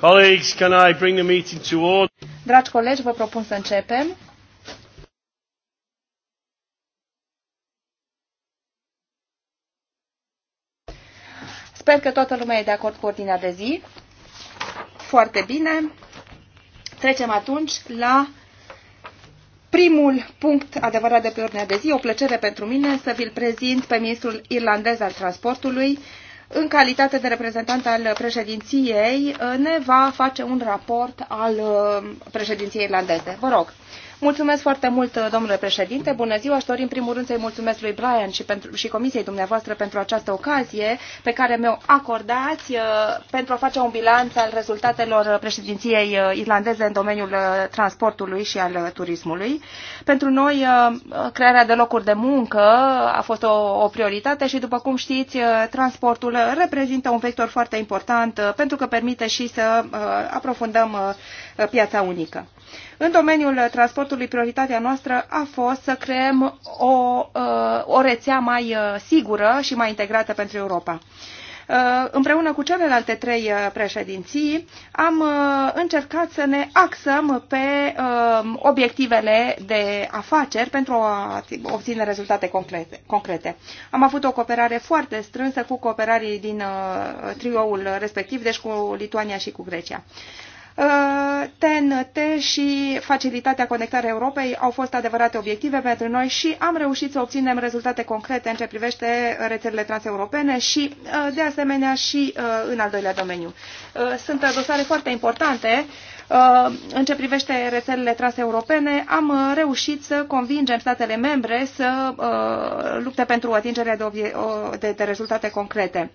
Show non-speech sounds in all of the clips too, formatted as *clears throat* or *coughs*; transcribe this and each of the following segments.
Colleagues, can I bring the meeting to order? Dragi colegi, vă propun să începem. Sper că toată lumea e de acord cu ordinea de zi. Foarte bine. Trecem atunci la primul punct adevărat de pe ordinea de zi. O plăcere pentru mine să vi-l prezint pe ministrul irlandez al transportului, în calitate de reprezentant al președinției, ne va face un raport al uh, președinției irlandeze. Vă rog. Mulțumesc foarte mult, domnule președinte. Bună ziua. Aș dori în primul rând să-i mulțumesc lui Brian și, pentru, și comisiei dumneavoastră pentru această ocazie pe care mi-o acordați uh, pentru a face un bilanț al rezultatelor președinției uh, irlandeze în domeniul uh, transportului și al turismului. Pentru noi, crearea de locuri de muncă a fost o, o prioritate și, după cum știți, transportul reprezintă un vector foarte important pentru că permite și să aprofundăm piața unică. În domeniul transportului, prioritatea noastră a fost să creăm o, uh, o rețea mai uh, sigură și mai integrată pentru Europa uh, împreună cu celelalte trei președinții, am încercat să ne axăm pe obiectivele de afaceri pentru a obține rezultate concrete. Am avut o cooperare foarte strânsă cu cooperarii din trioul respectiv, deci cu Lituania și cu Grecia. TNT uh, și Facilitatea conectării Europei au fost adevărate obiective pentru noi și am reușit să obținem rezultate concrete în ce privește rețelele transeuropene și, uh, de asemenea, și uh, în al doilea domeniu. Sunt dosare foarte importante. În ce privește rețelele transeuropene, am reușit să convingem statele membre să lupte pentru atingerea de, de, de rezultate concrete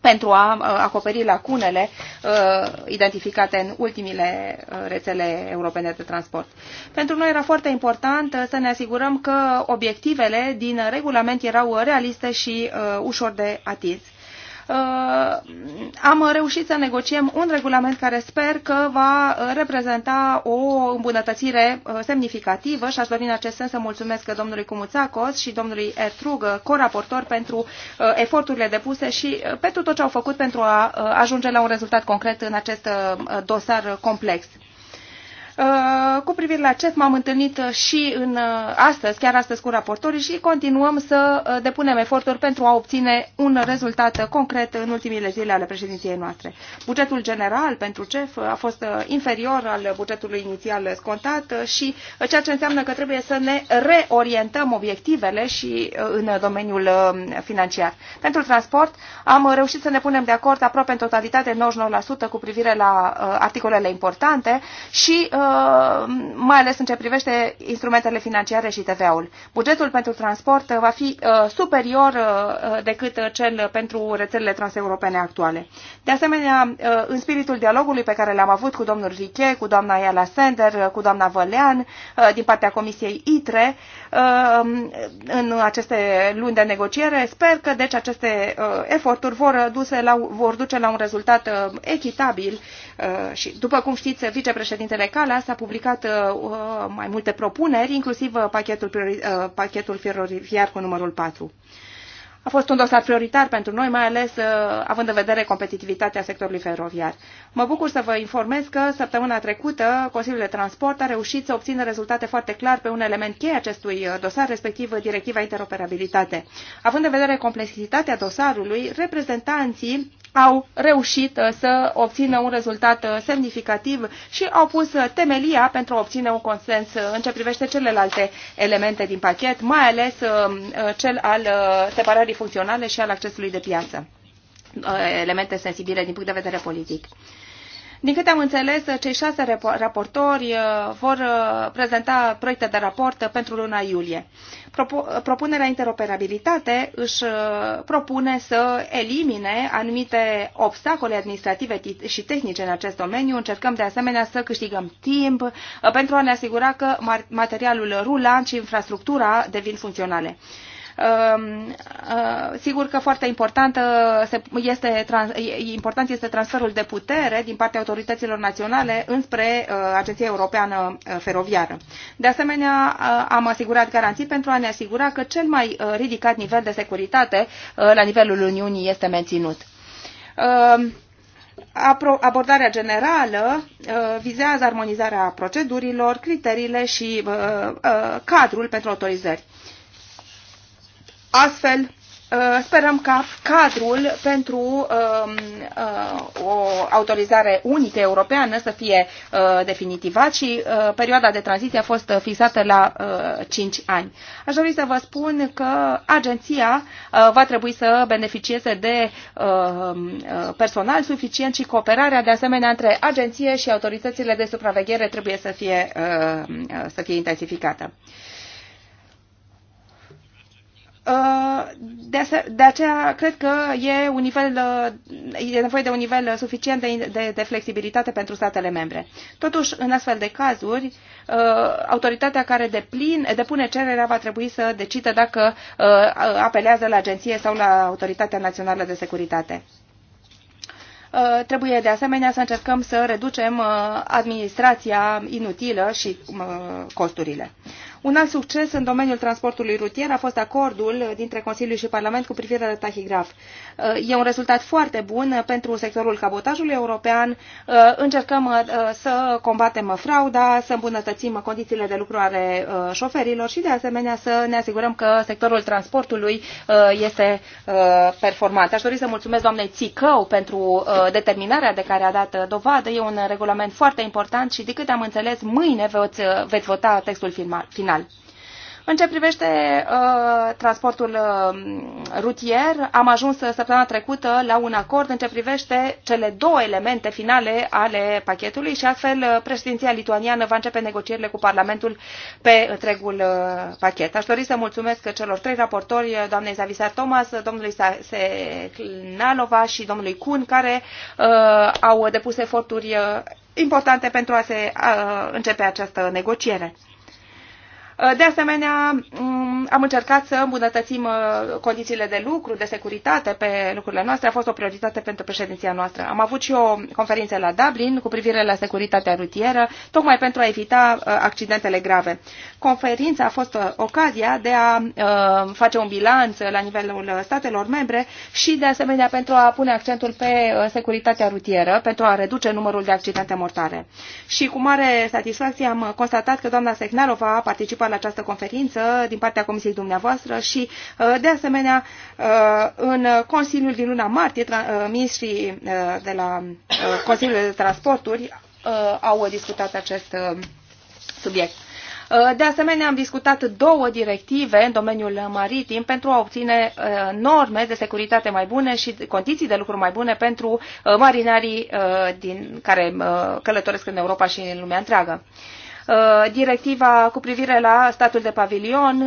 pentru a uh, acoperi lacunele uh, identificate în ultimile uh, rețele europene de transport. Pentru noi era foarte important să ne asigurăm că obiectivele din regulament erau realiste și ușor de atins. Uh, am reușit să negociem un regulament care sper că va reprezenta o îmbunătățire uh, semnificativă și aș dori în acest sens să mulțumesc domnului Cumuțacos și domnului Ertrug, coraportor, pentru uh, eforturile depuse și pentru tot ce au făcut pentru a ajunge la un rezultat concret în acest dosar complex. Uh, cu privire la acest, m-am întâlnit uh, și în uh, astăzi, chiar astăzi cu raportorii și continuăm să depunem eforturi pentru a obține un rezultat concret în ultimile zile ale președinției noastre. Bugetul general pentru CEF a fost inferior al bugetului inițial scontat și ceea ce înseamnă că trebuie să ne reorientăm obiectivele și în domeniul financiar. Pentru transport am reușit să ne punem de acord aproape în totalitate 99% cu privire la articolele importante și mai ales în ce privește instrumentele financiare și TVA-ul. Bugetul pentru transport uh, va fi uh, superior uh, decât cel pentru rețelele transeuropene actuale. De asemenea, în spiritul dialogului pe care l-am avut cu domnul Riche, cu doamna Iala Sender, cu doamna Vălean, din partea Comisiei ITRE, în aceste luni de negociere, sper că deci aceste eforturi vor, duse la, vor duce la un rezultat echitabil și, după cum știți, vicepreședintele Cala s-a publicat uh, uh, mai multe propuneri, inclusiv uh, pachetul, priori, pachetul feroviar cu numărul 4. A fost un dosar prioritar pentru noi, mai ales având în vedere competitivitatea sectorului feroviar. Mă bucur să vă informez că săptămâna trecută Consiliul de Transport a reușit să obțină rezultate foarte clare pe un element cheie acestui dosar, respectiv directiva interoperabilitate. Având în vedere complexitatea dosarului, reprezentanții au reușit uh, să obțină un rezultat uh, semnificativ și au pus uh, temelia pentru a obține un consens în ce privește celelalte elemente din pachet, mai ales cel al separării funcționale și al accesului de piață elemente sensibile din punct de vedere politic. Din câte am înțeles, cei șase raportori uh, vor uh, prezenta proiecte de raport pentru luna iulie. Propunerea interoperabilitate își uh, propune să elimine anumite obstacole administrative și tehnice în acest domeniu. Încercăm de asemenea să câștigăm timp pentru a ne asigura că materialul rulant și infrastructura devin funcționale. Um, uh, sigur că foarte important este, important este transferul de putere din partea autorităților naționale înspre uh, Agenția Europeană uh, Feroviară. De asemenea, am asigurat garanții pentru a ne asigura că cel mai ridicat nivel de securitate la nivelul Uniunii este menținut um, abordarea generală vizează armonizarea procedurilor, criteriile și cadrul pentru autorizări. Astfel, uh, sperăm ca cadrul pentru um, uh, o autorizare unică europeană să fie uh, definitivat și perioada de tranziție a fost fixată la 5 ani. Aș dori să vă spun că agenția va trebui să beneficieze de personal suficient și cooperarea de asemenea între agenție și autoritățile de supraveghere trebuie să fie, să fie intensificată. De aceea cred că e, un nivel, uh, e nevoie de un nivel suficient de, de, de flexibilitate pentru statele membre. Totuși, în astfel de cazuri, uh, autoritatea care deplin, depune cererea va trebui să decidă dacă uh, apelează la agenție sau la Autoritatea Națională de Securitate trebuie de asemenea să încercăm să reducem administrația inutilă și costurile. Un alt succes în domeniul transportului rutier a fost acordul dintre Consiliu și Parlament cu privire la tahigraf. E un rezultat foarte bun pentru sectorul cabotajului european. Încercăm uh, să combatem frauda, să îmbunătățim condițiile de lucru ale uh, șoferilor și de asemenea să ne asigurăm că sectorul transportului uh, este performant. Aș dori să mulțumesc doamnei Țicău pentru determinarea de care a dat dovadă. E un regulament foarte important și de câte am înțeles, mâine veți, veți vota textul final final. În ce privește uh, transportul uh, rutier, am ajuns săptămâna trecută la un acord în ce privește cele două elemente finale ale pachetului și astfel uh, președinția lituaniană va începe negocierile cu Parlamentul pe întregul uh, pachet. Aș dori să mulțumesc celor trei raportori, uh, doamnei Zavisa Thomas, domnului Secnalova și domnului Kun, care uh, au depus eforturi uh, importante pentru a se uh, începe această negociere. Uh, de asemenea, um, am încercat să îmbunătățim uh, condițiile de lucru, de securitate pe lucrurile noastre. A fost o prioritate pentru președinția noastră. Am avut și o conferință la Dublin cu privire la securitatea rutieră, tocmai pentru a evita uh, accidentele grave. Conferința a fost ocazia de a face un bilanț la nivelul statelor membre și, de asemenea, pentru a pune accentul pe securitatea rutieră, pentru a reduce numărul de accidente mortare. Și cu mare satisfacție am constatat că doamna Secnarova a participat participat la această conferință din partea Comisiei dumneavoastră și, uh, de asemenea, uh, în Consiliul din luna martie, uh, ministrii de la Consiliul de Transporturi au discutat acest subiect. De asemenea, am discutat două directive în domeniul maritim pentru a obține norme de securitate mai bune și condiții de lucru mai bune pentru marinarii din care călătoresc în Europa și în lumea întreagă. Uh, directiva cu privire la statul de pavilion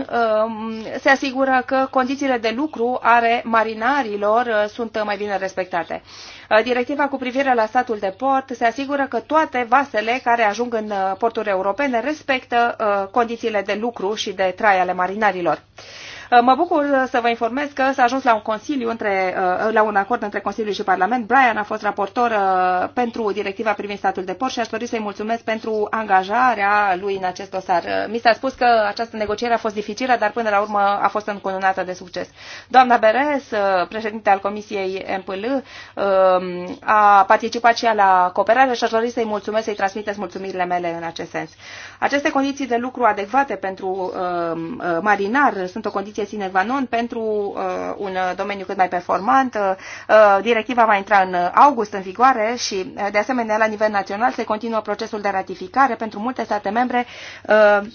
um, se asigură că condițiile de lucru ale marinarilor uh, sunt mai bine respectate. Uh, directiva cu privire la statul de port se asigură că toate vasele care ajung în porturi europene respectă condițiile de lucru și de trai ale marinarilor. Uh, mă bucur să vă informez că s-a ajuns la un, consiliu între, uh, la un acord între Consiliu și Parlament. Brian a fost raportor uh, pentru directiva privind statul de port și aș dori să-i mulțumesc pentru angajarea lui în acest dosar. Mi s-a spus că această negociere a fost dificilă, dar până la urmă a fost încununată de succes. Doamna Beres, președinte al Comisiei MPL, a participat și ea la cooperare și aș dori să-i mulțumesc, să-i transmiteți mulțumirile mele în acest sens. Aceste condiții de lucru adecvate pentru marinar sunt o condiție condiție sine qua non pentru uh, un domeniu cât mai performant. Uh, uh directiva va intra în august în vigoare și, uh, de asemenea, la nivel național se continuă procesul de ratificare pentru multe state membre. Uh, uh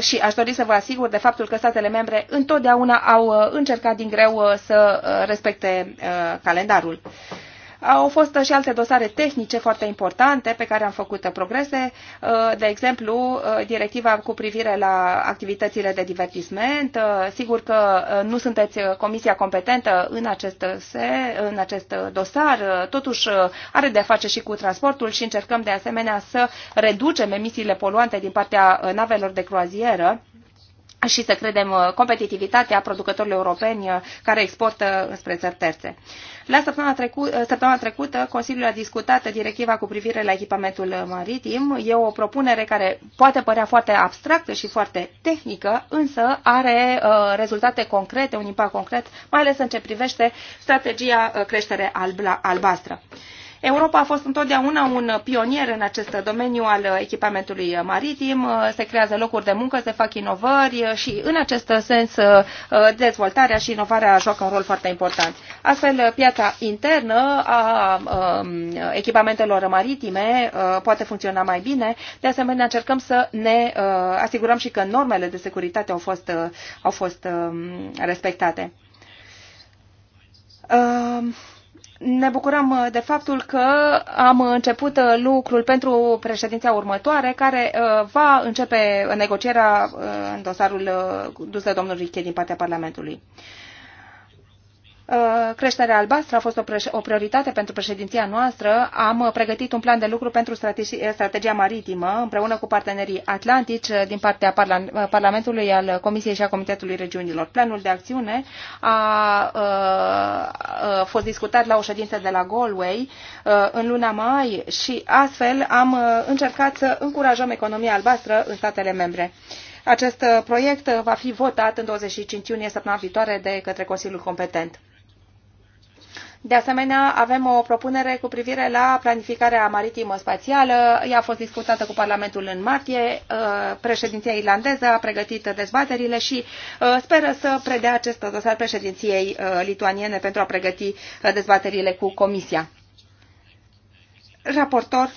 și aș dori să vă asigur de faptul că statele membre întotdeauna au încercat din greu să respecte calendarul. Au fost și alte dosare tehnice foarte importante pe care am făcut progrese, uh, de exemplu, uh, directiva cu privire la activitățile de divertisment. Uh, sigur că nu sunteți comisia competentă în acest, se, în acest dosar, totuși are de-a face și cu transportul și încercăm de asemenea să reducem emisiile poluante din partea navelor de croazieră și să credem uh, competitivitatea producătorilor europeni uh, care exportă uh, spre țări terțe. La săptămâna, trecu săptămâna trecută, Consiliul a discutat directiva cu privire la echipamentul maritim. E o propunere care poate părea foarte abstractă și foarte tehnică, însă are uh, rezultate concrete, un impact concret, mai ales în ce privește strategia creștere albastră. Europa a fost întotdeauna un pionier în acest domeniu al echipamentului maritim, se creează locuri de muncă, se fac inovări și în acest sens dezvoltarea și inovarea joacă un rol foarte important. Astfel, piața internă a um, echipamentelor maritime uh, poate funcționa mai bine. De asemenea, încercăm să ne uh, asigurăm și că normele de securitate au fost, uh, au fost um, respectate ne bucurăm uh, de faptul că am început uh, lucrul pentru președinția următoare, care uh, va începe negocierea în dosarul dus de domnul Richie din partea Parlamentului. Uh, creșterea albastră a fost o, prioritate pentru președinția noastră. Am uh, pregătit un plan de lucru pentru uh, strategia, maritimă împreună cu partenerii atlantici din partea Parlamentului, al Comisiei și a Comitetului Regiunilor. Planul de acțiune a, a, a fost discutat la o ședință de la Galway în luna mai și astfel am încercat să încurajăm economia albastră în statele membre. Acest proiect va fi votat în 25 iunie săptămâna viitoare de către Consiliul competent. De asemenea, avem o propunere cu privire la planificarea maritimă spațială. Ea a fost discutată cu Parlamentul în martie. Uh, președinția irlandeză a pregătit dezbaterile și uh, speră să predea acest dosar președinției uh, lituaniene pentru a pregăti dezbaterile cu Comisia. Raportor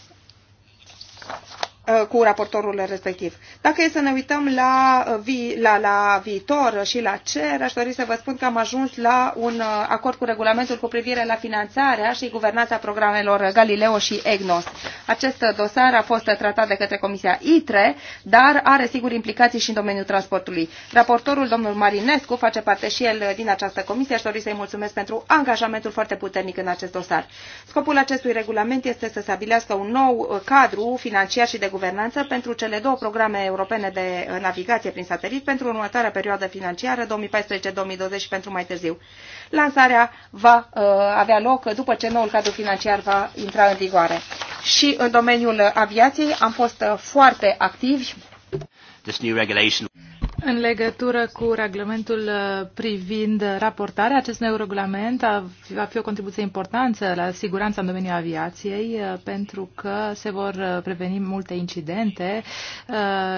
Uh, cu raportorul respectiv. Dacă e să ne uităm la, uh, vi, la, la viitor și la cer, aș dori să vă spun că am ajuns la un uh, acord cu regulamentul cu privire la finanțarea și guvernanța programelor Galileo și EGNOS. Acest dosar a fost tratat de către Comisia ITRE, dar are sigur implicații și în domeniul transportului. Raportorul, domnul Marinescu, face parte și el din această comisie. Aș dori să-i mulțumesc pentru angajamentul foarte puternic în acest dosar. Scopul acestui regulament este să stabilească un nou cadru financiar și de guvernanță pentru cele două programe europene de navigație prin satelit pentru următoarea perioadă financiară 2014-2020 și pentru mai târziu. Lansarea va uh, avea loc după ce noul cadru financiar va intra în vigoare. Și în domeniul aviației am fost uh, foarte activi. This new regulation. În legătură cu regulamentul uh, privind raportarea, acest nou regulament va fi o contribuție importantă la siguranța în domeniul aviației, uh, pentru că se vor uh, preveni multe incidente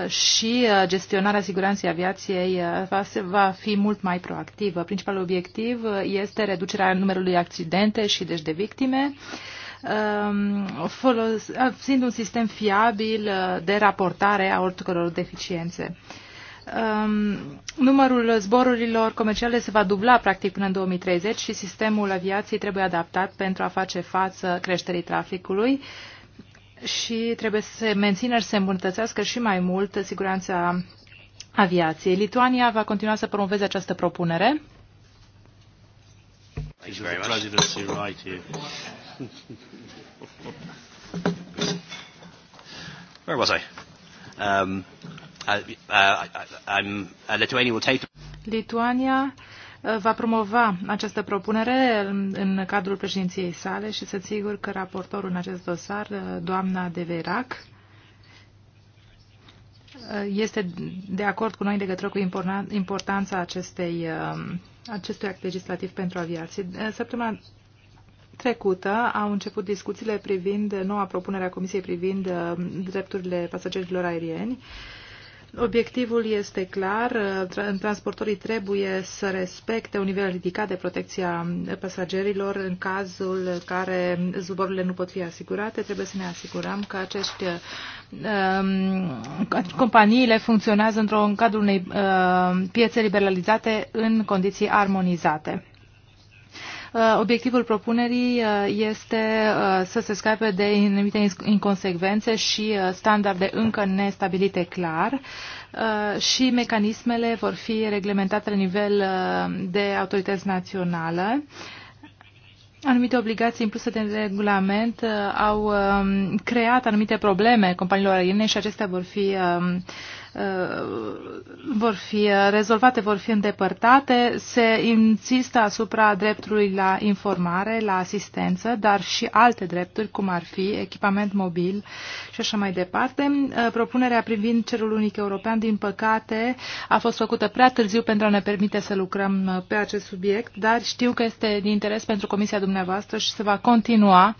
și gestionarea siguranței aviației va fi mult mai proactivă. Principalul obiectiv este reducerea numărului accidente și deci de victime um, fiind un sistem fiabil de raportare a oricăror deficiențe. Um, numărul zborurilor comerciale se va dubla practic până în 2030 și sistemul aviației trebuie adaptat pentru a face față creșterii traficului și trebuie să se mențină și să îmbunătățească și mai mult siguranța aviației. Lituania va continua să promoveze această propunere. Where was I? Um, Uh, uh, Lituania uh, va promova această propunere în cadrul președinției sale și sunt sigur că raportorul în acest dosar, doamna de Verac, este de acord cu noi legătură cu importanța acestei, um, acestui act legislativ pentru aviație. Săptămâna trecută au început discuțiile privind noua propunere a Comisiei privind drepturile pasagerilor aerieni Obiectivul este clar, transportorii trebuie să respecte un nivel ridicat de protecție a pasagerilor în cazul în care zborurile nu pot fi asigurate. Trebuie să ne asigurăm că acești um, companiile funcționează într-un cadru cadrul unei uh, piețe liberalizate în condiții armonizate. Uh, obiectivul propunerii uh, este uh, să se scape de anumite inconsecvențe și standarde încă nestabilite clar și mecanismele vor fi reglementate la nivel de autorități naționale. Anumite obligații impuse de regulament au um, creat anumite probleme companiilor aeriene și acestea vor fi um, Uh, vor fi uh, rezolvate, vor fi îndepărtate. Se insistă asupra dreptului la informare, la asistență, dar și alte drepturi, cum ar fi echipament mobil și așa mai departe. Uh, propunerea privind cerul unic european, din păcate, a fost făcută prea târziu pentru a ne permite să lucrăm pe acest subiect, dar știu că este de interes pentru Comisia dumneavoastră și se va continua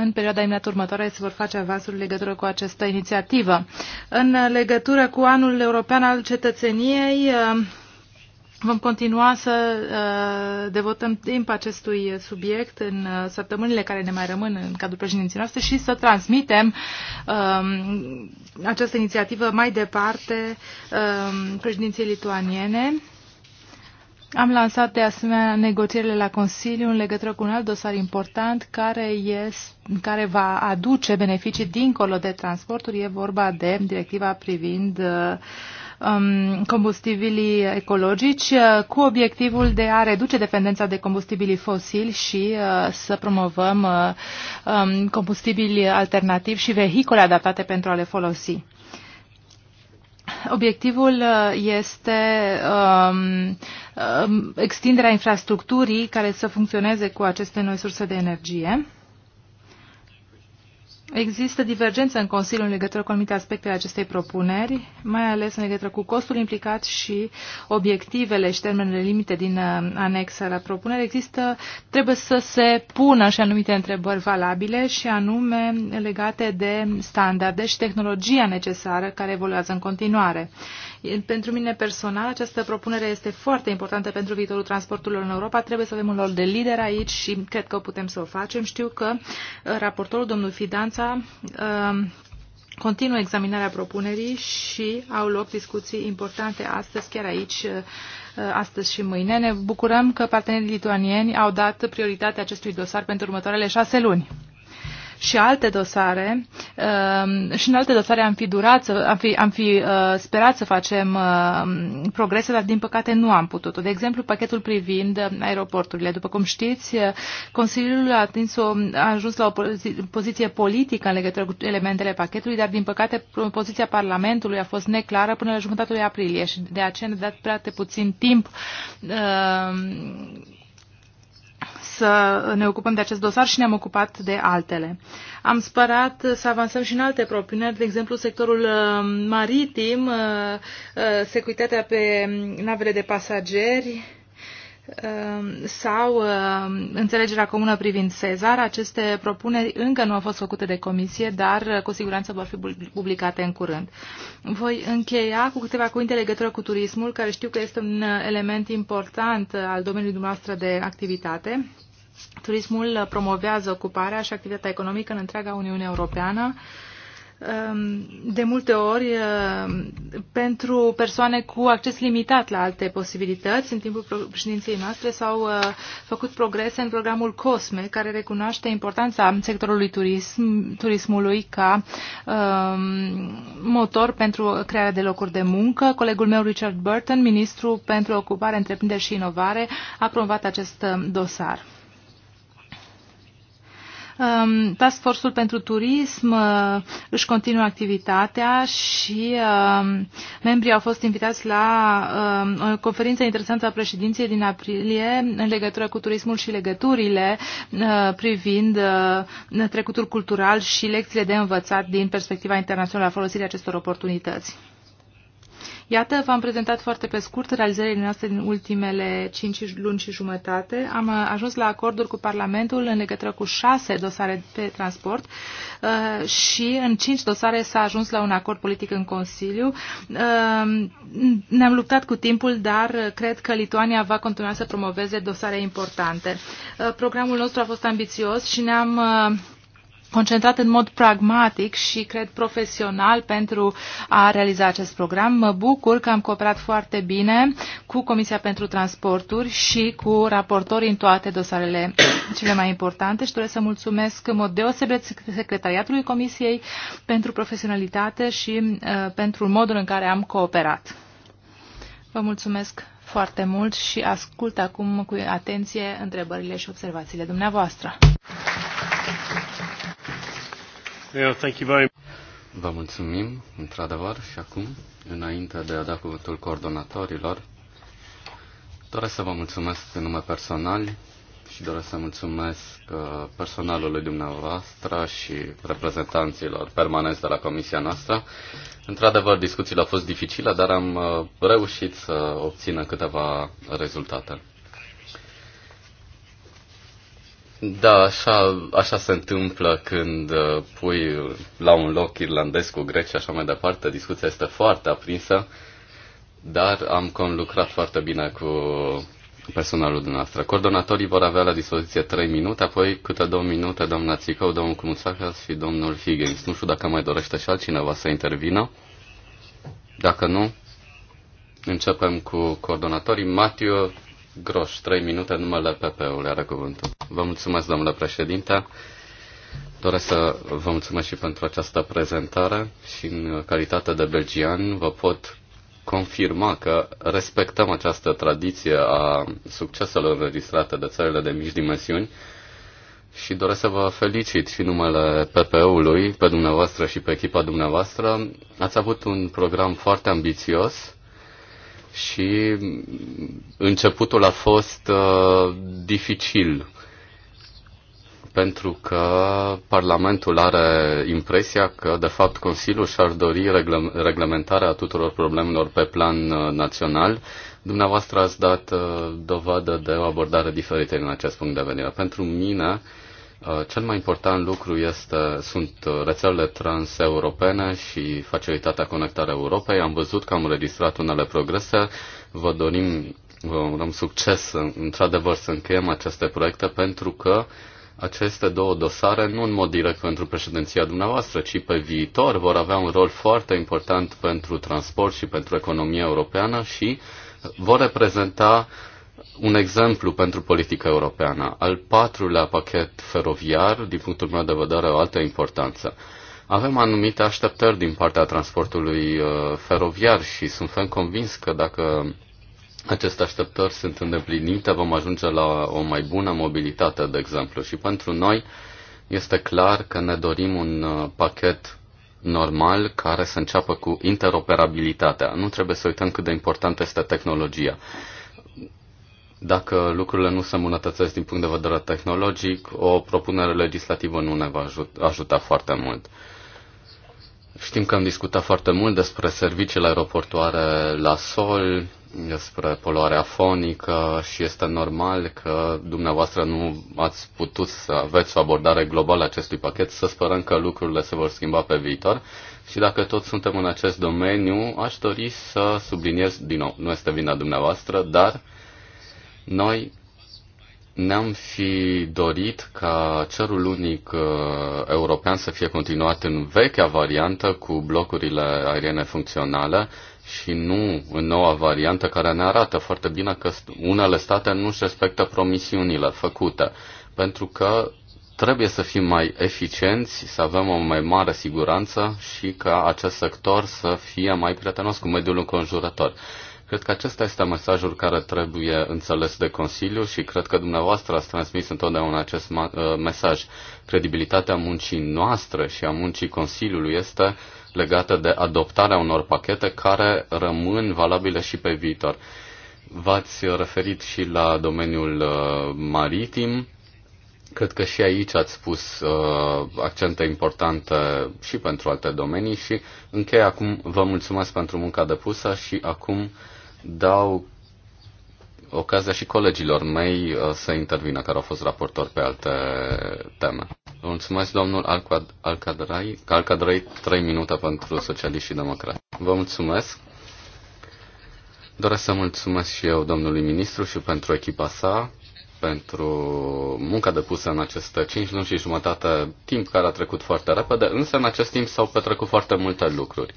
în perioada imediat următoare, se vor face avansuri în legătură cu această inițiativă. În legătură cu anul european al cetățeniei, uh, vom continua să uh, devotăm timp acestui subiect în uh, săptămânile care ne mai rămân în cadrul președinției noastre și să transmitem um, această inițiativă mai departe um, președinției lituaniene am lansat de asemenea negocierile la Consiliu în legătură cu un alt dosar important care, este, care va aduce beneficii dincolo de transporturi. E vorba de directiva privind uh, um, combustibilii ecologici uh, cu obiectivul de a reduce dependența de combustibilii fosili și uh, să promovăm uh, um, combustibili alternativi și vehicule adaptate pentru a le folosi obiectivul uh, este um, uh, extinderea infrastructurii care să funcționeze cu aceste noi surse de energie. Există divergență în Consiliu în legătură cu anumite aspecte ale acestei propuneri, mai ales în legătură cu costul implicat și obiectivele și termenele limite din uh, anexa la propunere. Există, trebuie să se pună și anumite întrebări valabile și anume legate de standarde și tehnologia necesară care evoluează în continuare. Pentru mine personal, această propunere este foarte importantă pentru viitorul transporturilor în Europa. Trebuie să avem un rol de lider aici și cred că putem să o facem. Știu că uh, raportorul, domnul Fidanța, uh, continuă examinarea propunerii și au loc discuții importante astăzi, chiar aici, uh, astăzi și mâine. Ne bucurăm că partenerii lituanieni au dat prioritate acestui dosar pentru următoarele șase luni și alte dosare um, și în alte dosare am fi, durat să, am fi, am fi uh, sperat să facem uh, progrese, dar din păcate nu am putut. De exemplu, pachetul privind uh, aeroporturile. După cum știți, Consiliul a, atins o, a ajuns la o poziție politică în legătură cu elementele pachetului, dar din păcate poziția Parlamentului a fost neclară până la jumătatea aprilie și de aceea ne-a dat prea puțin timp uh, să ne ocupăm de acest dosar și ne-am ocupat de altele. Am spărat să avansăm și în alte propuneri, de exemplu sectorul uh, maritim, uh, uh, securitatea pe um, navele de pasageri, Ehm, sau ehm, înțelegerea comună privind Cezar. Aceste propuneri încă nu au fost făcute de comisie, dar eh, cu siguranță vor fi publicate în curând. Voi încheia cu câteva cuvinte legătură cu turismul, care știu că este un eh, element important eh, al domeniului dumneavoastră de activitate. Turismul promovează ocuparea și activitatea economică în întreaga Uniune Europeană Um, de multe ori uh, pentru persoane cu acces limitat la alte posibilități. În timpul președinției noastre s-au uh, făcut progrese în programul COSME, care recunoaște importanța sectorului turism, turismului ca um, motor pentru crearea de locuri de muncă. Colegul meu Richard Burton, ministru pentru ocupare, întreprinderi și inovare, a promovat acest uh, dosar. Um, Task Force-ul pentru turism uh, își continuă activitatea și um, membrii au fost invitați la um, o conferință interesantă a președinției din aprilie în legătură cu turismul și legăturile uh, privind uh, trecutul cultural și lecțiile de învățat din perspectiva internațională a folosirii acestor oportunități. Iată, v-am prezentat foarte pe scurt realizările noastre din ultimele 5 luni și jumătate. Am uh, ajuns la acorduri cu Parlamentul în legătură cu 6 dosare pe transport uh, și în 5 dosare s-a ajuns la un acord politic în Consiliu. Uh, ne-am luptat cu timpul, dar cred că Lituania va continua să promoveze dosare importante. Programul nostru a fost ambițios și ne-am concentrat în mod pragmatic și, cred, profesional pentru a realiza acest program. Mă bucur că am cooperat foarte bine cu Comisia pentru Transporturi și cu raportorii în toate dosarele *coughs* cele mai importante și doresc să mulțumesc în mod deosebit Secretariatului Comisiei pentru profesionalitate și uh, pentru modul în care am cooperat. Vă mulțumesc foarte mult și ascult acum cu atenție întrebările și observațiile dumneavoastră. Vă mulțumim, într-adevăr, și acum, înainte de a da cuvântul coordonatorilor, doresc să vă mulțumesc în nume personal și doresc să mulțumesc uh, personalului dumneavoastră și reprezentanților permanenți de la comisia noastră. Într-adevăr, discuțiile au fost dificile, dar am uh, reușit să obțină câteva rezultate. Da, așa, așa se întâmplă când uh, pui la un loc irlandez cu greci și așa mai departe. Discuția este foarte aprinsă, dar am conlucrat foarte bine cu personalul dumneavoastră. Coordonatorii vor avea la dispoziție 3 minute, apoi câte 2 minute doamna Țicău, domnul Cumuțacas și domnul Higgins. Nu știu dacă mai dorește și altcineva să intervină. Dacă nu, începem cu coordonatorii. Matiu, Groș, trei minute, numele PP-ului are cuvântul. Vă mulțumesc, domnule președinte. Doresc să vă mulțumesc și pentru această prezentare și în calitate de belgian vă pot confirma că respectăm această tradiție a succeselor înregistrate de țările de mici dimensiuni și doresc să vă felicit și numele ppu ului pe dumneavoastră și pe echipa dumneavoastră. Ați avut un program foarte ambițios și începutul a fost uh, dificil pentru că Parlamentul are impresia că, de fapt, Consiliul și-ar dori reglementarea tuturor problemelor pe plan uh, național. Dumneavoastră ați dat uh, dovadă de o abordare diferită în acest punct de vedere. Pentru mine, uh, Uh, cel mai important lucru este, sunt uh, rețelele transeuropene și facilitatea conectarea Europei. Am văzut că am înregistrat unele progrese. Vă dorim, vă urăm succes, într-adevăr, să încheiem aceste proiecte pentru că aceste două dosare, nu în mod direct pentru președinția dumneavoastră, ci pe viitor, vor avea un rol foarte important pentru transport și pentru economia europeană și vor reprezenta un exemplu pentru politica europeană. Al patrulea pachet feroviar, din punctul meu de vedere, o altă importanță. Avem anumite așteptări din partea transportului uh, feroviar și sunt convins că dacă aceste așteptări sunt îndeplinite, vom ajunge la o mai bună mobilitate, de exemplu. Și pentru noi este clar că ne dorim un uh, pachet normal care să înceapă cu interoperabilitatea. Nu trebuie să uităm cât de importantă este tehnologia. Dacă lucrurile nu se îmbunătățesc din punct de vedere tehnologic, o propunere legislativă nu ne va ajuta foarte mult. Știm că am discutat foarte mult despre serviciile aeroportoare la sol, despre poluarea fonică și este normal că dumneavoastră nu ați putut să aveți o abordare globală acestui pachet. Să sperăm că lucrurile se vor schimba pe viitor. Și dacă tot suntem în acest domeniu, aș dori să subliniez, din nou, nu este vina dumneavoastră, dar uh, noi ne-am fi dorit ca cerul unic uh, european să fie continuat în vechea variantă cu blocurile aeriene funcționale și nu în noua variantă care ne arată foarte bine că unele state nu își respectă promisiunile făcute, pentru că trebuie să fim mai eficienți, să avem o mai mare siguranță și ca acest sector să fie mai prietenos cu mediul înconjurător. Cred că acesta este mesajul care trebuie înțeles de Consiliu și cred că dumneavoastră ați transmis întotdeauna acest uh, mesaj. Credibilitatea muncii noastre și a muncii Consiliului este legată de adoptarea unor pachete care rămân valabile și pe viitor. V-ați referit și la domeniul uh, maritim. Cred că și aici ați pus uh, accente importante și pentru alte domenii și închei acum vă mulțumesc pentru munca depusă și acum dau ocazia și colegilor mei uh, să intervină, care au fost raportori pe alte teme. mulțumesc, domnul Alcadrei, Alcadrai, 3 minute pentru socialiști și democrați. Vă mulțumesc. Doresc să mulțumesc și eu domnului ministru și pentru echipa sa, pentru munca depusă în aceste 5 luni și jumătate, timp care a trecut foarte repede, însă în acest timp s-au petrecut foarte multe lucruri.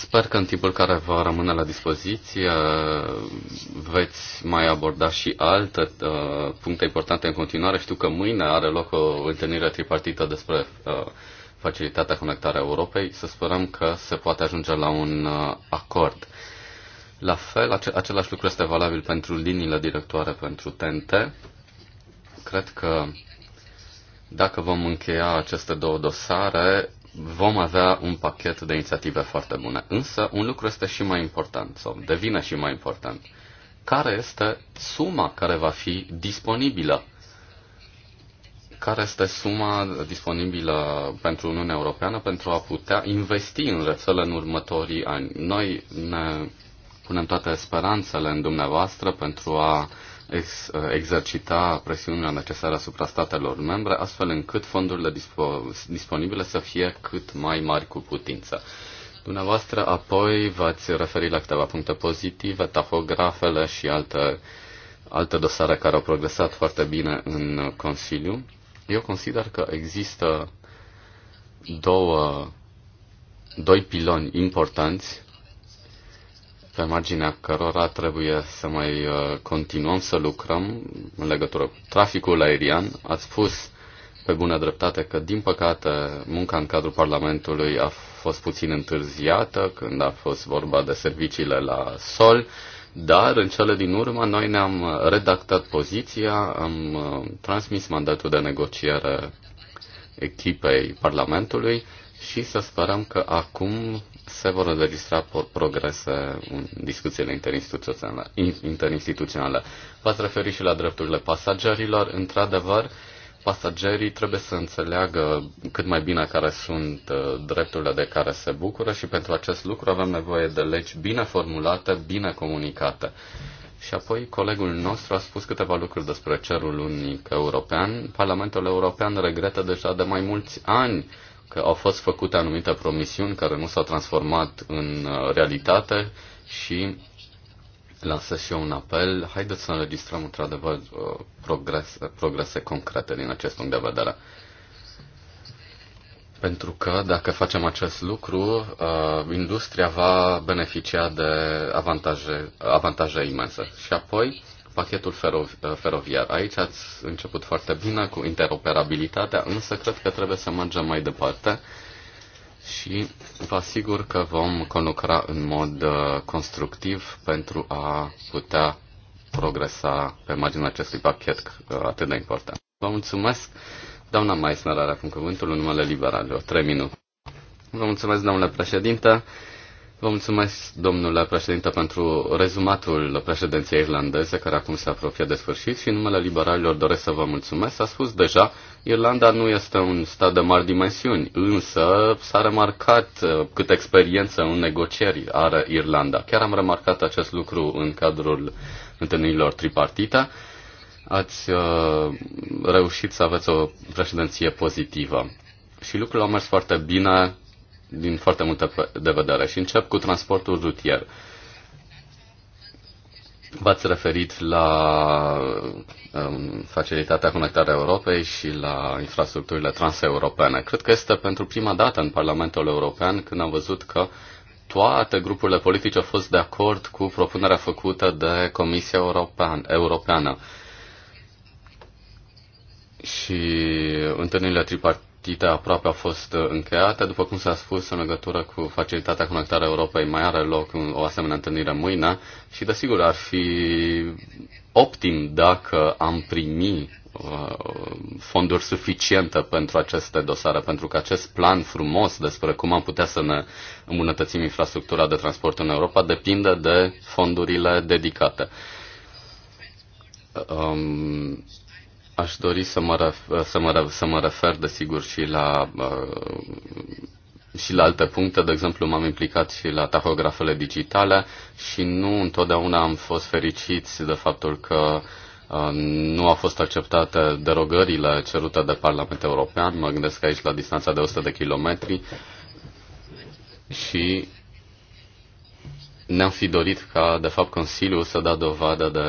Sper că în timpul care va rămâne la dispoziție uh, veți mai aborda și alte uh, puncte importante în continuare. Știu că mâine are loc o întâlnire tripartită despre uh, facilitatea conectarea Europei. Să sperăm că se poate ajunge la un uh, acord. La fel, ace- același lucru este valabil pentru liniile directoare pentru TNT. Cred că dacă vom încheia aceste două dosare, vom avea un pachet de inițiative foarte bune. Însă, un lucru este și mai important, sau devine și mai important. Care este suma care va fi disponibilă? Care este suma disponibilă pentru Uniunea Europeană pentru a putea investi în rețele în următorii ani? Noi ne punem toate speranțele în dumneavoastră pentru a ex- uh, exercita presiunea necesară asupra statelor membre, astfel încât fondurile dispo- disponibile să fie cât mai mari cu putință. Dumneavoastră apoi v-ați referit la câteva puncte pozitive, tahografele și alte, alte dosare care au progresat foarte bine în Consiliu. Eu consider că există două, doi piloni importanți pe marginea cărora trebuie să mai uh, continuăm să lucrăm în legătură cu traficul aerian. Ați spus pe bună dreptate că, din păcate, munca în cadrul Parlamentului a fost puțin întârziată când a fost vorba de serviciile la sol, dar în cele din urmă noi ne-am redactat poziția, am uh, transmis mandatul de negociere echipei Parlamentului și să sperăm că acum se vor înregistra progrese în discuțiile interinstituționale. interinstituționale. V-ați referit și la drepturile pasagerilor. Într-adevăr, pasagerii trebuie să înțeleagă cât mai bine care sunt uh, drepturile de care se bucură și pentru acest lucru avem nevoie de legi bine formulate, bine comunicate. Și apoi colegul nostru a spus câteva lucruri despre cerul unic european. Parlamentul European regretă deja de mai mulți ani că au fost făcute anumite promisiuni care nu s-au transformat în uh, realitate și lasă și eu un apel, haideți să înregistrăm într-adevăr uh, progrese, uh, progrese concrete din acest punct de vedere. Pentru că dacă facem acest lucru, industria va beneficia de avantaje, avantaje imense. Și apoi, pachetul eh, feroviar. Aici ați început foarte bine cu interoperabilitatea, însă cred că trebuie să mergem mai departe și vă asigur că vom conlucra în mod eh, constructiv pentru a putea progresa pe marginea acestui pachet eh, atât de important. Vă mulțumesc. Doamna Meissner are acum cuvântul în numele liberalilor. Trei minute. Vă mulțumesc, domnule președinte. Vă mulțumesc, domnule președinte, pentru rezumatul președinției irlandeze, care acum se apropie de sfârșit și în numele liberalilor doresc să vă mulțumesc. S-a spus deja, Irlanda nu este un stat de mari dimensiuni, însă s-a remarcat uh, cât experiență în negocieri are Irlanda. Chiar am remarcat acest lucru în cadrul întâlnirilor tripartite. Ați uh, reușit să aveți o președinție pozitivă. Și lucrurile au mers foarte bine din foarte multe de vedere și încep cu transportul rutier. V-ați referit la um, facilitatea conectarea Europei și la infrastructurile transeuropene. Cred că este pentru prima dată în Parlamentul European când am văzut că toate grupurile politice au fost de acord cu propunerea făcută de Comisia European, Europeană. Și întâlnirile tripart plătite aproape a fost uh, încheiată, După cum s-a spus, în legătură cu facilitatea conectarea Europei mai are loc o asemenea întâlnire mâine și desigur ar fi optim dacă am primi uh, fonduri suficiente pentru aceste dosare, pentru că acest plan frumos despre cum am putea să ne îmbunătățim infrastructura de transport în Europa depinde de fondurile dedicate. Um, Aș dori să mă, ref, să mă, să mă refer, desigur, și la, uh, și la alte puncte. De exemplu, m-am implicat și la tahografele digitale și nu întotdeauna am fost fericiți de faptul că uh, nu au fost acceptate derogările cerute de Parlamentul European. Mă gândesc aici la distanța de 100 de kilometri și ne-am fi dorit ca, de fapt, Consiliul să dea dovadă de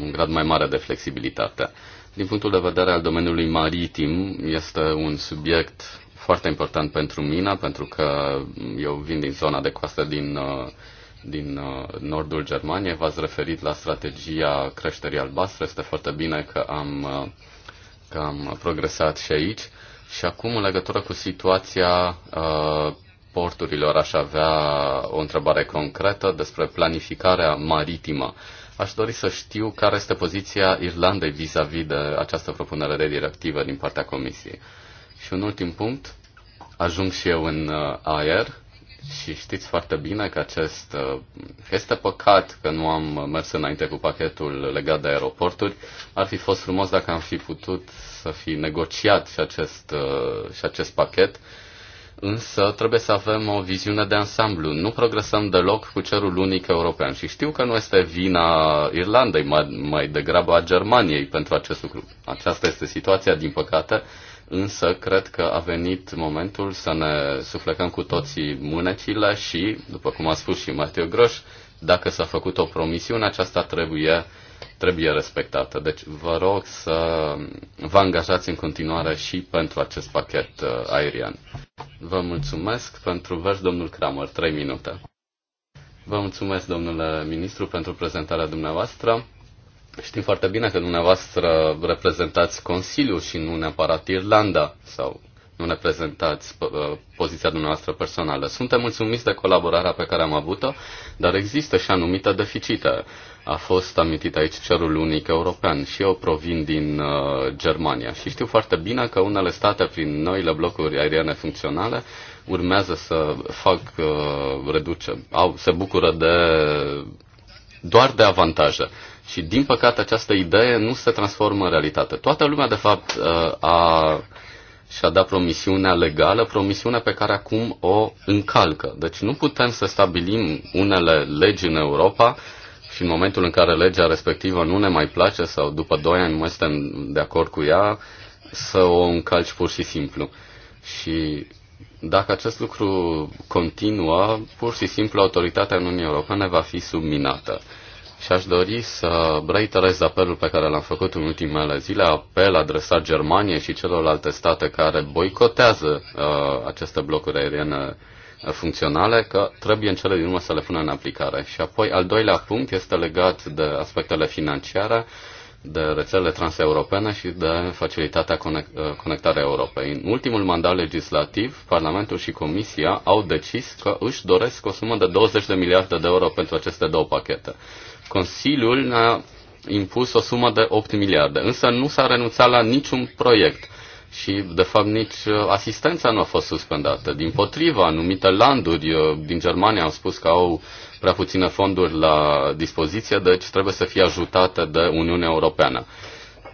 un grad mai mare de flexibilitate. Din punctul de vedere al domeniului maritim, este un subiect foarte important pentru mine, pentru că eu vin din zona de coastă din, uh, din uh, nordul Germaniei. V-ați referit la strategia creșterii albastre. Este foarte bine că am, uh, că am progresat și aici. Și acum, în legătură cu situația porturilor, aș avea o întrebare concretă despre planificarea maritimă. Aș dori să știu care este poziția Irlandei vis-a-vis -vis de această propunere de directivă din partea Comisiei. Și un ultim punct, ajung și eu în uh, aer și știți foarte bine că acest uh, este păcat că nu am mers înainte cu pachetul legat de aeroporturi. Ar fi fost frumos dacă am fi putut să fi negociat și acest, uh, și acest pachet însă trebuie să avem o viziune de ansamblu. Nu progresăm deloc cu cerul unic european și știu că nu este vina Irlandei, mai, mai degrabă a Germaniei pentru acest lucru. Aceasta este situația, din păcate, însă cred că a venit momentul să ne suflecăm cu toții mânecile și, după cum a spus și Mateo Groș, dacă s-a făcut o promisiune, aceasta trebuie trebuie respectată. Deci vă rog să vă angajați în continuare și pentru acest pachet uh, aerian. Vă mulțumesc pentru vers, domnul Kramer, 3 minute. Vă mulțumesc, domnule ministru, pentru prezentarea dumneavoastră. Știm foarte bine că dumneavoastră reprezentați Consiliul și nu neapărat Irlanda sau nu prezentați uh, poziția dumneavoastră personală. Suntem mulțumiți de colaborarea pe care am avut-o, dar există și anumite deficite a fost amintit aici cerul unic european și eu provin din uh, Germania și știu foarte bine că unele state prin noile blocuri aeriene funcționale urmează să fac uh, reduce, au, se bucură de doar de avantaje. Și din păcate această idee nu se transformă în realitate. Toată lumea de fapt uh, a și a dat promisiunea legală, promisiunea pe care acum o încalcă. Deci nu putem să stabilim unele legi în Europa și în momentul în care legea respectivă nu ne mai place sau după doi ani nu suntem de acord cu ea, să o încalci pur și simplu. Și dacă acest lucru continuă, pur și simplu autoritatea în Uniunii Europene va fi subminată. Și aș dori să reiterez apelul pe care l-am făcut în ultimele zile, apel adresat Germaniei și celorlalte state care boicotează uh, aceste blocuri aeriene funcționale, că trebuie în cele din urmă să le pună în aplicare. Și apoi, al doilea punct este legat de aspectele financiare, de rețele transeuropene și de facilitatea uh, conectarea Europei. În ultimul mandat legislativ, Parlamentul și Comisia au decis că își doresc o sumă de 20 de miliarde de euro pentru aceste două pachete. Consiliul ne-a impus o sumă de 8 miliarde, însă nu s-a renunțat la niciun proiect și, de fapt, nici uh, asistența nu a fost suspendată. Din potriva, anumite landuri uh, din Germania au spus că au prea puține fonduri la dispoziție, deci trebuie să fie ajutate de Uniunea Europeană.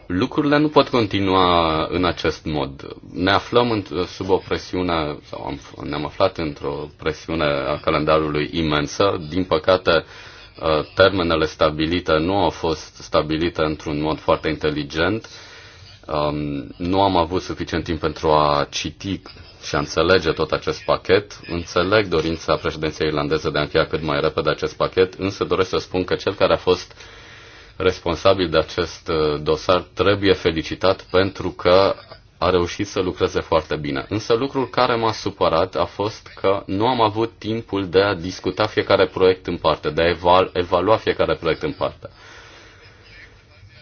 Lucrurile nu pot continua în acest mod. Ne aflăm în, uh, sub o presiune, sau am, ne-am aflat într-o presiune a calendarului imensă. Din păcate, termenele stabilite nu au fost stabilite într-un mod foarte inteligent Um, nu am avut suficient timp pentru a citi și a înțelege tot acest pachet. Înțeleg dorința președinției irlandeze de a încheia cât mai repede acest pachet, însă doresc să spun că cel care a fost responsabil de acest uh, dosar trebuie felicitat pentru că a reușit să lucreze foarte bine. Însă lucrul care m-a supărat a fost că nu am avut timpul de a discuta fiecare proiect în parte, de a evalua fiecare proiect în parte.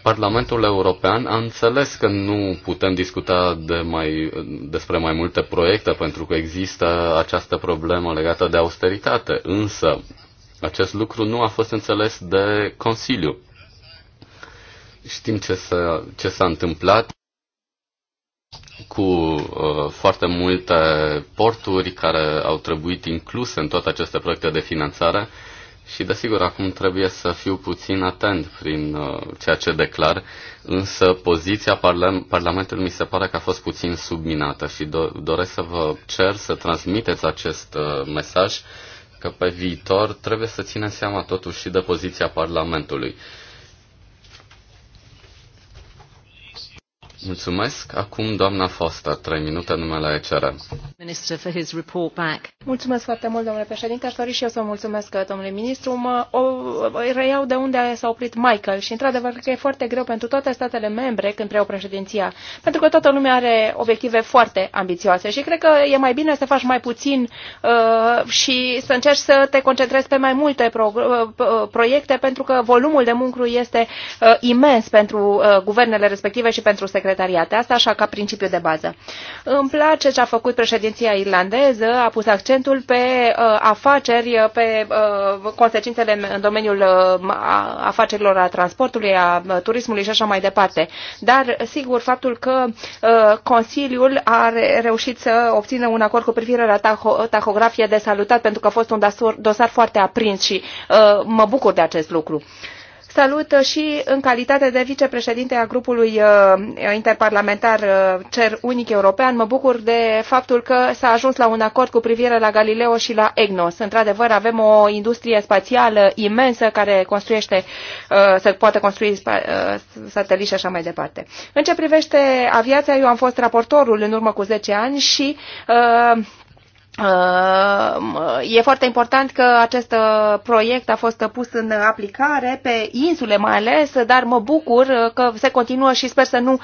Parlamentul European a înțeles că nu putem discuta de mai, despre mai multe proiecte pentru că există această problemă legată de austeritate, însă acest lucru nu a fost înțeles de Consiliu. Știm ce s-a, ce s-a întâmplat cu uh, foarte multe porturi care au trebuit incluse în toate aceste proiecte de finanțare. Uh, și desigur, acum trebuie să fiu puțin atent prin uh, ceea ce declar, însă poziția parla- Parlamentului mi se pare că a fost puțin subminată și do- doresc să vă cer să transmiteți acest uh, mesaj că pe viitor trebuie să ținem seama totuși și de poziția Parlamentului. Uh, Mulțumesc. Acum doamna Foster, trei minute numele ECR. Mulțumesc foarte mult, domnule președinte. Aș dori și eu să mulțumesc, domnule ministru. Mă o, reiau de unde s-a oprit Michael și, într-adevăr, că e foarte greu pentru toate statele membre când preiau președinția, pentru că toată lumea are obiective foarte ambițioase și cred că e mai bine să faci mai puțin uh, și să încerci să te concentrezi pe mai multe pro, uh, uh proiecte, pentru că volumul de muncă este uh, imens pentru uh, guvernele respective și pentru secretarii secretariate. Asta așa ca principiu de bază. Îmi place ce a făcut președinția irlandeză, a pus accentul pe uh, afaceri, uh, pe uh, consecințele în, domeniul uh, afacerilor, a transportului, a uh, turismului și așa mai departe. Dar, sigur, faptul că uh, Consiliul a reușit să obțină un acord cu privire la taho- tahografie de salutat, pentru că a fost un dosar foarte aprins și uh, mă bucur de acest lucru. Uh, salut și în calitate de vicepreședinte a grupului uh, interparlamentar uh, Cer Unic European. Mă bucur de faptul că s-a ajuns la un acord cu privire la Galileo și la EGNOS. Într-adevăr, avem o industrie spațială imensă care construiește, uh, se poate construi sateliți și așa mai departe. În ce privește aviația, eu am fost raportorul în urmă cu 10 ani și Uh, e foarte important că acest uh, proiect a fost uh, pus în aplicare pe insule mai ales, dar mă bucur că se continuă și sper să nu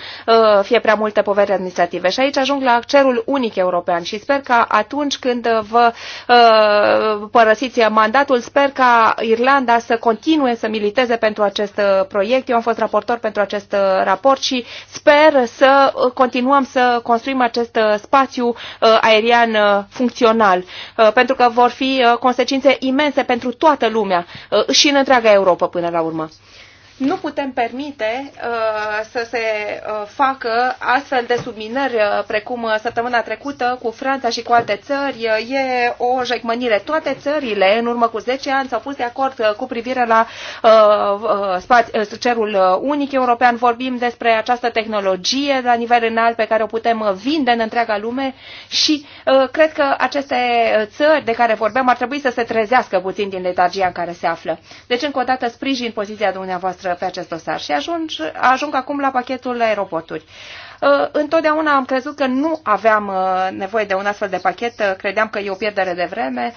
fie prea multe povere administrative. Și aici ajung la cerul unic european și sper că atunci când vă părăsiți mandatul, sper ca Irlanda să continue să militeze pentru acest proiect. Eu am fost raportor pentru acest raport și sper să continuăm să construim acest spațiu aerian funcțional național, uh, pentru că vor fi uh, consecințe imense pentru toată lumea uh, și în întreaga Europa până la urmă nu putem permite uh, să se uh, facă astfel de subminări uh, precum uh, săptămâna trecută cu Franța și cu alte țări. Uh, e o jecmănire. Toate țările, în urmă cu 10 ani, s-au pus de acord uh, cu privire la uh, uh, uh cerul uh, unic european. Vorbim despre această tehnologie la nivel înalt pe care o putem vinde în întreaga lume și uh, cred că aceste țări de care vorbeam ar trebui să se trezească puțin din letargia în care se află. Deci, încă o dată, sprijin poziția dumneavoastră pe acest dosar și ajung, ajung acum la pachetul aeroporturi. Uh, întotdeauna am crezut că nu aveam uh, nevoie de un astfel de pachet, uh, credeam că e o pierdere de vreme.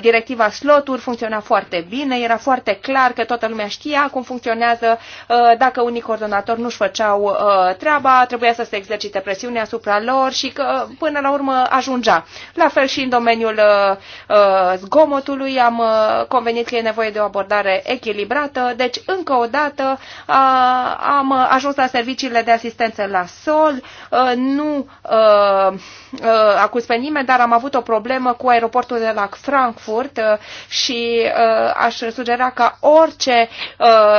Directiva sloturi funcționa foarte bine, era foarte clar că toată lumea știa cum funcționează. Dacă unii coordonatori nu-și făceau treaba, trebuia să se exercite presiunea asupra lor și că până la urmă ajungea. La fel și în domeniul zgomotului am convenit că e nevoie de o abordare echilibrată, deci încă o dată am ajuns la serviciile de asistență la sol, uh, nu uh, uh, acuz pe nimeni, dar am avut o problemă cu aeroportul de la Frankfurt și aș sugera ca orice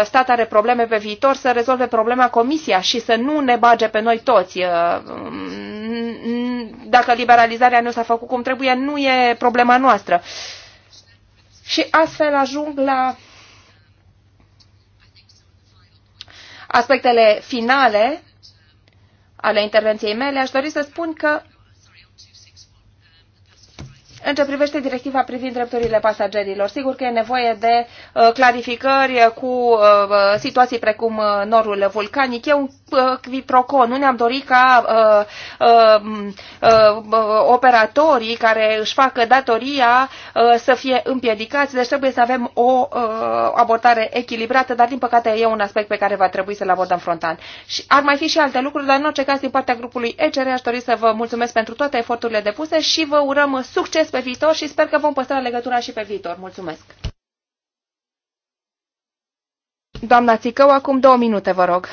stat are probleme pe viitor să rezolve problema Comisia și să nu ne bage pe noi toți. Mm, dacă liberalizarea nu s-a făcut cum trebuie, nu e problema noastră. Și astfel ajung la aspectele finale ale intervenției mele, aș dori să spun că în ce privește directiva privind drepturile pasagerilor, sigur că e nevoie de uh, clarificări cu uh, situații precum uh, norul vulcanic. Eu quiproquo. Nu ne-am dorit ca uh, uh, uh, operatorii care își facă datoria uh, să fie împiedicați, deci trebuie să avem o uh, abordare echilibrată, dar din păcate e un aspect pe care va trebui să-l abordăm frontal. Și ar mai fi și alte lucruri, dar în orice caz din partea grupului ECR aș dori să vă mulțumesc pentru toate eforturile depuse și vă urăm succes pe viitor și sper că vom păstra legătura și pe viitor. Mulțumesc! Doamna Țicău, acum două minute, vă rog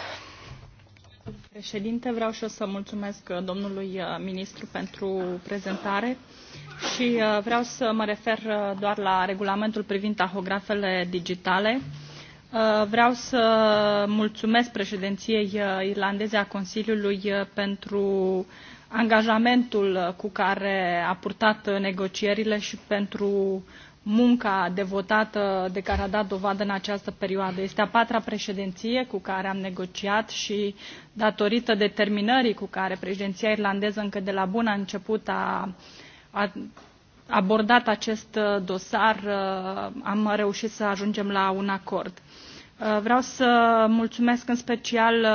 președinte, vreau și eu să mulțumesc uh, domnului uh, ministru pentru prezentare și uh, vreau să mă refer doar la regulamentul privind tahografele digitale. Vreau să mulțumesc președinției irlandeze a Consiliului pentru angajamentul cu care a purtat negocierile și pentru munca devotată de care a dat dovadă în această perioadă. Este a patra președinție cu care am negociat și datorită determinării cu care președinția irlandeză încă de la bun a început a, a abordat acest uh, dosar, uh, am reușit să ajungem la un acord. Uh, vreau să mulțumesc în special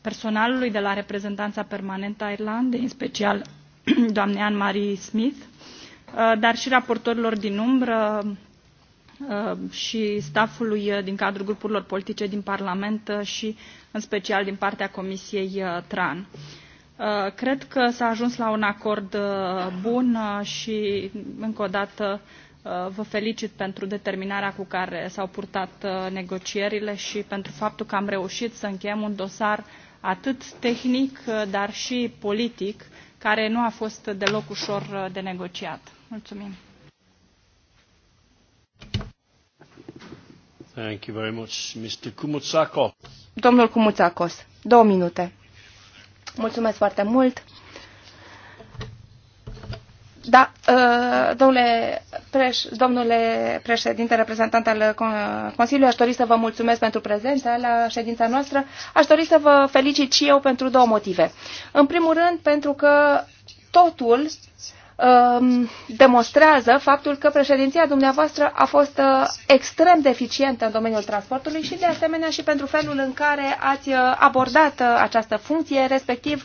personalului de la reprezentanța permanentă a Irlandei, în special *clears throat* doamnei Anne-Marie Smith, Uh, dar și raportorilor din umbră uh, și staffului uh, din cadrul grupurilor politice din Parlament și în special din partea Comisiei TRAN. Cred că s-a ajuns la un acord bun și încă o dată vă felicit pentru determinarea cu care s-au purtat negocierile și pentru faptul că am reușit să încheiem un dosar atât tehnic, dar și politic, care nu a fost deloc ușor uh, de negociat. Mulțumim. Thank you very much, Mr. Kumutsakos. Domnul Kumutsakos, două minute. Mulțumesc foarte mult. Da, uh, domnule, preș, domnule președinte, reprezentant al Consiliului, aș dori să vă mulțumesc pentru prezența la ședința noastră. Aș dori să vă felicit și eu pentru două motive. În primul rând, pentru că totul Um, demonstrează faptul că președinția dumneavoastră a fost uh, extrem de eficientă în domeniul transportului și de asemenea și pentru felul în care ați uh, abordat uh, această funcție, respectiv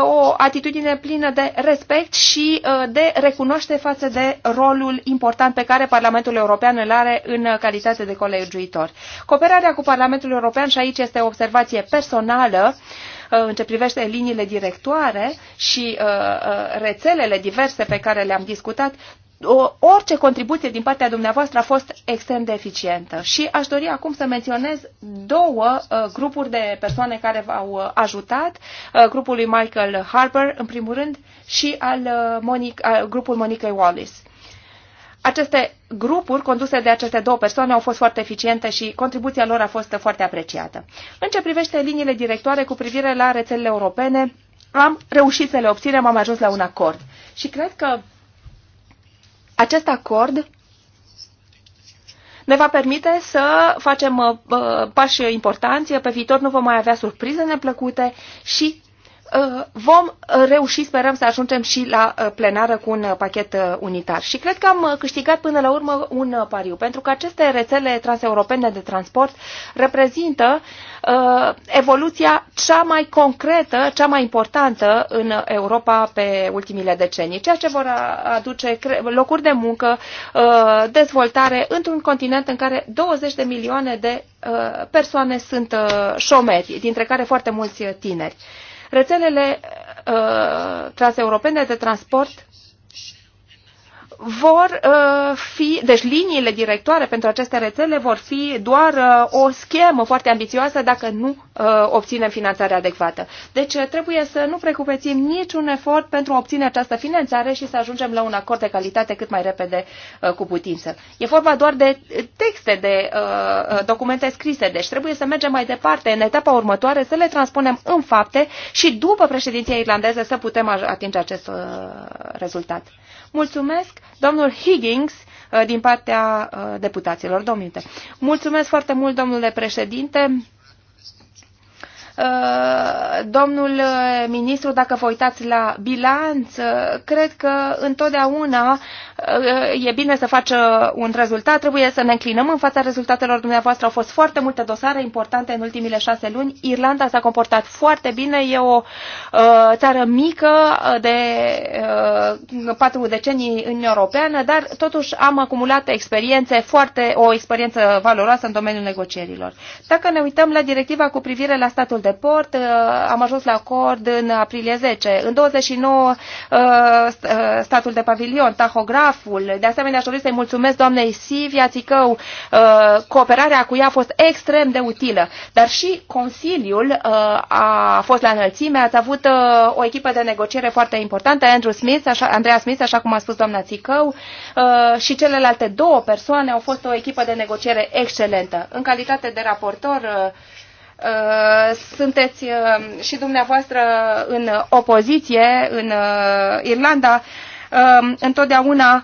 o atitudine plină de respect și de recunoaște față de rolul important pe care Parlamentul European îl are în calitate de colegiuitor. Cooperarea cu Parlamentul European și aici este o observație personală Uh, în ce privește liniile directoare și uh, uh, rețelele diverse pe care le-am discutat, orice contribuție din partea dumneavoastră a fost extrem de eficientă și aș dori acum să menționez două grupuri de persoane care v-au ajutat, grupul lui Michael Harper, în primul rând, și al, Monic, grupul Monica Wallace aceste grupuri conduse de aceste două persoane au fost foarte eficiente și contribuția lor a fost foarte apreciată. În ce privește liniile directoare cu privire la rețelele europene, am reușit să le obținem, am ajuns la un acord. Și cred că acest acord ne va permite să facem uh, uh, pași importanți. Pe viitor nu vom mai avea surprize neplăcute și Uh, vom reuși, sperăm, să ajungem și la uh, plenară cu un uh, pachet unitar. Și cred că am câștigat până la urmă un pariu, pentru că aceste rețele transeuropene de transport reprezintă evoluția cea mai concretă, cea mai importantă în Europa pe ultimile decenii, ceea ce vor aduce locuri de muncă, dezvoltare într-un continent în care 20 de milioane de persoane sunt șomeri, dintre care foarte mulți tineri. Rețelele uh, transeuropene de transport vor uh, fi, deci liniile directoare pentru aceste rețele vor fi doar uh, o schemă foarte ambițioasă dacă nu uh, obținem finanțarea adecvată. Deci trebuie să nu precupețim niciun efort pentru a obține această finanțare și să ajungem la un acord de calitate cât mai repede cu putință. E vorba doar de texte, de documente scrise, deci trebuie să mergem mai departe în etapa următoare, să le transpunem în fapte și după președinția irlandeză să putem atinge acest rezultat. Mulțumesc, domnul Higgins, uh, din partea uh, deputaților. Domnule, mulțumesc foarte mult, domnule președinte. Uh, domnul ministru, dacă vă uitați la bilanț, uh, cred că întotdeauna uh, e bine să facă un rezultat, trebuie să ne înclinăm în fața rezultatelor dumneavoastră. Au fost foarte multe dosare importante în ultimile șase luni. Irlanda s-a comportat foarte bine, e o țară mică de patru decenii în Europeană, dar totuși am acumulat experiențe foarte, o experiență valoroasă în domeniul negocierilor. Dacă ne uităm la directiva cu privire la statul de port. Uh, am ajuns la acord în aprilie 10. În 29 uh, uh, statul de pavilion, tahograful. De asemenea, aș dori să-i mulțumesc doamnei Sivia Țicău. Cooperarea cu ea a fost extrem de utilă. Dar și Consiliul a fost la înălțime. Ați avut o echipă de negociere foarte importantă, Andrew Smith, așa, Andrea Smith, așa cum a spus doamna Țicău, și celelalte două persoane au fost o echipă de negociere excelentă. În calitate de raportor, Uh, sunteți uh, și dumneavoastră în opoziție în uh, Irlanda. Întotdeauna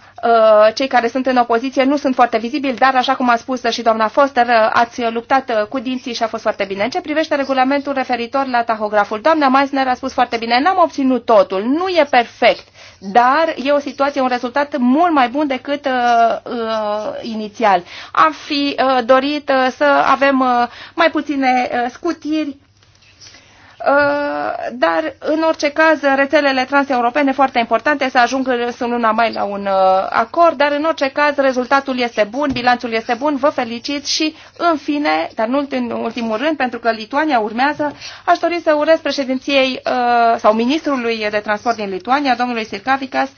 cei care sunt în opoziție nu sunt foarte vizibili, dar așa cum a spus și doamna Foster, ați luptat cu dinții și a fost foarte bine. În ce privește regulamentul referitor la tahograful, doamna Meisner a spus foarte bine, n-am obținut totul, nu e perfect dar e o situație, un rezultat mult mai bun decât uh, uh, inițial. Am fi uh, dorit uh, să avem uh, mai puține uh, scutiri, Uh, dar în orice caz rețelele transeuropene foarte importante să ajungă în luna mai la un uh, acord, dar în orice caz rezultatul este bun, bilanțul este bun, vă felicit și în fine, dar nu în ultimul rând, pentru că Lituania urmează, aș dori să urez președinției uh, sau ministrului de transport din Lituania, domnului Sirkavikas,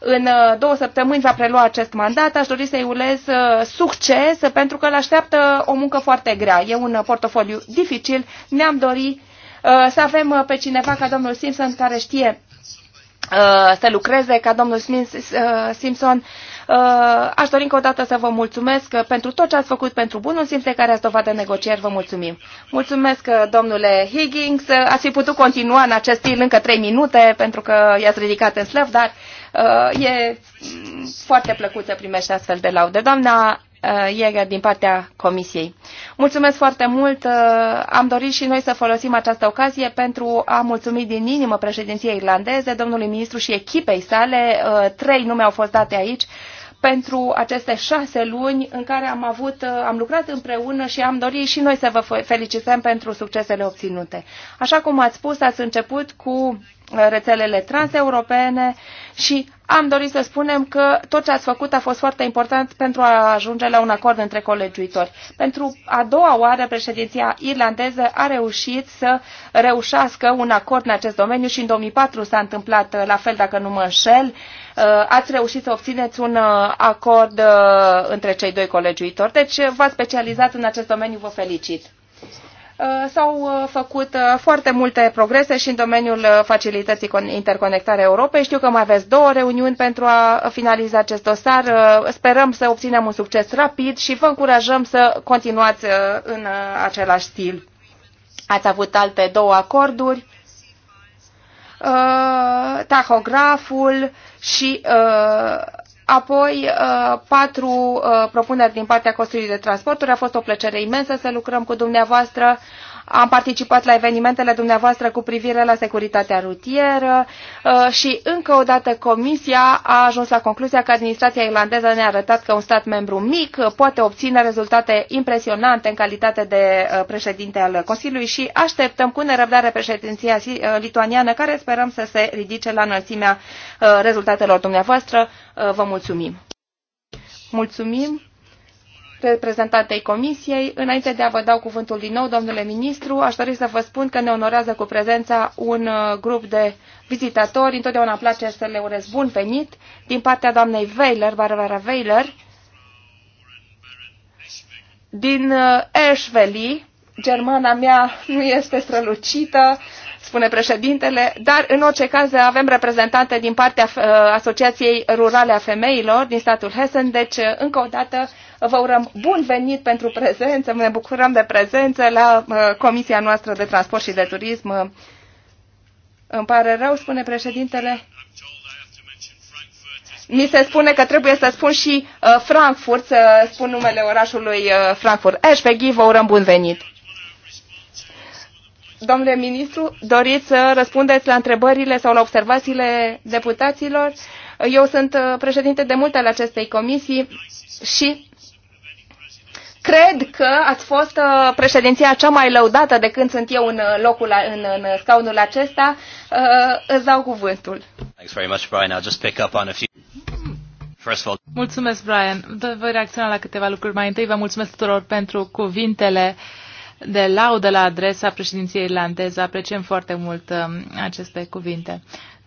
în două săptămâni va prelua acest mandat. Aș dori să-i urez succes pentru că îl așteaptă o muncă foarte grea. E un portofoliu dificil. Ne-am dorit Uh, să avem uh, pe cineva ca domnul Simpson care știe uh, să lucreze ca domnul Simpson. Aș dori încă o dată să vă mulțumesc pentru tot ce ați făcut pentru bunul simț de care ați dovadă negocieri. Vă mulțumim. Mulțumesc, domnule Higgins. Ați fi putut continua în acest stil încă trei minute pentru că i-ați ridicat în slăv, dar e mm, foarte plăcut să primești astfel de laude. Doamna Jäger uh, din partea Comisiei. Mulțumesc foarte mult! Uh, am dorit și noi să folosim această ocazie pentru a mulțumi din inimă președinției irlandeze, domnului ministru și echipei sale. Uh, trei nume au fost date aici pentru aceste șase luni în care am avut, am lucrat împreună și am dorit și noi să vă felicităm pentru succesele obținute. Așa cum ați spus, ați început cu rețelele transeuropene și am dorit să spunem că tot ce ați făcut a fost foarte important pentru a ajunge la un acord între colegiuitori. Pentru a doua oară, președinția irlandeză a reușit să reușească un acord în acest domeniu și în 2004 s-a întâmplat la fel, dacă nu mă înșel. Uh, ați reușit să obțineți un uh, acord uh, între cei doi colegiuitori, deci v-ați specializat în acest domeniu, vă felicit. Uh, s-au uh, făcut uh, foarte multe progrese și în domeniul facilității interconectarea Europei. Știu că mai aveți două reuniuni pentru a finaliza acest dosar. Sperăm să obținem un succes rapid și vă încurajăm să continuați în același stil. Ați avut alte două acorduri, tahograful și Apoi, uh, patru uh, propuneri din partea Consiliului de Transporturi. A fost o plăcere imensă să lucrăm cu dumneavoastră am participat la evenimentele dumneavoastră cu privire la securitatea rutieră uh, și încă o dată Comisia a ajuns la concluzia că administrația irlandeză ne-a arătat că un stat membru mic poate obține rezultate impresionante în calitate de uh, președinte al Consiliului și așteptăm cu nerăbdare președinția uh, lituaniană care sperăm să se ridice la înălțimea rezultatelor dumneavoastră. Vă mulțumim! Mulțumim! reprezentantei Comisiei. Înainte de a vă da cuvântul din nou, domnule ministru, aș dori să vă spun că ne onorează cu prezența un uh, grup de vizitatori. Întotdeauna place să le urez bun venit din partea doamnei Weiler, Barbara Weiler, din uh, Eschweli. Germana mea nu este strălucită, spune președintele, dar în orice caz avem reprezentante din partea uh, Asociației Rurale a Femeilor din statul Hessen, deci încă o dată Vă urăm bun venit pentru prezență. Ne bucurăm de prezență la uh, Comisia noastră de Transport și de Turism. Îmi pare rău, spune președintele. Mi se spune că trebuie să spun și uh, Frankfurt, să spun numele orașului uh, Frankfurt. Eșpeghi, vă urăm bun venit! Domnule ministru, doriți să răspundeți la întrebările sau la observațiile deputaților? Eu sunt președinte de multe ale acestei comisii și Cred că ați fost uh, președinția cea mai lăudată de când sunt eu în uh, locul în, în scaunul acesta. Uh, îți dau cuvântul. Thanks very much, Brian. I'll just pick up on a few... Mulțumesc, Brian. Voi reacționa la câteva lucruri. Mai întâi vă mulțumesc tuturor pentru cuvintele de laudă la adresa președinției irlandeze. Apreciem foarte mult um, aceste cuvinte.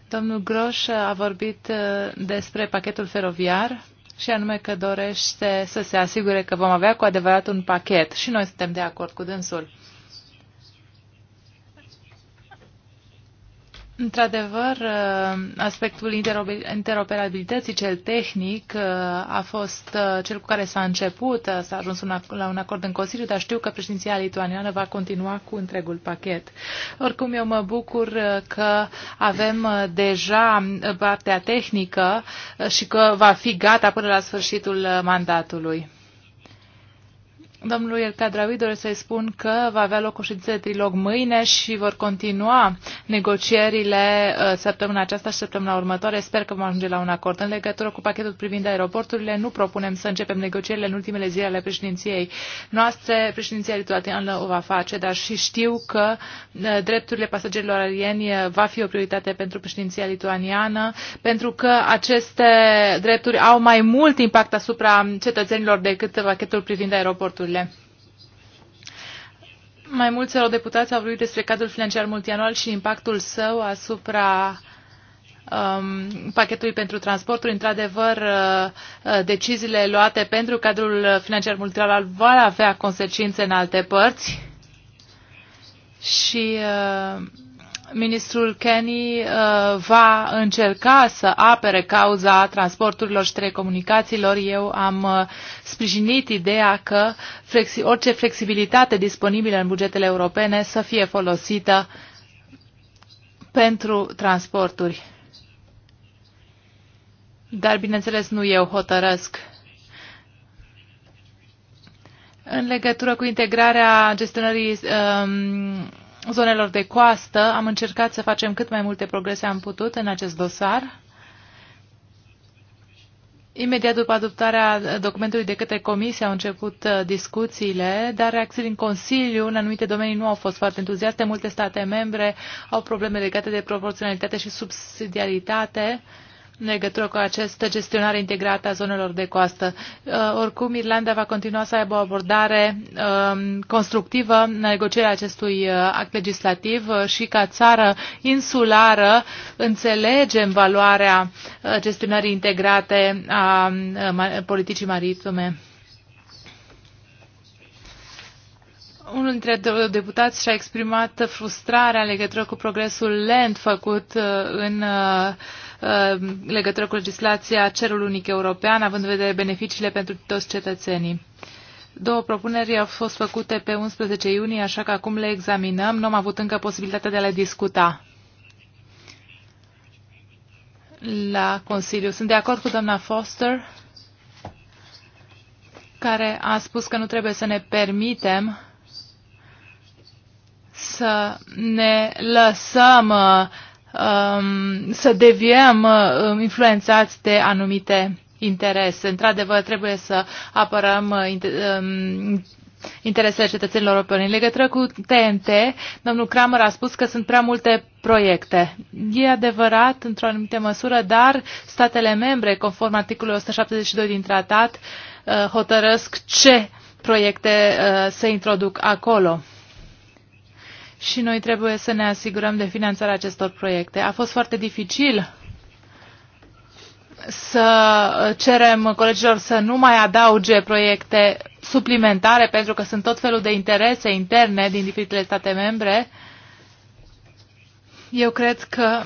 Domnul Groș a vorbit despre pachetul feroviar și anume că dorește să se asigure că vom avea cu adevărat un pachet și noi suntem de acord cu dânsul. Într-adevăr, uh, aspectul interoperabilității, cel tehnic, uh, a fost uh, cel cu care s-a început, s-a ajuns la un acord în Consiliu, dar știu că președinția lituaniană va continua cu întregul pachet. Oricum, eu mă bucur că avem deja partea tehnică și că va fi gata până la sfârșitul mandatului. Domnului El Cadraui doresc să-i spun că va avea loc o ședință de trilog mâine și vor continua negocierile uh, săptămâna aceasta și săptămâna următoare. Sper că vom ajunge la un acord. În legătură cu pachetul privind aeroporturile, nu propunem să începem negocierile în ultimele zile ale președinției noastre. Președinția lituaniană o va face, dar și știu că uh, drepturile pasagerilor alieni uh, va fi o prioritate pentru președinția lituaniană, pentru că aceste drepturi au mai mult impact asupra cetățenilor decât pachetul privind aeroporturile lucrurile. Mai mulți eurodeputați au vorbit despre cadrul financiar multianual și impactul său asupra um, pachetului pentru transporturi. Într-adevăr, uh, uh deciziile luate pentru cadrul financiar multianual vor avea consecințe în alte părți și uh, ministrul Kenny uh, va încerca să apere cauza transporturilor și telecomunicațiilor. Eu am uh, sprijinit ideea că flexi orice flexibilitate disponibilă în bugetele europene să fie folosită pentru transporturi. Dar, bineînțeles, nu eu hotărăsc în legătură cu integrarea gestionării Uh, zonelor de coastă, am încercat să facem cât mai multe progrese am putut în acest dosar. Imediat după adoptarea documentului de către Comisie au început uh, discuțiile, dar reacțiile în Consiliu în anumite domenii nu au fost foarte entuziaste. Multe state membre au probleme legate de proporționalitate și subsidiaritate. Uh, în legătură cu această gestionare integrată a zonelor de coastă. Uh, oricum, Irlanda va continua să aibă o abordare um, constructivă în negocierea acestui uh, act legislativ uh, și ca țară insulară înțelegem valoarea gestionării integrate a politicii maritime. unul dintre deputați și-a exprimat frustrarea în legătură cu progresul lent făcut în Uh, legătură cu legislația Cerul Unic European, având în vedere beneficiile pentru toți cetățenii. Două propuneri au fost făcute pe 11 iunie, așa că acum le examinăm. Nu am avut încă posibilitatea de a le discuta la Consiliu. Sunt de acord cu doamna Foster, care a spus că nu trebuie să ne permitem să ne lăsăm uh, um, să deviem uh, influențați de anumite interese. Într-adevăr, trebuie să apărăm uh, um, interesele cetățenilor europeni. În legătură cu TNT, domnul Kramer a spus că sunt prea multe proiecte. E adevărat, într-o anumită măsură, dar statele membre, conform articolului 172 din tratat, uh, hotărăsc ce proiecte se introduc acolo și noi trebuie să ne asigurăm de finanțarea acestor proiecte. A fost foarte dificil să cerem colegilor să nu mai adauge proiecte suplimentare, pentru că sunt tot felul de interese interne din diferitele state membre. Eu cred că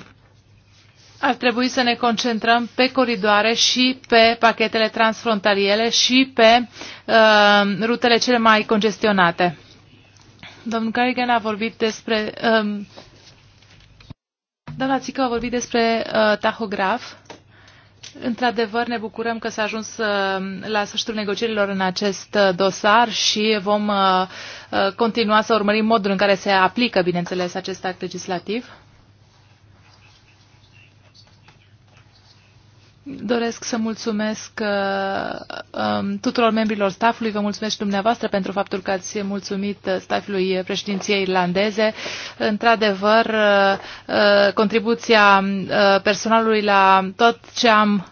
ar trebui să ne concentrăm pe coridoare și pe pachetele transfrontaliere și pe uh, rutele cele mai congestionate. Domnul Carrigan a vorbit despre... Um, doamna Țică a vorbit despre uh, tahograf. Într-adevăr, ne bucurăm că s-a ajuns uh, la sfârșitul negocierilor în acest uh, dosar și vom uh, continua să urmărim modul în care se aplică, bineînțeles, acest act legislativ. Doresc să mulțumesc uh, um, tuturor membrilor staffului, vă mulțumesc dumneavoastră pentru faptul că ați mulțumit uh, staffului președinției irlandeze. Într-adevăr, uh, uh contribuția uh, personalului la tot ce am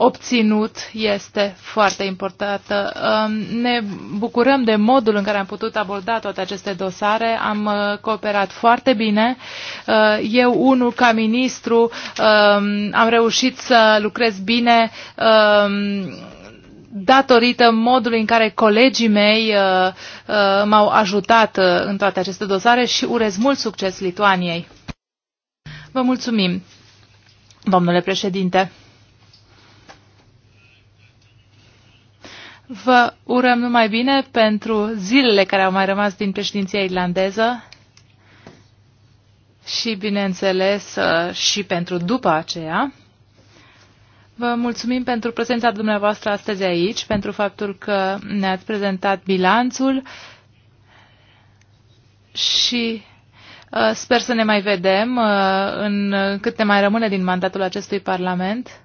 obținut este foarte importantă. Ne bucurăm de modul în care am putut aborda toate aceste dosare. Am uh, cooperat foarte bine. Uh, eu, unul, ca ministru, um, am reușit să lucrez bine um, datorită modului în care colegii mei uh, m-au ajutat în toate aceste dosare și urez mult succes Lituaniei. Vă mulțumim, domnule președinte. Vă urăm numai bine pentru zilele care au mai rămas din președinția irlandeză și, bineînțeles, uh, și pentru după aceea. Vă mulțumim pentru prezența dumneavoastră astăzi aici, pentru faptul că ne-ați prezentat bilanțul și uh, sper să ne mai vedem uh, în cât ne mai rămâne din mandatul acestui Parlament.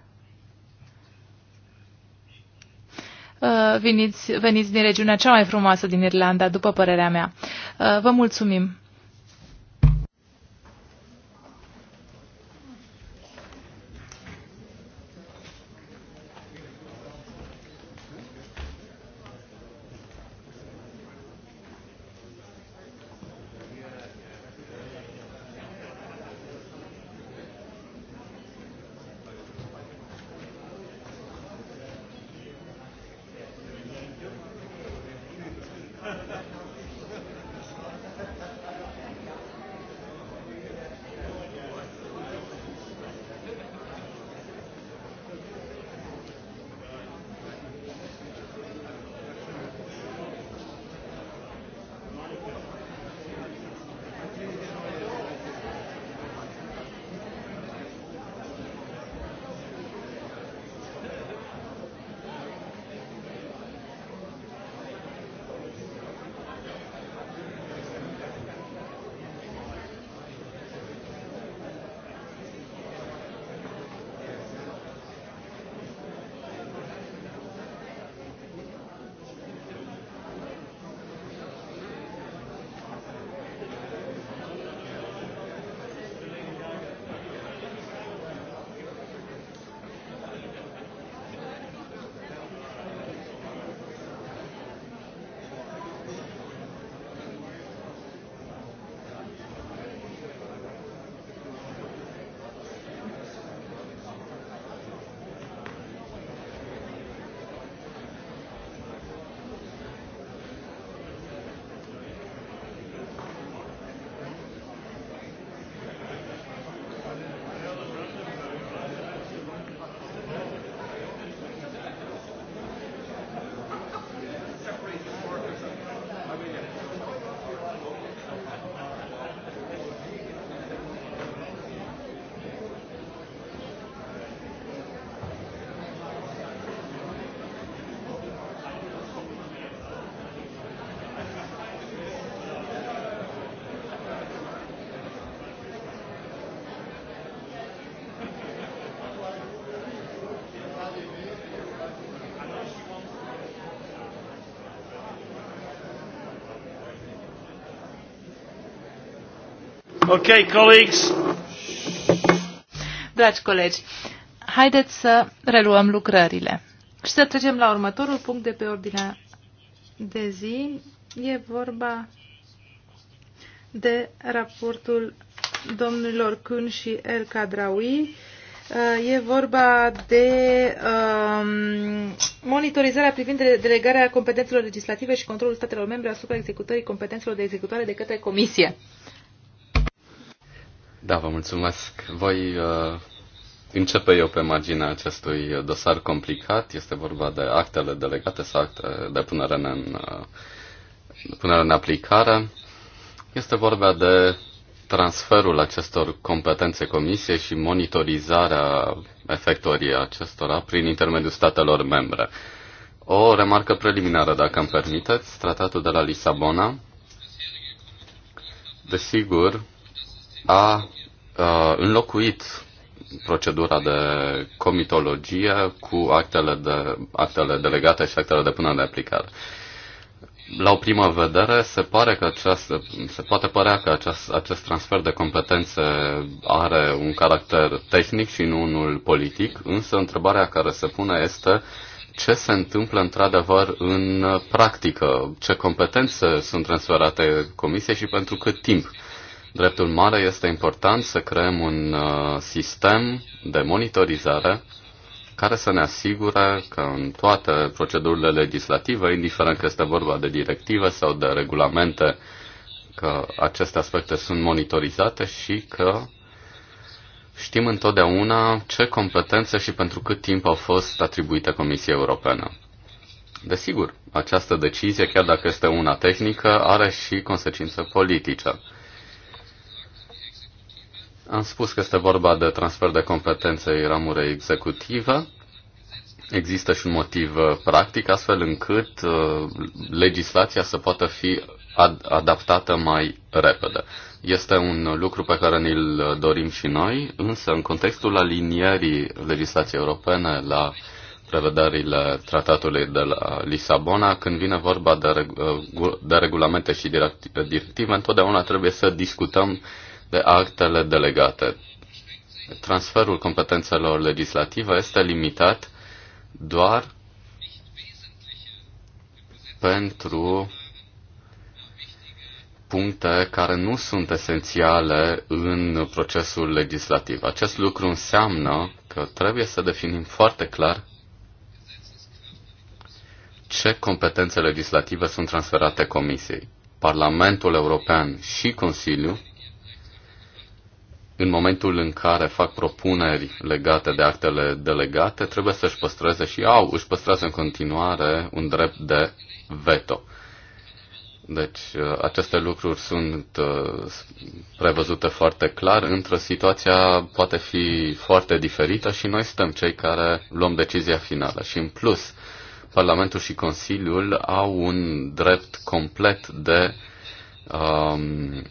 Uh, veniți, veniți din regiunea cea mai frumoasă din Irlanda, după părerea mea. Uh, vă mulțumim! Okay, colleagues. Dragi colegi, haideți să reluăm lucrările și să trecem la următorul punct de pe ordinea de zi. E vorba de raportul domnilor Kun și El Kadraoui. Uh, e vorba de um, monitorizarea privind delegarea competențelor legislative și controlul statelor membre asupra executării competențelor de executare de către Comisie. Da, vă mulțumesc. Voi uh, începe eu pe marginea acestui dosar complicat. Este vorba de actele delegate sau acte de punere în, uh, punere în aplicare. Este vorba de transferul acestor competențe comisiei și monitorizarea efectorii acestora prin intermediul statelor membre. O remarcă preliminară, dacă îmi permiteți, tratatul de la Lisabona. Desigur, a înlocuit procedura de comitologie cu actele, de, actele delegate și actele de până de aplicare. La o primă vedere, se, pare că aceast, se poate părea că acest, acest transfer de competențe are un caracter tehnic și nu unul politic, însă întrebarea care se pune este ce se întâmplă într-adevăr în practică, ce competențe sunt transferate comisiei și pentru cât timp Dreptul mare este important să creăm un uh, sistem de monitorizare care să ne asigure că în toate procedurile legislative, indiferent că este vorba de directive sau de regulamente, că aceste aspecte sunt monitorizate și că știm întotdeauna ce competențe și pentru cât timp au fost atribuite Comisiei Europene. Desigur, această decizie, chiar dacă este una tehnică, are și consecințe politice. Am spus că este vorba de transfer de competențe ramurei executive. Există și un motiv uh, practic, astfel încât uh, legislația să poată fi ad- adaptată mai repede. Este un lucru pe care ni-l dorim și noi, însă în contextul alinierii legislației europene la prevederile tratatului de la Lisabona, când vine vorba de, regu- uh, de regulamente și directive, întotdeauna trebuie să discutăm de actele delegate. Transferul competențelor legislative este limitat doar pentru puncte care nu sunt esențiale în procesul legislativ. Acest lucru înseamnă că trebuie să definim foarte clar ce competențe legislative sunt transferate Comisiei. Parlamentul European și Consiliul în momentul în care fac propuneri legate de actele delegate, trebuie să-și păstreze și au, își păstrează în continuare un drept de veto. Deci uh, aceste lucruri sunt uh, prevăzute foarte clar, într-o situație poate fi foarte diferită și noi suntem cei care luăm decizia finală. Și în plus, Parlamentul și Consiliul au un drept complet de um,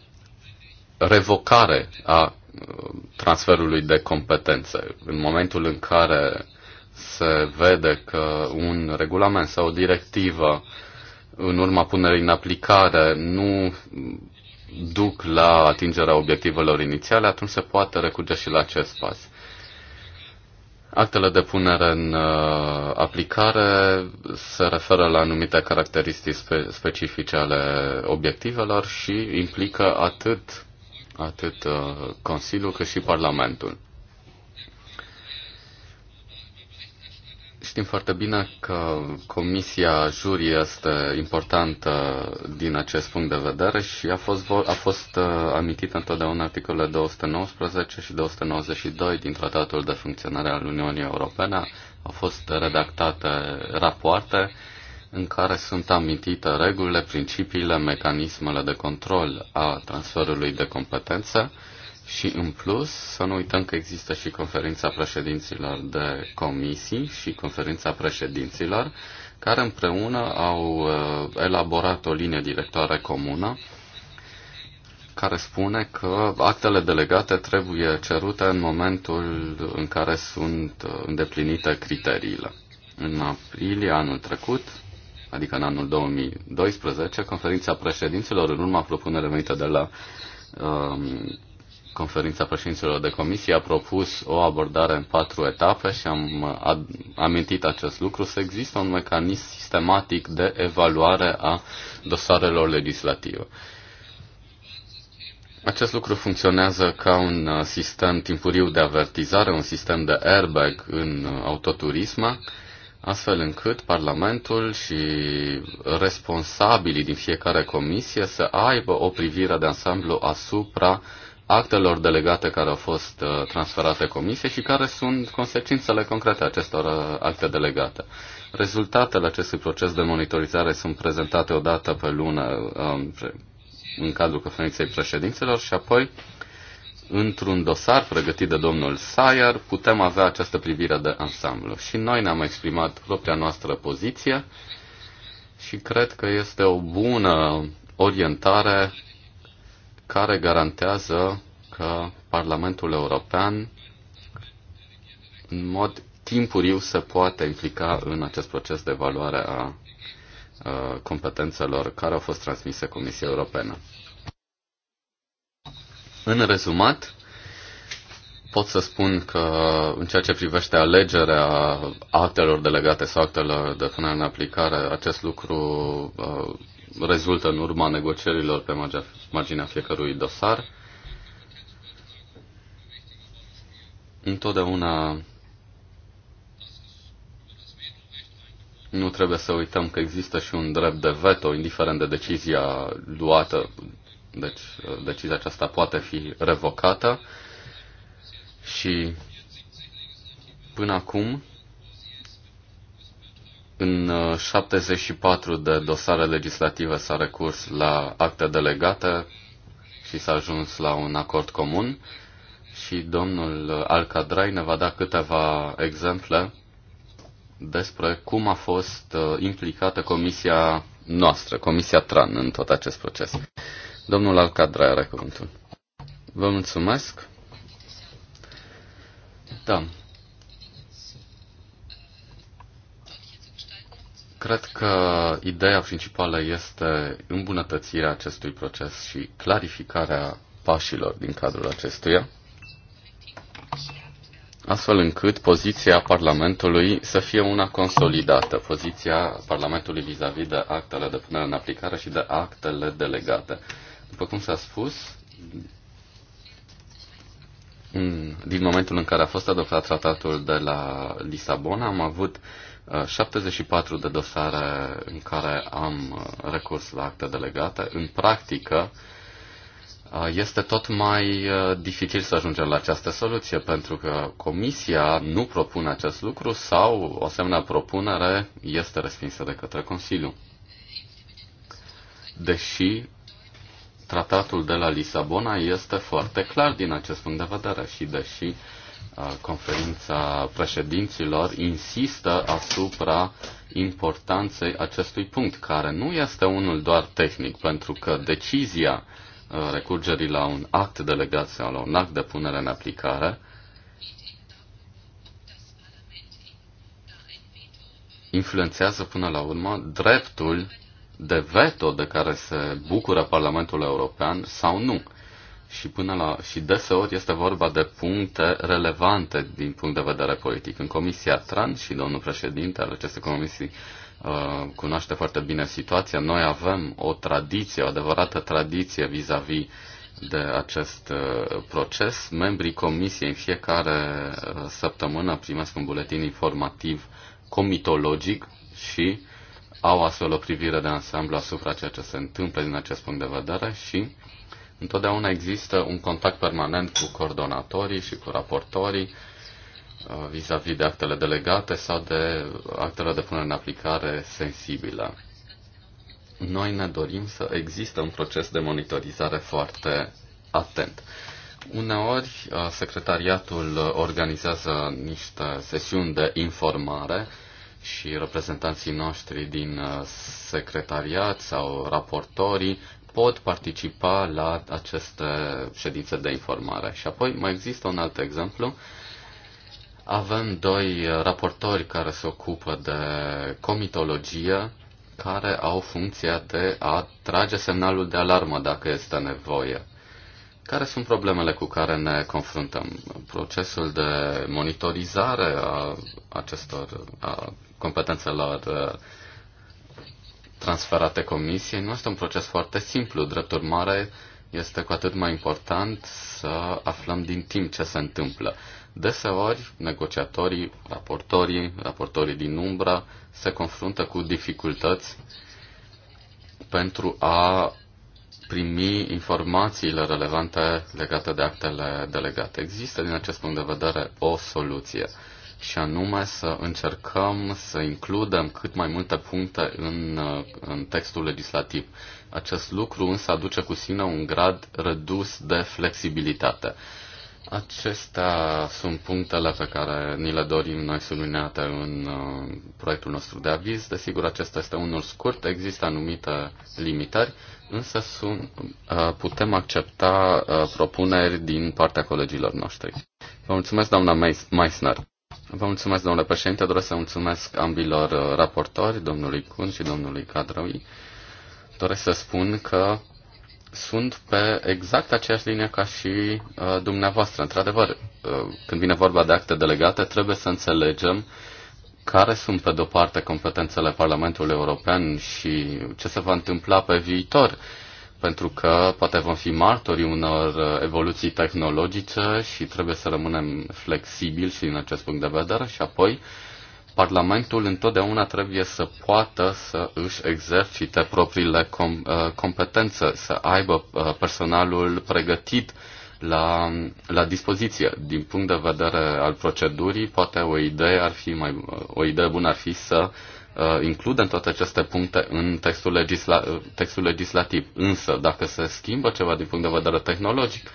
revocare a transferului de competențe. În momentul în care se vede că un regulament sau o directivă în urma punerii în aplicare nu duc la atingerea obiectivelor inițiale, atunci se poate recurge și la acest pas. Actele de punere în uh, aplicare se referă la anumite caracteristici specifice ale obiectivelor și implică atât atât uh, Consiliul cât și Parlamentul. Știm foarte bine că comisia jurii este importantă din acest punct de vedere și a fost, a fost uh, amintită întotdeauna articolele 219 și 292 din Tratatul de Funcționare al Uniunii Europene. Au fost redactate rapoarte în care sunt amintite regulile, principiile, mecanismele de control a transferului de competență și, în plus, să nu uităm că există și conferința președinților de comisii și conferința președinților, care împreună au uh, elaborat o linie directoare comună care spune că actele delegate trebuie cerute în momentul în care sunt uh, îndeplinite criteriile. În aprilie anul trecut, adică în anul 2012, conferința președinților, în urma propunerii venite de la um, conferința președinților de comisie, a propus o abordare în patru etape și am amintit acest lucru, să există un mecanism sistematic de evaluare a dosarelor legislative. Acest lucru funcționează ca un uh, sistem timpuriu de avertizare, un sistem de airbag în uh, autoturisme, astfel încât Parlamentul și responsabilii din fiecare comisie să aibă o privire de ansamblu asupra actelor delegate care au fost uh, transferate comisie și care sunt consecințele concrete acestor uh, acte delegate. Rezultatele acestui proces de monitorizare sunt prezentate odată pe lună uh, în cadrul conferinței președinților și apoi într-un dosar pregătit de domnul Sayer putem avea această privire de ansamblu. Și noi ne-am exprimat propria noastră poziție și cred că este o bună orientare care garantează că Parlamentul European în mod timpuriu se poate implica în acest proces de evaluare a competențelor care au fost transmise Comisiei Europene. În rezumat, pot să spun că în ceea ce privește alegerea actelor delegate sau actelor de punere în aplicare, acest lucru uh, rezultă în urma negocierilor pe marginea fiecărui dosar. Întotdeauna nu trebuie să uităm că există și un drept de veto, indiferent de decizia luată deci uh, decizia aceasta poate fi revocată și până acum în 74 uh, de dosare legislative s-a recurs la acte delegate și s-a ajuns la un acord comun și domnul Alcadrai ne va da câteva exemple despre cum a fost uh, implicată comisia noastră, Comisia TRAN, în tot acest proces. Domnul Alcadra are cuvântul. Vă mulțumesc. Da. Cred că ideea principală este îmbunătățirea acestui proces și clarificarea pașilor din cadrul acestuia, astfel încât poziția Parlamentului să fie una consolidată, poziția Parlamentului vis-a-vis -vis de actele de punere în aplicare și de actele delegate. După cum s-a spus, din momentul în care a fost adoptat tratatul de la Lisabona, am avut 74 uh, de dosare în care am uh, recurs la acte delegate. În practică, uh, este tot mai dificil să ajungem la această soluție, pentru că Comisia nu propune acest lucru sau o asemenea propunere este respinsă de către Consiliu. Deși tratatul de la Lisabona este foarte clar din acest punct de vedere și deși uh, conferința președinților insistă asupra importanței acestui punct, care nu este unul doar tehnic, pentru că decizia uh, recurgerii la un act de legație, la un act de punere în aplicare influențează până la urmă dreptul de veto de care se bucură Parlamentul European sau nu. Și, până la, și deseori este vorba de puncte relevante din punct de vedere politic. În Comisia Trans și domnul președinte al acestei comisii uh, cunoaște foarte bine situația. Noi avem o tradiție, o adevărată tradiție vis-a-vis -vis de acest uh, proces. Membrii comisiei în fiecare uh, săptămână primesc un buletin informativ comitologic și uh, au astfel o privire de ansamblu asupra ceea ce se întâmplă din acest punct de vedere și întotdeauna există un contact permanent cu coordonatorii și cu raportorii uh, vis-a-vis -vis de actele delegate sau de actele de punere în aplicare sensibile. Noi ne dorim să există un proces de monitorizare foarte atent. Uneori, uh, secretariatul organizează niște sesiuni de informare și reprezentanții noștri din uh, secretariat sau raportorii pot participa la aceste ședințe de informare. Și apoi mai există un alt exemplu. Avem doi uh, raportori care se ocupă de comitologie, care au funcția de a trage semnalul de alarmă dacă este nevoie. Care sunt problemele cu care ne confruntăm? Procesul de monitorizare a acestor a competențelor uh, transferate comisiei nu este un proces foarte simplu. Drept urmare, este cu atât mai important să aflăm din timp ce se întâmplă. Deseori, negociatorii, raportorii, raportorii din umbră se confruntă cu dificultăți pentru a primi informațiile relevante legate de actele delegate. Există, din acest punct de vedere, o soluție și anume să încercăm să includem cât mai multe puncte în, în textul legislativ. Acest lucru însă aduce cu sine un grad redus de flexibilitate. Acestea sunt punctele pe care ni le dorim noi subliniate în uh, proiectul nostru de aviz. Desigur, acesta este unul scurt, există anumite limitări, însă sunt, uh, putem accepta uh, propuneri din partea colegilor noștri. Vă mulțumesc, doamna Meisner. Vă mulțumesc, domnule președinte. Doresc să mulțumesc ambilor uh, raportori, domnului Cun și domnului Cadrăui. Doresc să spun că sunt pe exact aceeași linie ca și uh, dumneavoastră. Într-adevăr, uh, când vine vorba de acte delegate, trebuie să înțelegem care sunt, pe de-o parte, competențele Parlamentului European și ce se va întâmpla pe viitor. Uh, pentru că poate vom fi martorii unor evoluții tehnologice și trebuie să rămânem flexibili și din acest punct de vedere și apoi Parlamentul întotdeauna trebuie să poată să își exercite propriile com- uh, competențe, să aibă uh, personalul pregătit la, la dispoziție. Din punct de vedere al procedurii, poate o idee ar fi mai o idee bună ar fi să uh, Uh, includem toate aceste puncte în textul, legisla- textul legislativ. Însă, dacă se schimbă ceva din punct de vedere tehnologic,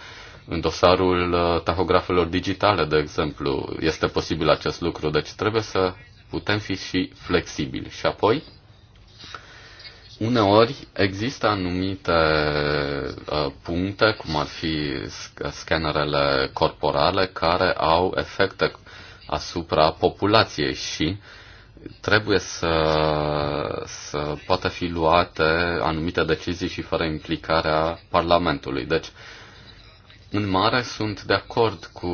în dosarul uh, tahografelor digitale, de exemplu, este posibil acest lucru, deci trebuie să putem fi și flexibili. Și apoi, uneori există anumite uh, puncte, cum ar fi scanerele corporale, care au efecte asupra populației și trebuie să, să poată fi luate anumite decizii și fără implicarea Parlamentului. Deci, în mare sunt de acord cu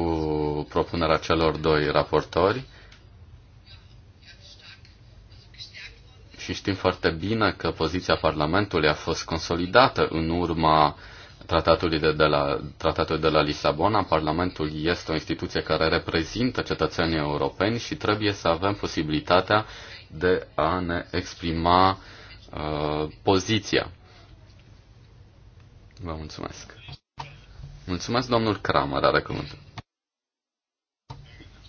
propunerea celor doi raportori și știm foarte bine că poziția Parlamentului a fost consolidată în urma tratatului de, de la, tratatul de la Lisabona, Parlamentul este o instituție care reprezintă cetățenii europeni și trebuie să avem posibilitatea de a ne exprima uh, poziția. Vă mulțumesc. Mulțumesc, domnul Kramer, are cuvântul.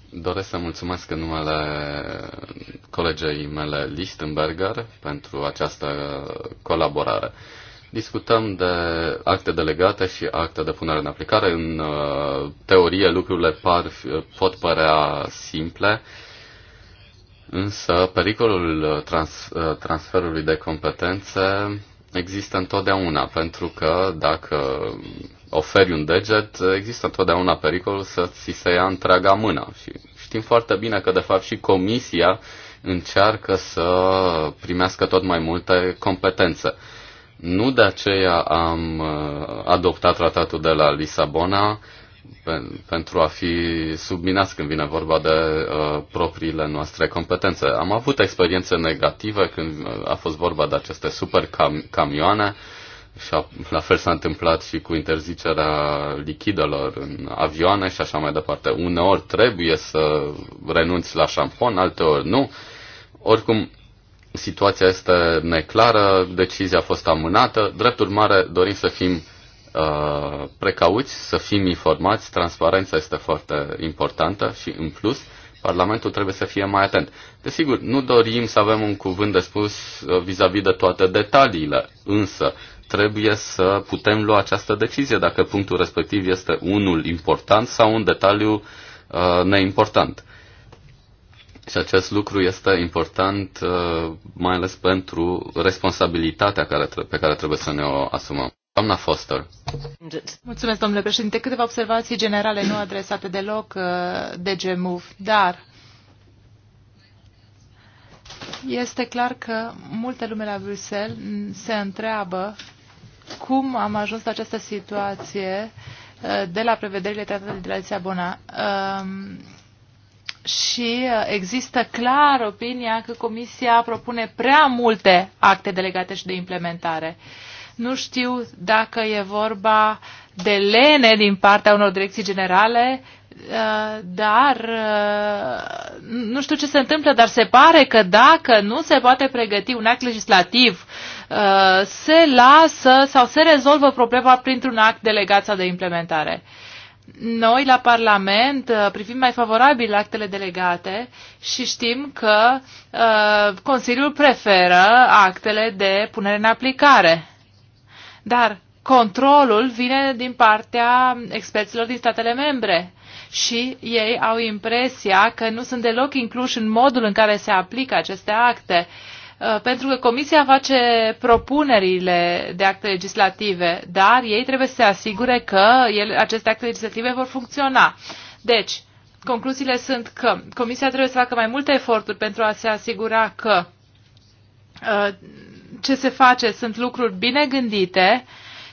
Doresc să mulțumesc în numele colegei mele Listenberger pentru această colaborare. Discutăm de acte delegate și acte de punere în aplicare. În uh, teorie lucrurile par, pot părea simple, însă pericolul uh, trans, uh, transferului de competențe există întotdeauna, pentru că dacă oferi un deget, există întotdeauna pericolul să ți se ia întreaga mână. Și știm foarte bine că, de fapt, și comisia încearcă să primească tot mai multe competențe. Nu de aceea am uh, adoptat tratatul de la Lisabona pentru a fi subminat când vine vorba de uh, propriile noastre competențe. Am avut experiențe negative când uh, a fost vorba de aceste super cam- camioane și a, la fel s-a întâmplat și cu interzicerea lichidelor în avioane și așa mai departe. Uneori trebuie să renunți la șampon, alteori nu. Oricum, situația este neclară, decizia a fost amânată. Drept urmare, dorim să fim uh, precauți, să fim informați, transparența este foarte importantă și, în plus, Parlamentul trebuie să fie mai atent. Desigur, nu dorim să avem un cuvânt de spus uh, vis-a-vis -vis de toate detaliile, însă trebuie să putem lua această decizie dacă punctul respectiv este unul important sau un detaliu uh, neimportant. Și acest lucru este important, uh, mai ales pentru responsabilitatea care, pe care trebuie să ne o asumăm. Doamna Foster. Mulțumesc, domnule președinte. Câteva observații generale nu adresate deloc uh, de GMUV, dar este clar că multe lume la Bruxelles se întreabă cum am ajuns la această situație uh, de la prevederile tratatului de la Lisabona. Um, și uh, există clar opinia că Comisia propune prea multe acte delegate și de implementare. Nu știu dacă e vorba de lene din partea unor direcții generale, uh, dar uh, nu știu ce se întâmplă, dar se pare că dacă nu se poate pregăti un act legislativ, se lasă sau se rezolvă problema printr-un act delegat sau de implementare noi la Parlament uh, privim mai favorabil actele delegate și știm că uh, Consiliul preferă actele de punere în aplicare. Dar controlul vine din partea experților din statele membre și ei au impresia că nu sunt deloc incluși în modul în care se aplică aceste acte. Uh, Uh, pentru că Comisia face propunerile de acte legislative, dar ei trebuie să se asigure că ele, aceste acte legislative vor funcționa. Deci, concluziile sunt că Comisia trebuie să facă mai multe eforturi pentru a se asigura că uh, ce se face sunt lucruri bine gândite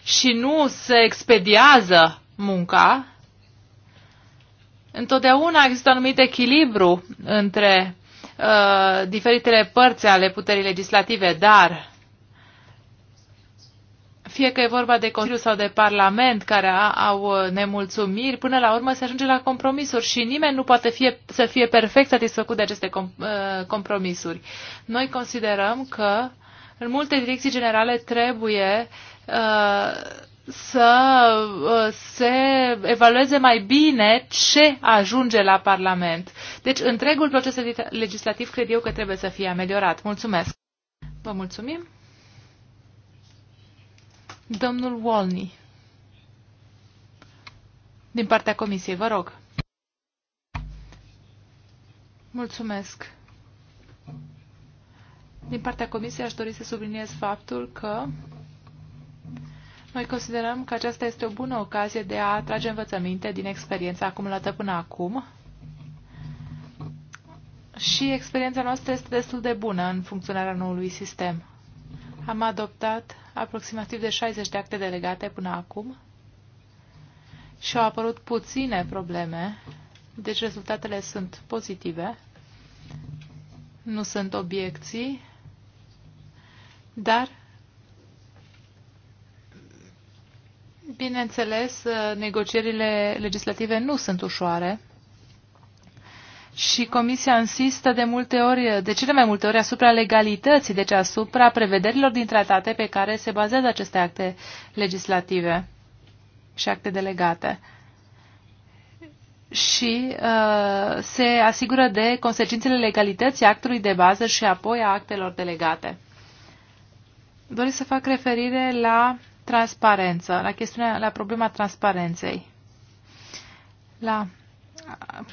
și nu se expediază munca. Întotdeauna există un anumit echilibru între Uh, diferitele părți ale puterii legislative, dar fie că e vorba de Consiliu sau de Parlament care a, au nemulțumiri, până la urmă se ajunge la compromisuri și nimeni nu poate fie, să fie perfect satisfăcut de aceste com, uh, compromisuri. Noi considerăm că în multe direcții generale trebuie uh, să uh, se evalueze mai bine ce ajunge la Parlament. Deci întregul proces legislativ cred eu că trebuie să fie ameliorat. Mulțumesc. Vă mulțumim. Domnul Walney, Din partea Comisiei, vă rog. Mulțumesc. Din partea Comisiei aș dori să subliniez faptul că noi considerăm că aceasta este o bună ocazie de a trage învățăminte din experiența acumulată până acum. Și experiența noastră este destul de bună în funcționarea noului sistem. Am adoptat aproximativ de 60 de acte delegate până acum și au apărut puține probleme, deci rezultatele sunt pozitive, nu sunt obiecții, dar Bineînțeles, uh, negocierile legislative nu sunt ușoare și Comisia insistă de multe ori, de cele mai multe ori, asupra legalității, deci asupra prevederilor din tratate pe care se bazează aceste acte legislative și acte delegate și uh, se asigură de consecințele legalității actului de bază și apoi a actelor delegate. Doresc să fac referire la transparență, la chestiunea, la problema transparenței. La,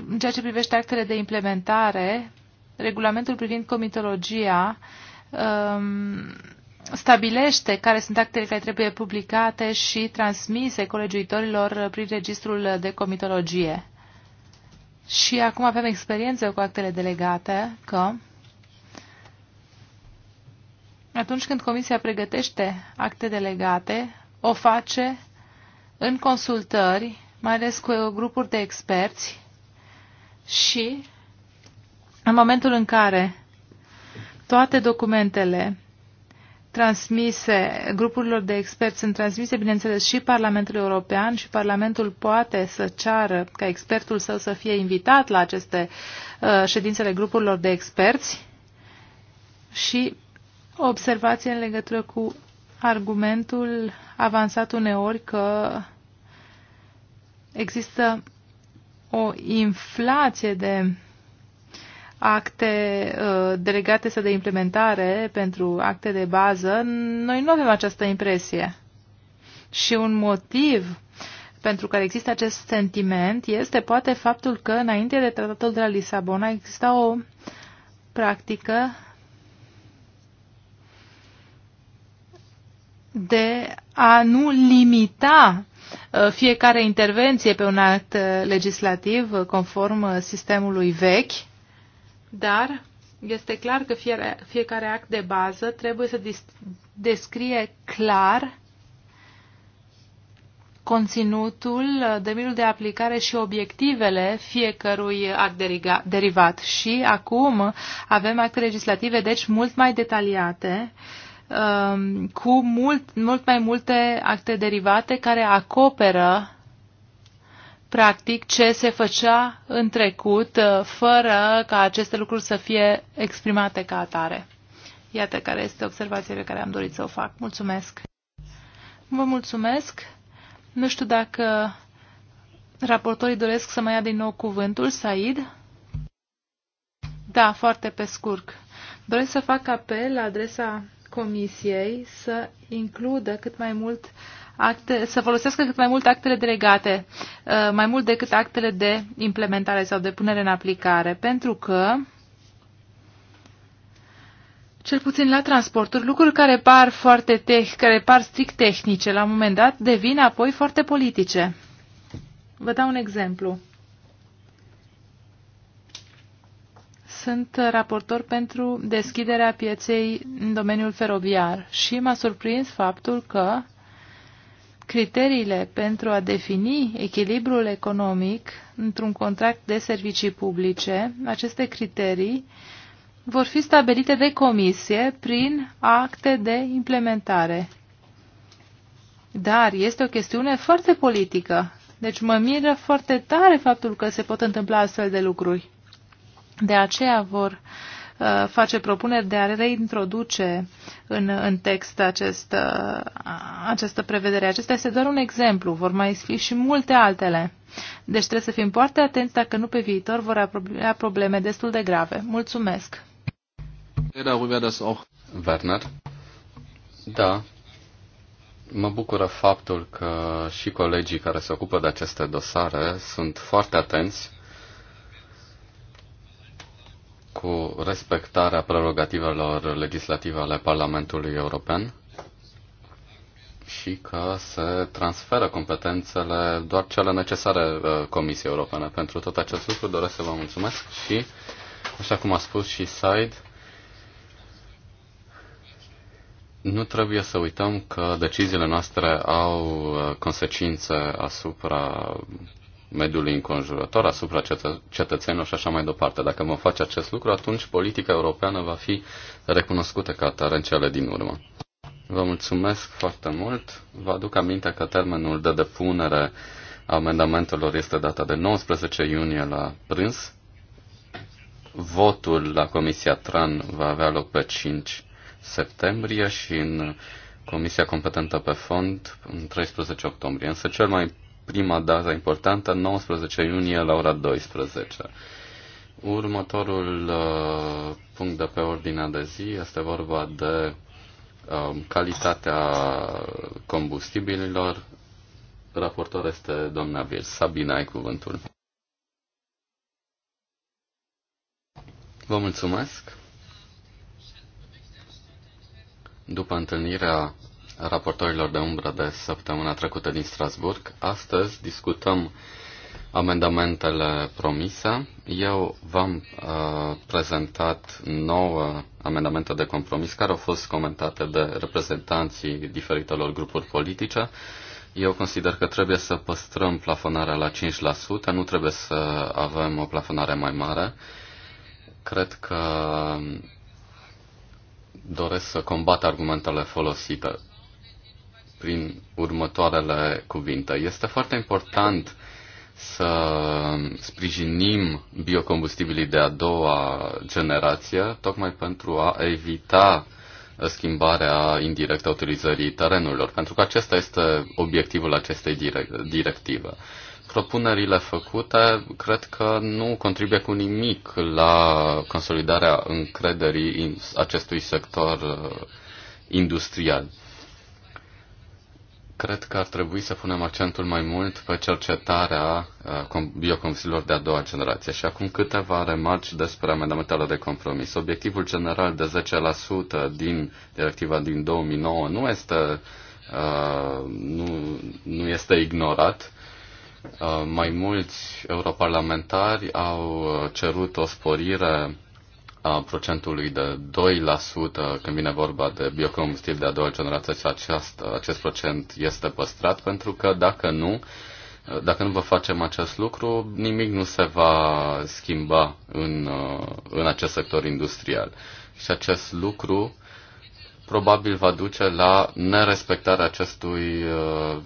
în ceea ce privește actele de implementare, regulamentul privind comitologia um, stabilește care sunt actele care trebuie publicate și transmise colegiuitorilor prin registrul de comitologie. Și acum avem experiență cu actele delegate că atunci când Comisia pregătește acte delegate, o face în consultări, mai ales cu grupuri de experți și în momentul în care toate documentele transmise grupurilor de experți sunt transmise, bineînțeles, și Parlamentul European și Parlamentul poate să ceară ca expertul său să fie invitat la aceste uh, ședințele grupurilor de experți și o observație în legătură cu argumentul avansat uneori că există o inflație de acte uh, delegate sau de implementare pentru acte de bază, noi nu avem această impresie. Și un motiv pentru care există acest sentiment este poate faptul că înainte de tratatul de la Lisabona exista o practică de a nu limita uh, fiecare intervenție pe un act uh, legislativ uh, conform sistemului vechi, dar este clar că fiecare act de bază trebuie să descrie clar conținutul, domeniul de aplicare și obiectivele fiecărui act derivat. Și acum avem acte legislative, deci mult mai detaliate, uh, Um, cu mult, mult mai multe acte derivate care acoperă practic ce se făcea în trecut uh, fără ca aceste lucruri să fie exprimate ca atare. Iată care este observația pe care am dorit să o fac. Mulțumesc! Vă mulțumesc! Nu știu dacă raportorii doresc să mai ia din nou cuvântul, Said? Da, foarte pe scurt. Doresc să fac apel la adresa Comisiei să includă cât mai mult acte, să folosească cât mai mult actele delegate, uh, mai mult decât actele de implementare sau de punere în aplicare, pentru că cel puțin la transporturi, lucruri care par foarte teh, care par strict tehnice la un moment dat, devin apoi foarte politice. Vă dau un exemplu. sunt raportor pentru deschiderea pieței în domeniul feroviar și m-a surprins faptul că criteriile pentru a defini echilibrul economic într-un contract de servicii publice, aceste criterii vor fi stabilite de comisie prin acte de implementare. Dar este o chestiune foarte politică, deci mă miră foarte tare faptul că se pot întâmpla astfel de lucruri. De aceea vor uh, face propuneri de a reintroduce în, în text acest, uh, această prevedere. Acesta este doar un exemplu, vor mai fi și multe altele. Deci trebuie să fim foarte atenți dacă nu pe viitor vor avea probleme destul de grave. Mulțumesc! Werner? Da. Mă bucură faptul că și colegii care se ocupă de aceste dosare sunt foarte atenți cu respectarea prerogativelor legislative ale Parlamentului European și că se transferă competențele doar cele necesare uh, Comisiei Europene. Pentru tot acest lucru doresc să vă mulțumesc și, așa cum a spus și Said, nu trebuie să uităm că deciziile noastre au uh, consecințe asupra mediului înconjurător, asupra cetă- cetățenilor și așa mai departe. Dacă vom face acest lucru, atunci politica europeană va fi recunoscută ca atare în cele din urmă. Vă mulțumesc foarte mult. Vă aduc aminte că termenul de depunere a amendamentelor este data de 19 iunie la prânz. Votul la Comisia TRAN va avea loc pe 5 septembrie și în Comisia competentă pe fond în 13 octombrie. Însă cel mai prima dată importantă, 19 iunie la ora 12. Următorul uh, punct de pe ordinea de zi este vorba de uh, calitatea combustibililor. Raportor este doamna Vir. Sabina, ai cuvântul. Vă mulțumesc. După întâlnirea raportorilor de umbră de săptămâna trecută din Strasburg. Astăzi discutăm amendamentele promise. Eu v-am uh, prezentat nouă amendamente de compromis care au fost comentate de reprezentanții diferitelor grupuri politice. Eu consider că trebuie să păstrăm plafonarea la 5%, nu trebuie să avem o plafonare mai mare. Cred că doresc să combat argumentele folosite prin următoarele cuvinte. Este foarte important să sprijinim biocombustibilii de a doua generație, tocmai pentru a evita schimbarea indirectă a utilizării terenurilor, pentru că acesta este obiectivul acestei directive. Propunerile făcute cred că nu contribuie cu nimic la consolidarea încrederii în acestui sector uh, industrial. Cred că ar trebui să punem accentul mai mult pe cercetarea uh, biocombustibilor de a doua generație. Și acum câteva remarci despre amendamentele de compromis. Obiectivul general de 10% din directiva din 2009 nu este, uh, nu, nu este ignorat. Uh, mai mulți europarlamentari au cerut o sporire a procentului de 2% când vine vorba de biocombustibil de a doua generație, acest, acest procent este păstrat, pentru că dacă nu, dacă nu vă facem acest lucru, nimic nu se va schimba în, în acest sector industrial. Și acest lucru probabil va duce la nerespectarea acestui,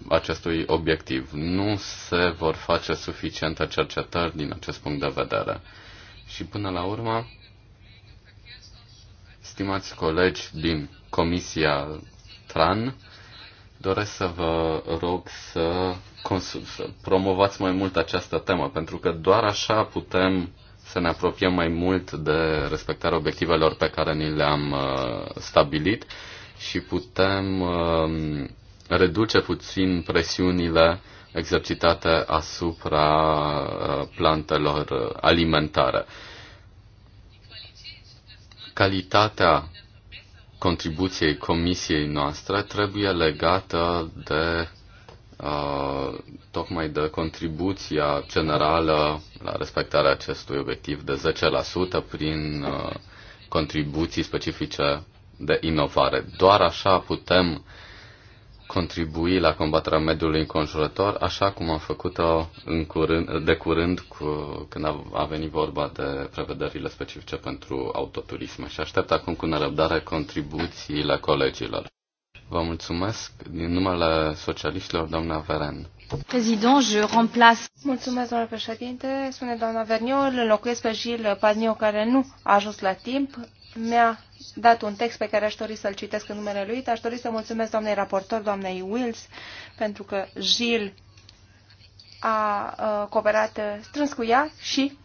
acestui obiectiv. Nu se vor face suficiente cercetări din acest punct de vedere. Și până la urmă, stimați colegi din Comisia TRAN, doresc să vă rog să, să promovați mai mult această temă, pentru că doar așa putem să ne apropiem mai mult de respectarea obiectivelor pe care ni le-am uh, stabilit și putem uh, reduce puțin presiunile exercitate asupra uh, plantelor uh, alimentare calitatea contribuției comisiei noastre trebuie legată de uh, tocmai de contribuția generală la respectarea acestui obiectiv de 10% prin uh, contribuții specifice de inovare. Doar așa putem contribui la combaterea mediului înconjurător, așa cum am făcut-o în curând, de curând cu, când a, a venit vorba de prevederile specifice pentru autoturism. Și aștept acum cu nerăbdare contribuțiile colegilor. Vă mulțumesc din numele socialiștilor, doamna Veren. Prezident, je remplace. Mulțumesc, doamna președinte. Spune doamna Verniol, înlocuiesc pe Gil Paznio, care nu a ajuns la timp mi-a dat un text pe care aș dori să-l citesc în numele lui. Aș dori să mulțumesc doamnei raportor, doamnei Wills, pentru că Jill a uh, cooperat uh, strâns cu ea și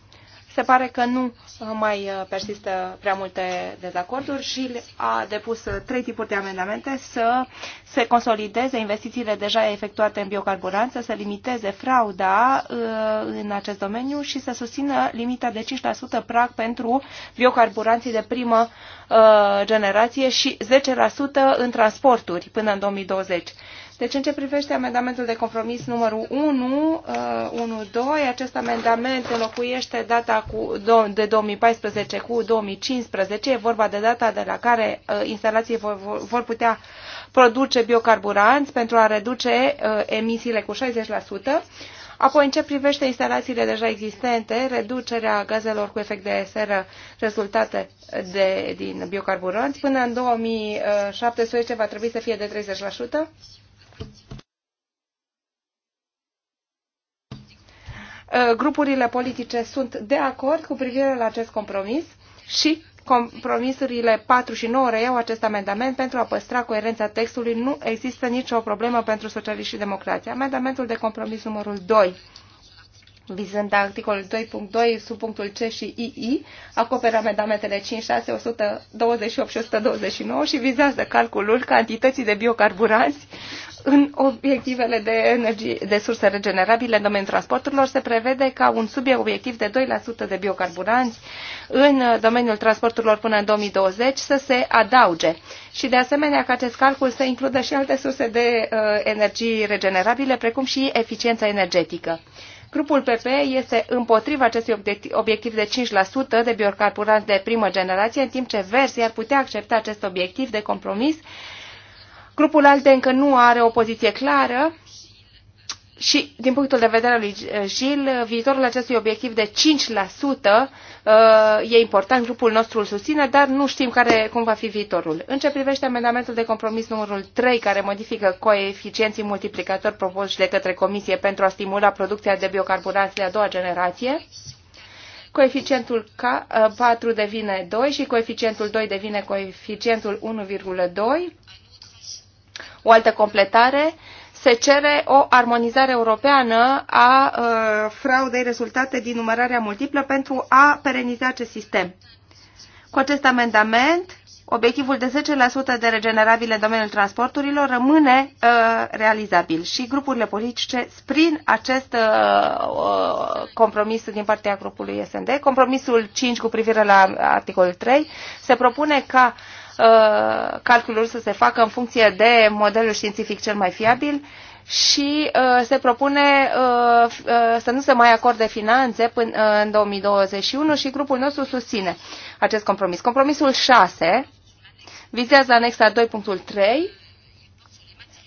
se pare că nu uh, mai uh, persistă prea multe dezacorduri și a depus uh, trei tipuri de amendamente să se consolideze investițiile deja efectuate în biocarburanți, să se limiteze frauda în acest domeniu și să susțină limita de 5% prag pentru biocarburanții de primă generație și 10% în transporturi până în 2020. Deci, în ce privește amendamentul de compromis numărul 1, 1 2, acest amendament înlocuiește data cu, de 2014 cu 2015. E vorba de data de la care uh, instalații vor, vor putea produce biocarburanți pentru a reduce uh, emisiile cu 60%. Apoi, în ce privește instalațiile deja existente, reducerea gazelor cu efect de seră rezultate de, din biocarburanți, până în 2017 uh, va trebui să fie de 30%. Uh, grupurile politice sunt de acord cu privire la acest compromis și compromisurile 4 și 9 reiau acest amendament pentru a păstra coerența textului. Nu există nicio problemă pentru socialiști și Democrații. Amendamentul de compromis numărul 2 vizând articolul 2.2 sub punctul C și II, acoperă amendamentele 5, 6, 128 și 129 și vizează calculul cantității de biocarburanți în obiectivele de, energie, de surse regenerabile în domeniul transporturilor se prevede ca un subiectiv obiectiv de 2% de biocarburanți în domeniul transporturilor până în 2020 să se adauge și de asemenea că acest calcul să includă și alte surse de uh, energii regenerabile precum și eficiența energetică. Grupul PP este împotriva acestui obiectiv de 5% de biocarburanți de primă generație, în timp ce Verzi ar putea accepta acest obiectiv de compromis Grupul alte încă nu are o poziție clară și, din punctul de vedere al lui Gil, viitorul acestui obiectiv de 5% uh, e important, grupul nostru îl susține, dar nu știm care, cum va fi viitorul. În ce privește amendamentul de compromis numărul 3, care modifică coeficienții multiplicatori propuși de către Comisie pentru a stimula producția de biocarburanți de a doua generație, coeficientul 4 uh, devine 2 și coeficientul 2 devine coeficientul 1,2, o altă completare se cere o armonizare europeană a uh, fraudei rezultate din numărarea multiplă pentru a pereniza acest sistem. Cu acest amendament, obiectivul de 10% de regenerabile în domeniul transporturilor rămâne uh, realizabil și grupurile politice sprin acest uh, uh, compromis din partea grupului SND, compromisul 5 cu privire la articolul 3, se propune ca uh, Uh, calculul să se facă în funcție de modelul științific cel mai fiabil și uh, se propune uh, uh, să nu se mai acorde finanțe până uh, în 2021 și grupul nostru susține acest compromis. Compromisul 6 vizează anexa 2.3.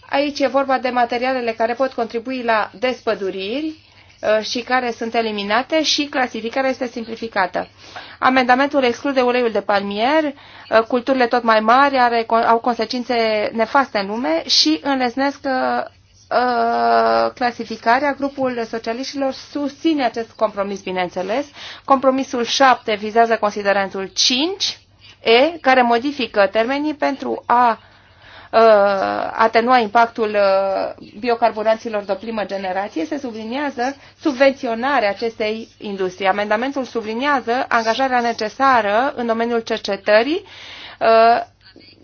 Aici e vorba de materialele care pot contribui la despăduriri Uh, și care sunt eliminate și clasificarea este simplificată. Amendamentul exclude uleiul de palmier, uh, culturile tot mai mari are, au consecințe nefaste în lume și înlesnesc uh, clasificarea, grupul socialiștilor susține acest compromis, bineînțeles. Compromisul 7 vizează considerentul 5, E, care modifică termenii pentru a Uh, atenua impactul uh, biocarburanților de primă generație, se subliniază subvenționarea acestei industrii. Amendamentul subliniază angajarea necesară în domeniul cercetării uh,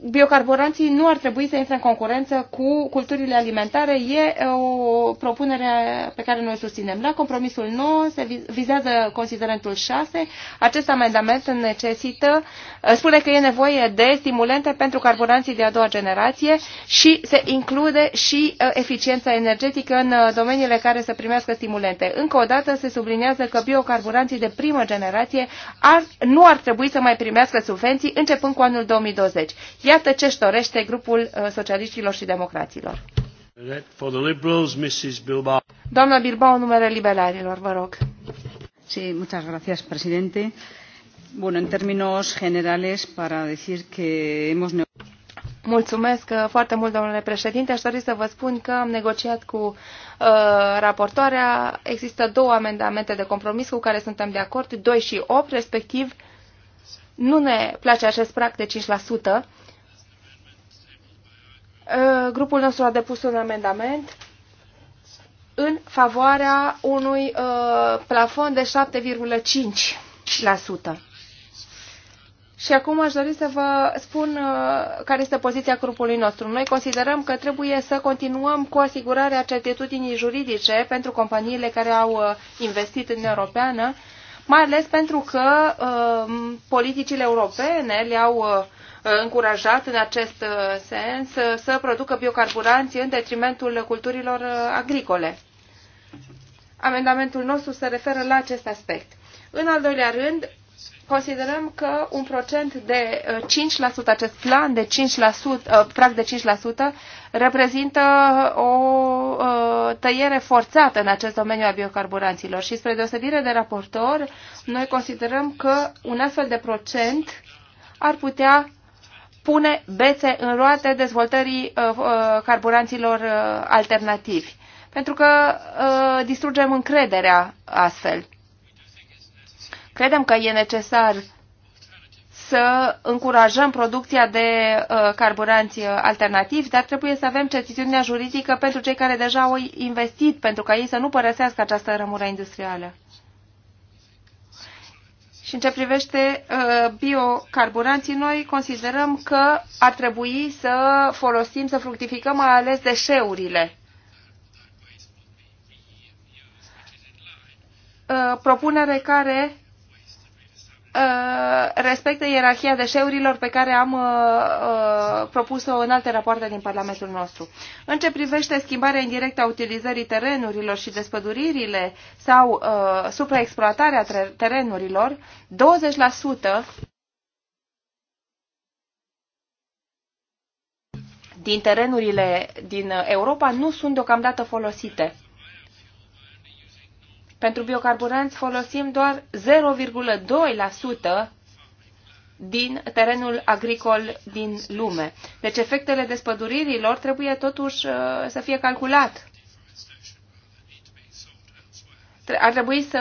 biocarburanții nu ar trebui să intre în concurență cu culturile alimentare. E o propunere pe care noi susținem. La compromisul 9 se vizează considerentul 6. Acest amendament necesită, spune că e nevoie de stimulente pentru carburanții de a doua generație și se include și eficiența energetică în domeniile care să primească stimulente. Încă o dată se subliniază că biocarburanții de primă generație ar, nu ar trebui să mai primească subvenții începând cu anul 2020. Iată ce își dorește grupul uh, socialiștilor și democraților. Doamna Bilbao, numele liberalilor, vă rog. Sí, muchas gracias, presidente. Bueno, en términos generales, para decir que hemos Mulțumesc uh, foarte mult, domnule președinte. Aș dori să vă spun că am negociat cu uh, raportoarea. Există două amendamente de compromis cu care suntem de acord, 2 și 8, respectiv. Nu ne place acest prag de Uh, grupul nostru a depus un amendament în favoarea unui uh, plafon de 7,5%. Și acum aș dori să vă spun uh, care este poziția grupului nostru. Noi considerăm că trebuie să continuăm cu asigurarea certitudinii juridice pentru companiile care au uh, investit în Europeană, mai ales pentru că uh, politicile europene le-au uh, încurajat în acest uh, sens uh, să producă biocarburanți în detrimentul culturilor uh, agricole. Amendamentul nostru se referă la acest aspect. În al doilea rând, considerăm că un procent de 5%, acest plan de 5%, prag de 5%, reprezintă o tăiere forțată în acest domeniu a biocarburanților și spre deosebire de raportor, noi considerăm că un astfel de procent ar putea pune bețe în roate dezvoltării uh, uh, carburanților uh, alternativi, pentru că distrugem încrederea astfel. Credem că e necesar să încurajăm producția de carburanți alternativi, dar trebuie să avem certitudinea juridică pentru cei care deja au investit, pentru ca ei să nu părăsească această rămură industrială. Și în ce privește uh, biocarburanții, noi considerăm că ar trebui să folosim, să fructificăm mai ales deșeurile. Uh, propunere care Uh, respecte ierarhia deșeurilor pe care am uh, uh, propus-o în alte rapoarte din Parlamentul nostru. În ce privește schimbarea indirectă a utilizării terenurilor și despăduririle sau supraexploatarea terenurilor, 20% din terenurile din Europa nu sunt deocamdată folosite. Pentru biocarburanți folosim doar 0,2% din terenul agricol din lume. Deci efectele despăduririlor trebuie totuși uh, să fie calculat ar trebui să,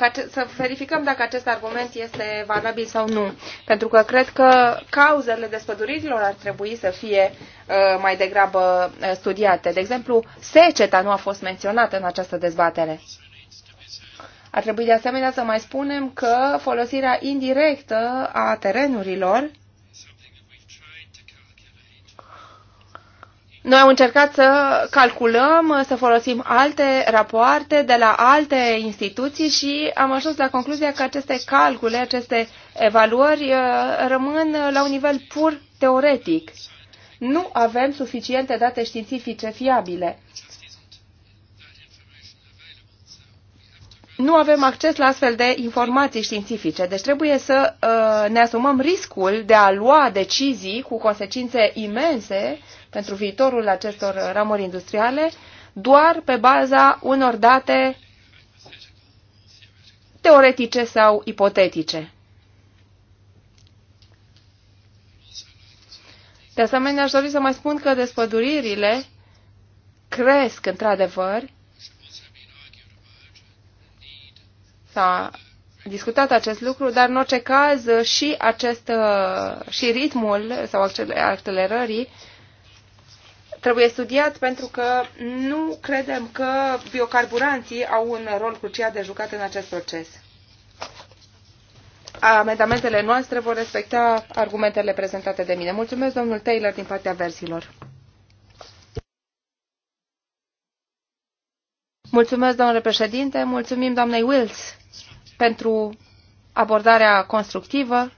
uh, să verificăm dacă acest argument este valabil sau nu. Pentru că cred că cauzele despăduririlor ar trebui să fie uh, mai degrabă uh, studiate. De exemplu, seceta nu a fost menționată în această dezbatere. Ar trebui de asemenea să mai spunem că folosirea indirectă a terenurilor Noi am încercat să calculăm, să folosim alte rapoarte de la alte instituții și am ajuns la concluzia că aceste calcule, aceste evaluări uh, rămân la un nivel pur teoretic. Nu avem suficiente date științifice fiabile. Nu avem acces la astfel de informații științifice, deci trebuie să uh, ne asumăm riscul de a lua decizii cu consecințe imense uh, pentru viitorul acestor ramuri industriale doar pe baza unor date teoretice sau ipotetice. De asemenea, aș dori să mai spun că despăduririle cresc într-adevăr. S-a discutat acest lucru, dar în orice caz și acest uh, și ritmul sau accelerării trebuie studiat pentru că nu credem că biocarburanții au un rol crucial de jucat în acest proces. Amendamentele noastre vor respecta argumentele prezentate de mine. Mulțumesc, domnul Taylor, din partea versilor. Mulțumesc, domnule președinte, mulțumim doamnei Wills pentru abordarea constructivă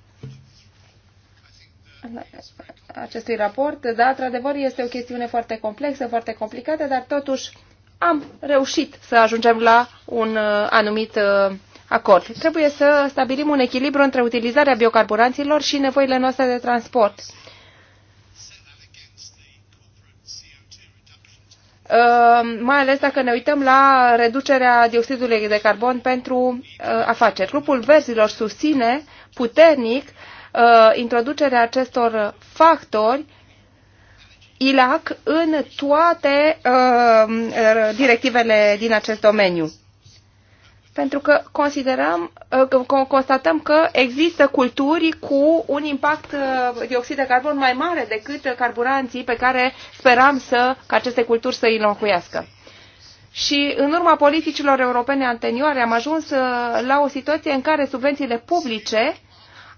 acestui raport. Da, într-adevăr, este o chestiune foarte complexă, foarte complicată, dar totuși am reușit să ajungem la un uh, anumit uh, acord. Trebuie să stabilim un echilibru între utilizarea biocarburanților și nevoile noastre de transport. Uh, mai ales dacă ne uităm la reducerea dioxidului de carbon pentru afaceri. Grupul verzilor susține puternic Uh, introducerea acestor factori ILAC în toate uh, directivele din acest domeniu. Pentru că considerăm, uh, constatăm că există culturi cu un impact uh, dioxid de carbon mai mare decât carburanții pe care speram să, ca aceste culturi să îi înlocuiască. Și în urma politicilor europene anterioare am ajuns uh, la o situație în care subvențiile publice uh,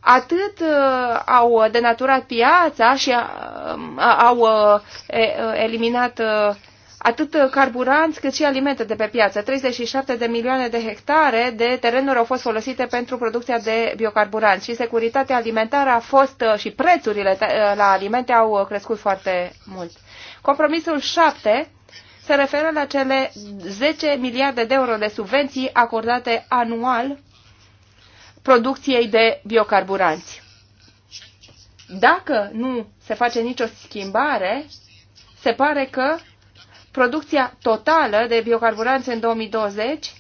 atât uh, au denaturat piața și uh, uh au uh, uh, eliminat uh, atât carburanți cât și alimente de pe piață. 37 de milioane de hectare de terenuri au fost folosite pentru producția de biocarburanți și securitatea alimentară a fost uh, și prețurile la alimente au crescut foarte mult. Compromisul 7 se referă la cele 10 miliarde de euro de subvenții acordate anual producției de biocarburanți. Dacă nu se face nicio schimbare, se pare că producția totală de biocarburanți în 2020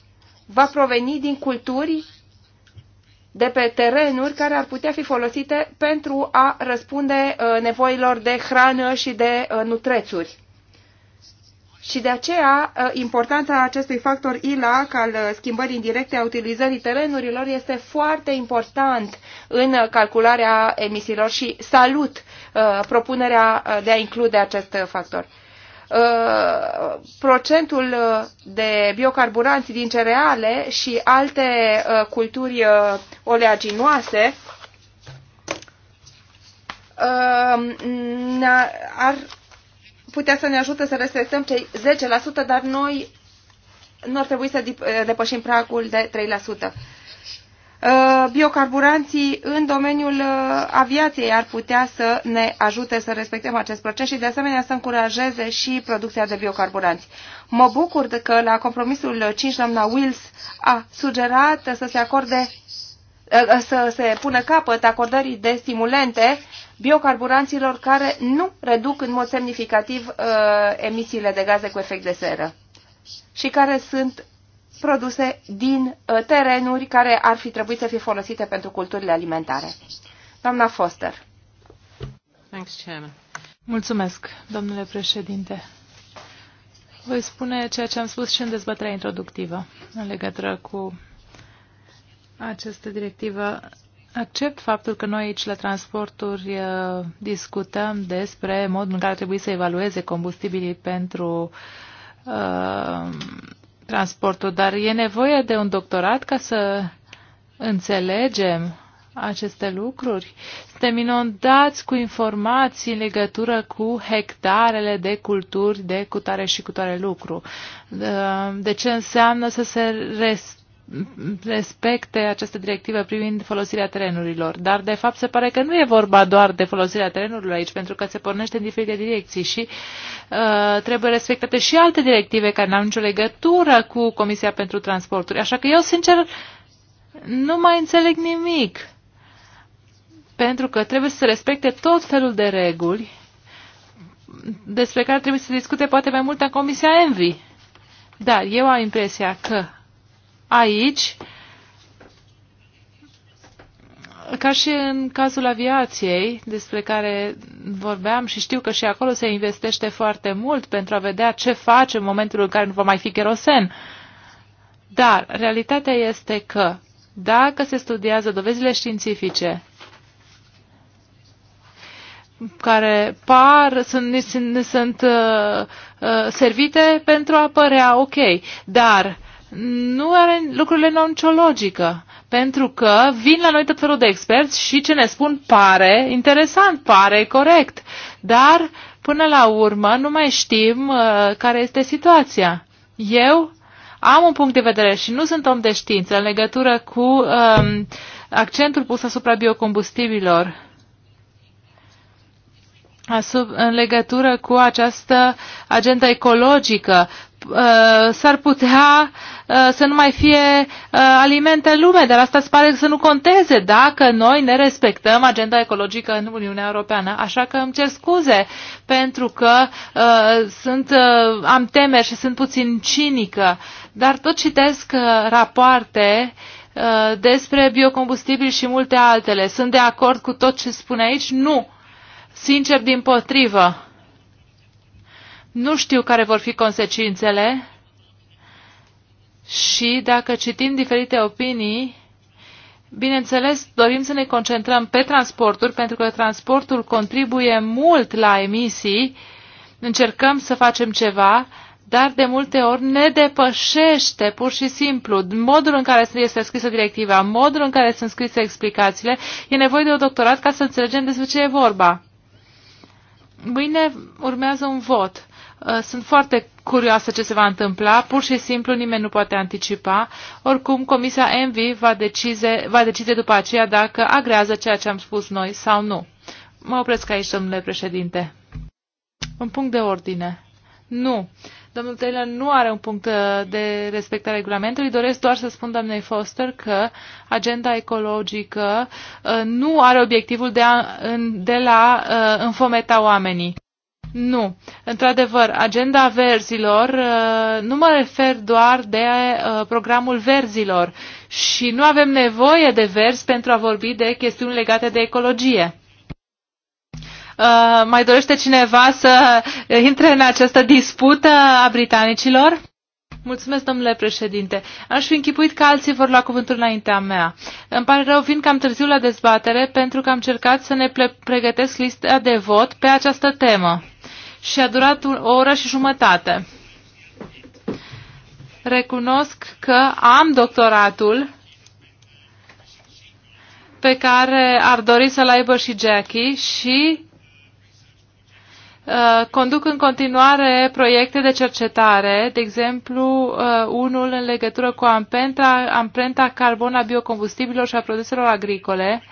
va proveni din culturi de pe terenuri care ar putea fi folosite pentru a răspunde uh, nevoilor de hrană și de uh, nutrețuri. Și de aceea, uh, importanța acestui factor ILAC al uh, schimbării indirecte a utilizării terenurilor este foarte important în uh, calcularea emisiilor și salut propunerea de a include acest factor. Uh, procentul de biocarburanți din cereale și alte uh, culturi uh, oleaginoase ar putea să ne ajute să respectăm cei 10%, dar noi nu ar trebui să eh, depășim pragul de 3%. Eh, biocarburanții în domeniul eh, aviației ar putea să ne ajute să respectăm acest proces și de asemenea să încurajeze și producția de biocarburanți. Mă bucur că la compromisul 5 doamna Wills a sugerat să se acorde Eh, eh, să se pună capăt acordării de stimulente biocarburanților care nu reduc în mod semnificativ eh, emisiile de gaze cu efect de seră și care sunt produse din terenuri care ar fi trebuit să fie folosite pentru culturile alimentare. Doamna Foster. Thanks, Chairman. Mulțumesc, domnule președinte. Voi spune ceea ce am spus și în dezbaterea introductivă în legătură cu această directivă. Accept faptul că noi aici la transporturi uh, discutăm despre modul în care trebuie să evalueze combustibilii pentru uh, transportul, dar e nevoie de un doctorat ca să înțelegem aceste lucruri? Suntem inundați cu informații în legătură cu hectarele de culturi de cutare și cutare lucru. Uh, de ce înseamnă să se rest respecte această directivă privind folosirea terenurilor. Dar, de fapt, se pare că nu e vorba doar de folosirea terenurilor aici, pentru că se pornește în diferite direcții și uh, trebuie respectate și alte directive care n-au nicio legătură cu Comisia pentru Transporturi. Așa că eu, sincer, nu mai înțeleg nimic. Pentru că trebuie să respecte tot felul de reguli despre care trebuie să discute poate mai mult în Comisia Envi. Dar eu am impresia că aici, ca și în cazul aviației, despre care vorbeam și știu că și acolo se investește foarte mult pentru a vedea ce face în momentul în care nu va mai fi cherosen. Dar realitatea este că dacă se studiază dovezile științifice care par, sunt, sunt, sunt uh, uh, servite pentru a părea ok, dar nu are lucrurile nu au nicio logică. Pentru că vin la noi tot felul de experți și ce ne spun pare interesant, pare corect. Dar, până la urmă, nu mai știm uh, care este situația. Eu am un punct de vedere și nu sunt om de știință în legătură cu um, accentul pus asupra biocombustibilor asup, în legătură cu această agenda ecologică Uh, s-ar putea uh, să nu mai fie uh, alimente în lume, dar asta se pare să nu conteze dacă noi ne respectăm agenda ecologică în Uniunea Europeană. Așa că îmi cer scuze pentru că uh, sunt, uh, am teme și sunt puțin cinică, dar tot citesc uh, rapoarte uh, despre biocombustibili și multe altele. Sunt de acord cu tot ce spune aici? Nu. Sincer, din potrivă nu știu care vor fi consecințele și dacă citim diferite opinii, bineînțeles, dorim să ne concentrăm pe transporturi, pentru că transportul contribuie mult la emisii, încercăm să facem ceva, dar de multe ori ne depășește pur și simplu modul în care este scrisă directiva, modul în care sunt scrise explicațiile. E nevoie de o doctorat ca să înțelegem despre ce e vorba. Mâine urmează un vot Uh, sunt foarte curioasă ce se va întâmpla, pur și simplu nimeni nu poate anticipa. Oricum, Comisia Envy va decide, va decide după aceea dacă agrează ceea ce am spus noi sau nu. Mă opresc aici, domnule președinte. Un punct de ordine. Nu. Domnul Taylor nu are un punct uh, de respect a regulamentului. Doresc doar să spun doamnei Foster că agenda ecologică uh, nu are obiectivul de, a, de la înfometa oamenii. Nu. Într-adevăr, agenda verzilor, uh, nu mă refer doar de uh, programul verzilor și nu avem nevoie de vers pentru a vorbi de chestiuni legate de ecologie. Uh, mai dorește cineva să intre în această dispută a britanicilor? Mulțumesc, domnule președinte. Aș fi închipuit că alții vor lua cuvântul înaintea mea. Îmi pare rău, vin cam târziu la dezbatere pentru că am încercat să ne pregătesc lista de vot pe această temă și a durat o oră și jumătate. Recunosc că am doctoratul pe care ar dori să-l aibă și Jackie și uh, conduc în continuare proiecte de cercetare, de exemplu uh, unul în legătură cu amprenta, amprenta carbon a biocombustibilor și a produselor agricole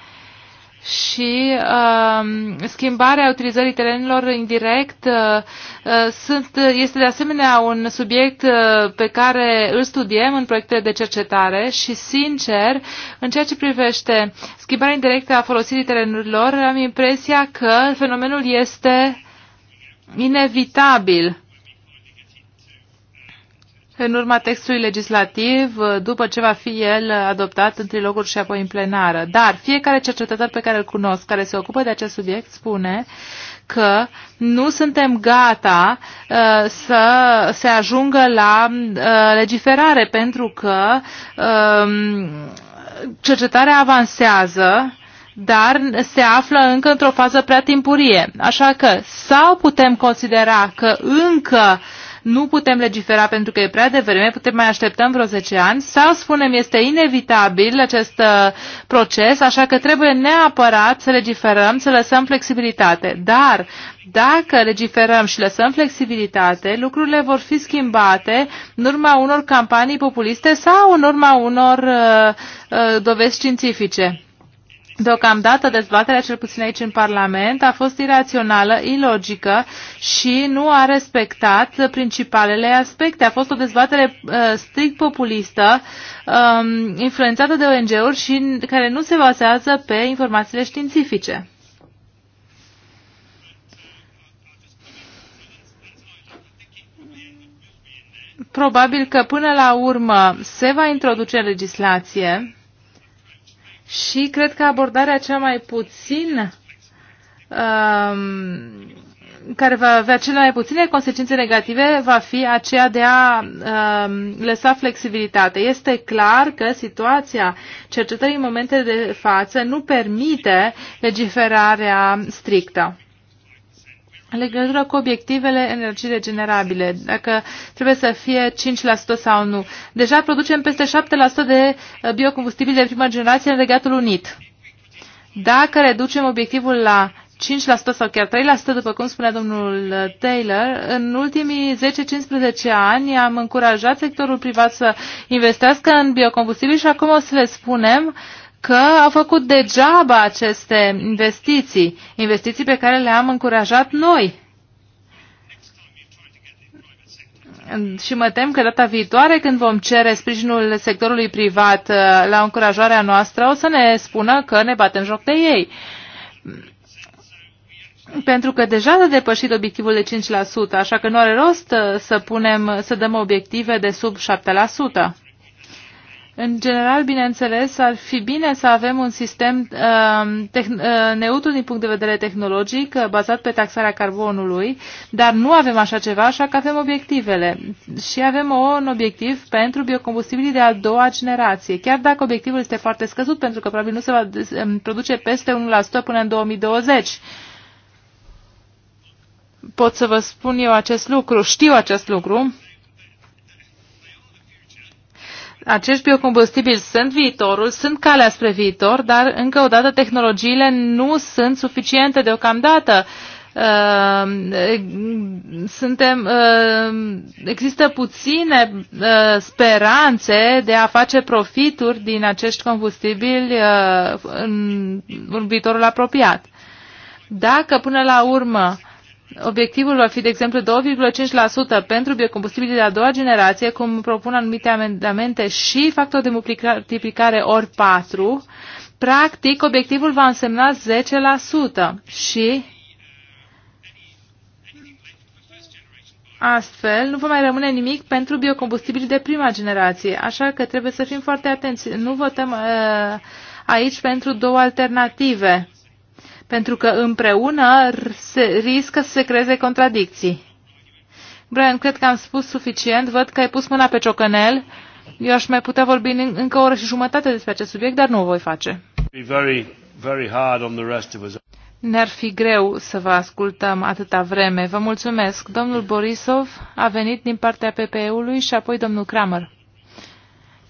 și uh, schimbarea utilizării terenilor indirect uh, uh, sunt, este de asemenea un subiect uh, pe care îl studiem în proiectele de cercetare și, sincer, în ceea ce privește schimbarea indirectă a folosirii terenurilor, am impresia că fenomenul este inevitabil în urma textului legislativ, uh, după ce va fi el adoptat în triloguri și apoi în plenară. Dar fiecare cercetător pe care îl cunosc, care se ocupă de acest subiect, spune că nu suntem gata uh, să se ajungă la uh, legiferare, pentru că uh, cercetarea avansează, dar se află încă într-o fază prea timpurie. Așa că sau putem considera că încă uh, nu putem legifera pentru că e prea devreme, putem mai așteptăm vreo 10 ani, sau spunem este inevitabil acest uh, proces, așa că trebuie neapărat să legiferăm, să lăsăm flexibilitate. Dar dacă legiferăm și lăsăm flexibilitate, lucrurile vor fi schimbate în urma unor campanii populiste sau în urma unor uh, uh, dovezi științifice. Deocamdată dezbaterea, cel puțin aici în Parlament, a fost irațională, ilogică și nu a respectat principalele aspecte. A fost o dezbatere uh, strict populistă, um, influențată de ONG-uri și care nu se bazează pe informațiile științifice. Probabil că până la urmă se va introduce legislație și cred că abordarea cea mai puțin um, care va avea cele mai puține consecințe negative va fi aceea de a um, lăsa flexibilitate. Este clar că situația cercetării în momentele de față nu permite legiferarea strictă. În legătură cu obiectivele energii regenerabile, dacă trebuie să fie 5% sau nu. Deja producem peste 7% de uh, biocombustibil de primă generație în Regatul Unit. Dacă reducem obiectivul la 5% sau chiar 3%, după cum spunea domnul uh, Taylor, în ultimii 10-15 ani am încurajat sectorul privat să investească în biocombustibil și acum o să le spunem uh, că au făcut degeaba aceste investiții, investiții pe care le-am încurajat noi. Și mă tem că data viitoare, când vom cere sprijinul sectorului privat uh, la încurajarea noastră, o să ne spună că ne batem joc de ei. Pentru că deja a depășit obiectivul de 5%, așa că nu are rost uh, să, punem, să dăm obiective de sub 7%. În general, bineînțeles, ar fi bine să avem un sistem um, uh, neutru din punct de vedere tehnologic, uh, bazat pe taxarea carbonului, dar nu avem așa ceva, așa că avem obiectivele. Și avem o, un obiectiv pentru biocombustibilii de a doua generație. Chiar dacă obiectivul este foarte scăzut, pentru că probabil nu se va um, produce peste 1% până în 2020. Pot să vă spun eu acest lucru, știu acest lucru acești biocombustibili sunt viitorul, sunt calea spre viitor, dar încă o dată tehnologiile nu sunt suficiente deocamdată. Uh, suntem, uh, există puține uh, speranțe de a face profituri din acești combustibili în viitorul apropiat. Dacă până la urmă Obiectivul va fi, de exemplu, 2,5% pentru biocombustibilii de a doua generație, cum propun anumite amendamente și factor de multiplicare ori 4. Practic, obiectivul va însemna 10% și Astfel, nu va mai rămâne nimic pentru biocombustibili de prima generație, așa că trebuie să fim foarte atenți. Nu votăm uh, aici pentru două alternative pentru că împreună se riscă să se creeze contradicții. Brian, cred că am spus suficient. Văd că ai pus mâna pe ciocănel. Eu aș mai putea vorbi încă o oră și jumătate despre acest subiect, dar nu o voi face. Ne-ar fi greu să vă ascultăm atâta vreme. Vă mulțumesc. Domnul Borisov a venit din partea PPE-ului și apoi domnul Kramer.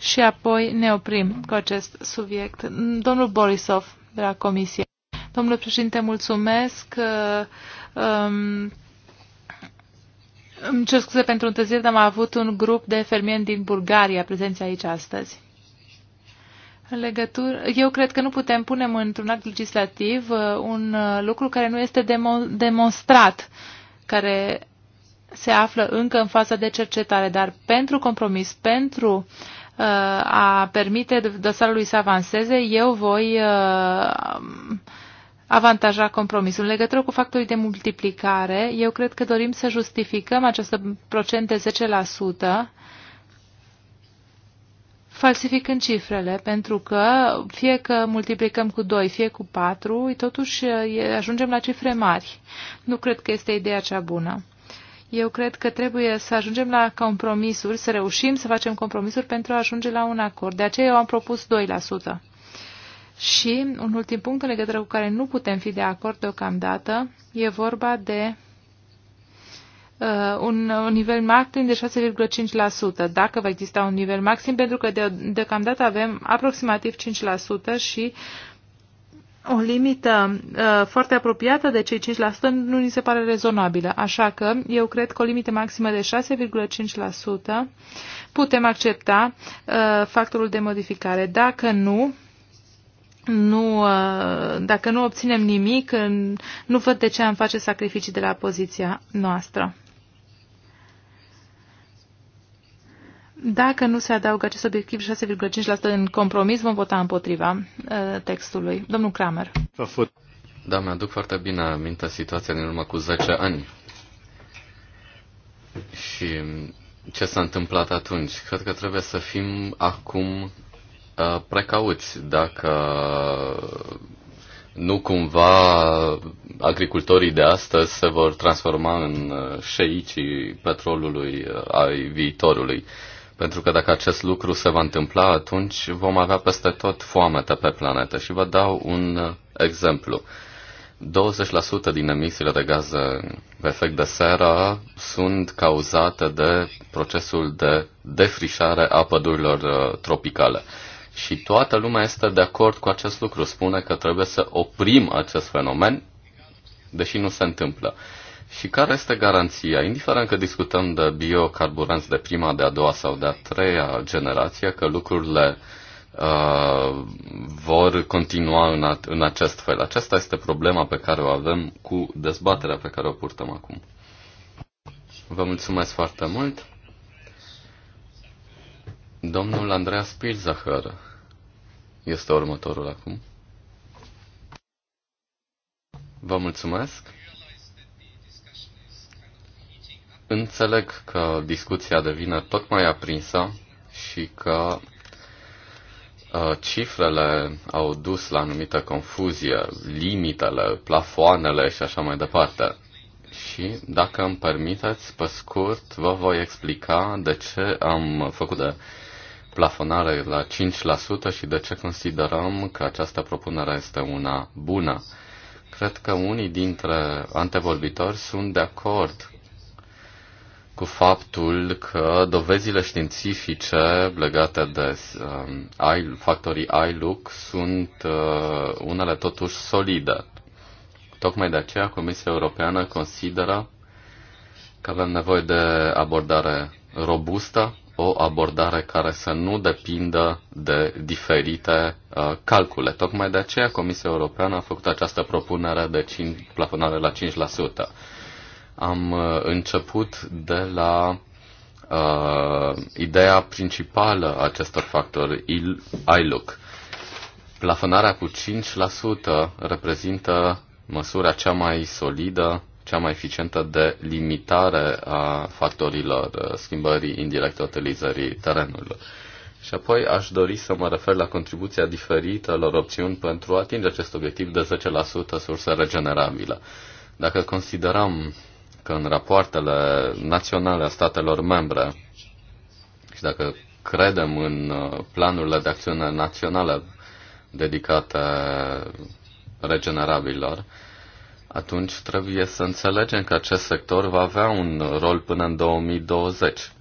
Și apoi ne oprim cu acest subiect. Domnul Borisov de la Comisie. Domnule președinte, mulțumesc. Uh, um, îmi cer scuze pentru întârziere, dar am avut un grup de fermieri din Bulgaria prezenți aici astăzi. legătură, eu cred că nu putem pune într-un act legislativ uh, un uh, lucru care nu este demo, demonstrat, care se află încă în faza de cercetare, dar pentru compromis, pentru uh, a permite dosarului să avanseze, eu voi uh, avantaja compromisul. În legătură cu factorii de multiplicare, eu cred că dorim să justificăm acest procent de 10% falsificând cifrele, pentru că fie că multiplicăm cu 2, fie cu 4, totuși ajungem la cifre mari. Nu cred că este ideea cea bună. Eu cred că trebuie să ajungem la compromisuri, să reușim să facem compromisuri pentru a ajunge la un acord. De aceea eu am propus 2%. Și un ultim punct în legătură cu care nu putem fi de acord deocamdată e vorba de uh, un, un nivel maxim de 6,5%, dacă va exista un nivel maxim, pentru că de, deocamdată avem aproximativ 5% și o limită uh, foarte apropiată de cei 5% nu ni se pare rezonabilă. Așa că eu cred că o limită maximă de 6,5% putem accepta uh, factorul de modificare. Dacă nu, nu, uh, dacă nu obținem nimic, uh, nu văd de ce am face sacrificii de la poziția noastră. Dacă nu se adaugă acest obiectiv 6,5% în compromis, vom vota împotriva uh, textului. Domnul Kramer. Da, mi-aduc foarte bine aminte situația din urmă cu 10 ani. Și ce s-a întâmplat atunci? Cred că trebuie să fim acum Uh, precauți dacă nu cumva agricultorii de astăzi se vor transforma în uh, șeicii petrolului uh, ai viitorului. Pentru că dacă acest lucru se va întâmpla, atunci vom avea peste tot foamete pe planetă. Și vă dau un exemplu. 20% din emisiile de gaze pe efect de seră sunt cauzate de procesul de defrișare a pădurilor tropicale. Și toată lumea este de acord cu acest lucru. Spune că trebuie să oprim acest fenomen, deși nu se întâmplă. Și care este garanția, indiferent că discutăm de biocarburanți de prima, de a doua sau de a treia generație, că lucrurile uh, vor continua în, a- în acest fel? Aceasta este problema pe care o avem cu dezbaterea pe care o purtăm acum. Vă mulțumesc foarte mult! Domnul Andreas Pilzahăr este următorul acum. Vă mulțumesc. Înțeleg că discuția devine tot mai aprinsă și că uh, cifrele au dus la anumită confuzie, limitele, plafoanele și așa mai departe. Și, dacă îmi permiteți, pe scurt, vă voi explica de ce am făcut de plafonare la 5% și de ce considerăm că această propunere este una bună. Cred că unii dintre antevorbitori sunt de acord cu faptul că dovezile științifice legate de um, factorii ILUC sunt uh, unele totuși solide. Tocmai de aceea Comisia Europeană consideră că avem nevoie de abordare robustă o abordare care să nu depindă de diferite uh, calcule. Tocmai de aceea Comisia Europeană a făcut această propunere de 5, plafonare la 5%. Am uh, început de la uh, ideea principală a acestor factori, il ILUC. Plafonarea cu 5% reprezintă măsura cea mai solidă cea mai eficientă de limitare a factorilor uh, schimbării indirecte utilizării terenului. Și apoi aș dori să mă refer la contribuția diferitelor opțiuni pentru a atinge acest obiectiv de 10% surse regenerabilă. Dacă considerăm că în rapoartele naționale a statelor membre și dacă credem în uh, planurile de acțiune naționale dedicate regenerabilor, atunci trebuie să înțelegem că acest sector va avea un rol până în 2020.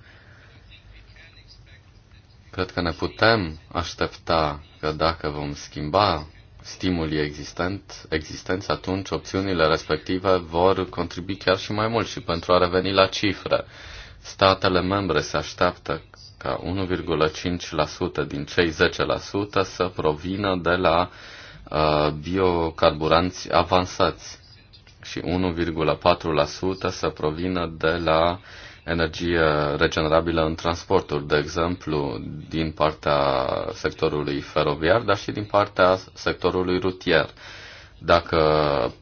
Cred că ne putem aștepta că dacă vom schimba stimulii existent, existenți, atunci opțiunile respective vor contribui chiar și mai mult. Și pentru a reveni la cifre, statele membre se așteaptă ca 1,5% din cei 10% să provină de la uh, biocarburanți avansați și 1,4% să provină de la energie regenerabilă în transporturi, de exemplu, din partea sectorului feroviar, dar și din partea sectorului rutier. Dacă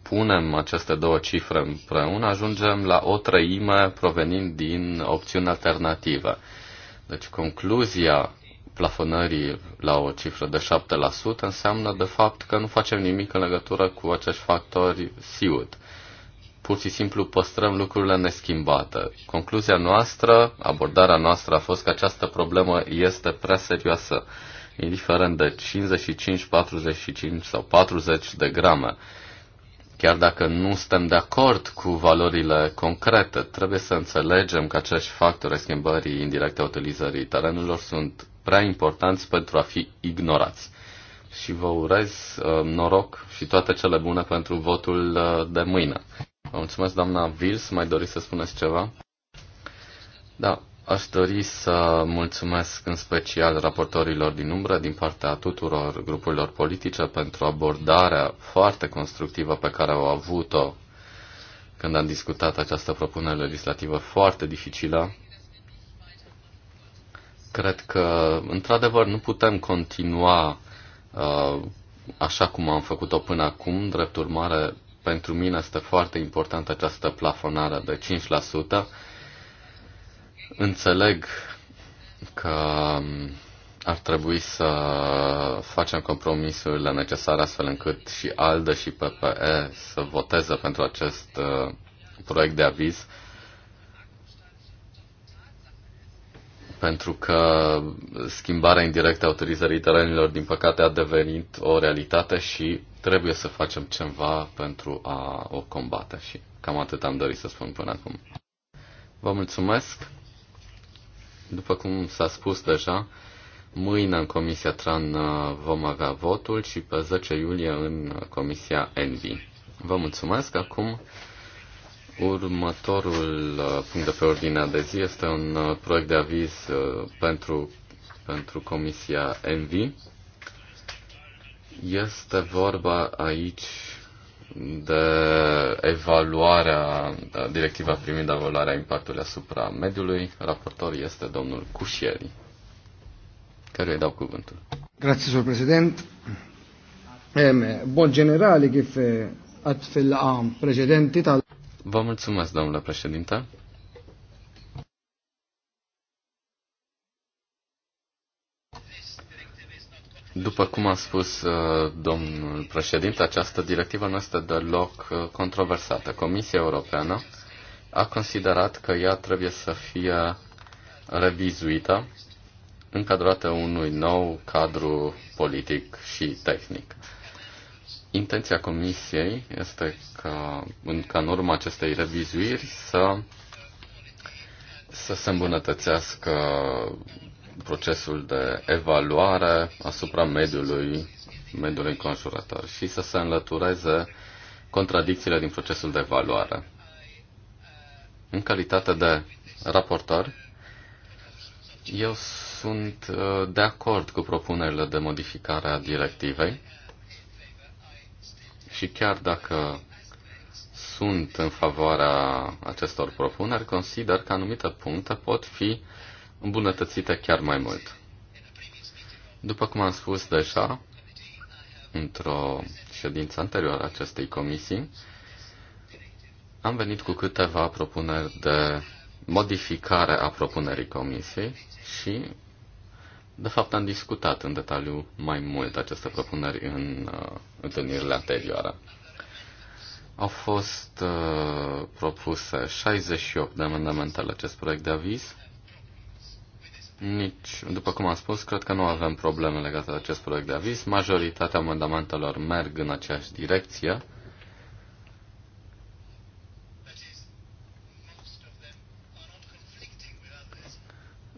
punem aceste două cifre împreună, ajungem la o treime provenind din opțiuni alternative. Deci concluzia plafonării la o cifră de 7% înseamnă de fapt că nu facem nimic în legătură cu acești factori SIUD pur și simplu păstrăm lucrurile neschimbate. Concluzia noastră, abordarea noastră a fost că această problemă este prea serioasă, indiferent de 55, 45 sau 40 de grame. Chiar dacă nu suntem de acord cu valorile concrete, trebuie să înțelegem că acești factori schimbării indirecte a utilizării terenurilor sunt prea importanți pentru a fi ignorați. Și vă urez uh, noroc și toate cele bune pentru votul uh, de mâine. Vă mulțumesc, doamna Vils. Mai doriți să spuneți ceva? Da, aș dori să mulțumesc în special raportorilor din umbră din partea tuturor grupurilor politice pentru abordarea foarte constructivă pe care au avut-o când am discutat această propunere legislativă foarte dificilă. Cred că, într-adevăr, nu putem continua uh, așa cum am făcut-o până acum. Drept urmare, pentru mine este foarte importantă această plafonare de 5%. Înțeleg că ar trebui să facem compromisurile necesare astfel încât și ALDE și PPE să voteze pentru acest uh, proiect de aviz pentru că schimbarea indirectă a utilizării terenilor, din păcate, a devenit o realitate și trebuie să facem ceva pentru a o combate. Și cam atât am dorit să spun până acum. Vă mulțumesc. După cum s-a spus deja, mâine în Comisia TRAN uh, vom avea votul și pe 10 iulie în Comisia ENVI. Vă mulțumesc. Acum Următorul uh, punct de pe ordinea de zi este un uh, proiect de aviz uh, pentru, pentru Comisia ENVI. Este vorba aici de evaluarea, directiva privind evaluarea impactului asupra mediului. Raportor este domnul Cușieri, care îi dau cuvântul. Grazie, domnul prezident. Bun generale, che atfel am precedenti tal Vă mulțumesc, domnule președinte. După cum a spus uh, domnul președinte, această directivă nu este deloc uh, controversată. Comisia Europeană a considerat că ea trebuie să fie revizuită, încadrată unui nou cadru politic și tehnic. Intenția Comisiei este ca în, ca în urma acestei revizuiri să, să se îmbunătățească procesul de evaluare asupra mediului, mediului înconjurător și să se înlătureze contradicțiile din procesul de evaluare. În calitate de raportor, eu sunt uh, de acord cu propunerile de modificare a directivei și chiar dacă sunt în favoarea acestor propuneri, consider că anumite puncte pot fi îmbunătățite chiar mai mult. După cum am spus deja, într-o ședință anterioară acestei comisii, am venit cu câteva propuneri de modificare a propunerii comisiei și de fapt, am discutat în detaliu mai mult aceste propuneri în uh, întâlnirile anterioare. Au fost uh, propuse 68 de amendamente la acest proiect de aviz. Nici, după cum am spus, cred că nu avem probleme legate de acest proiect de aviz. Majoritatea amendamentelor merg în aceeași direcție.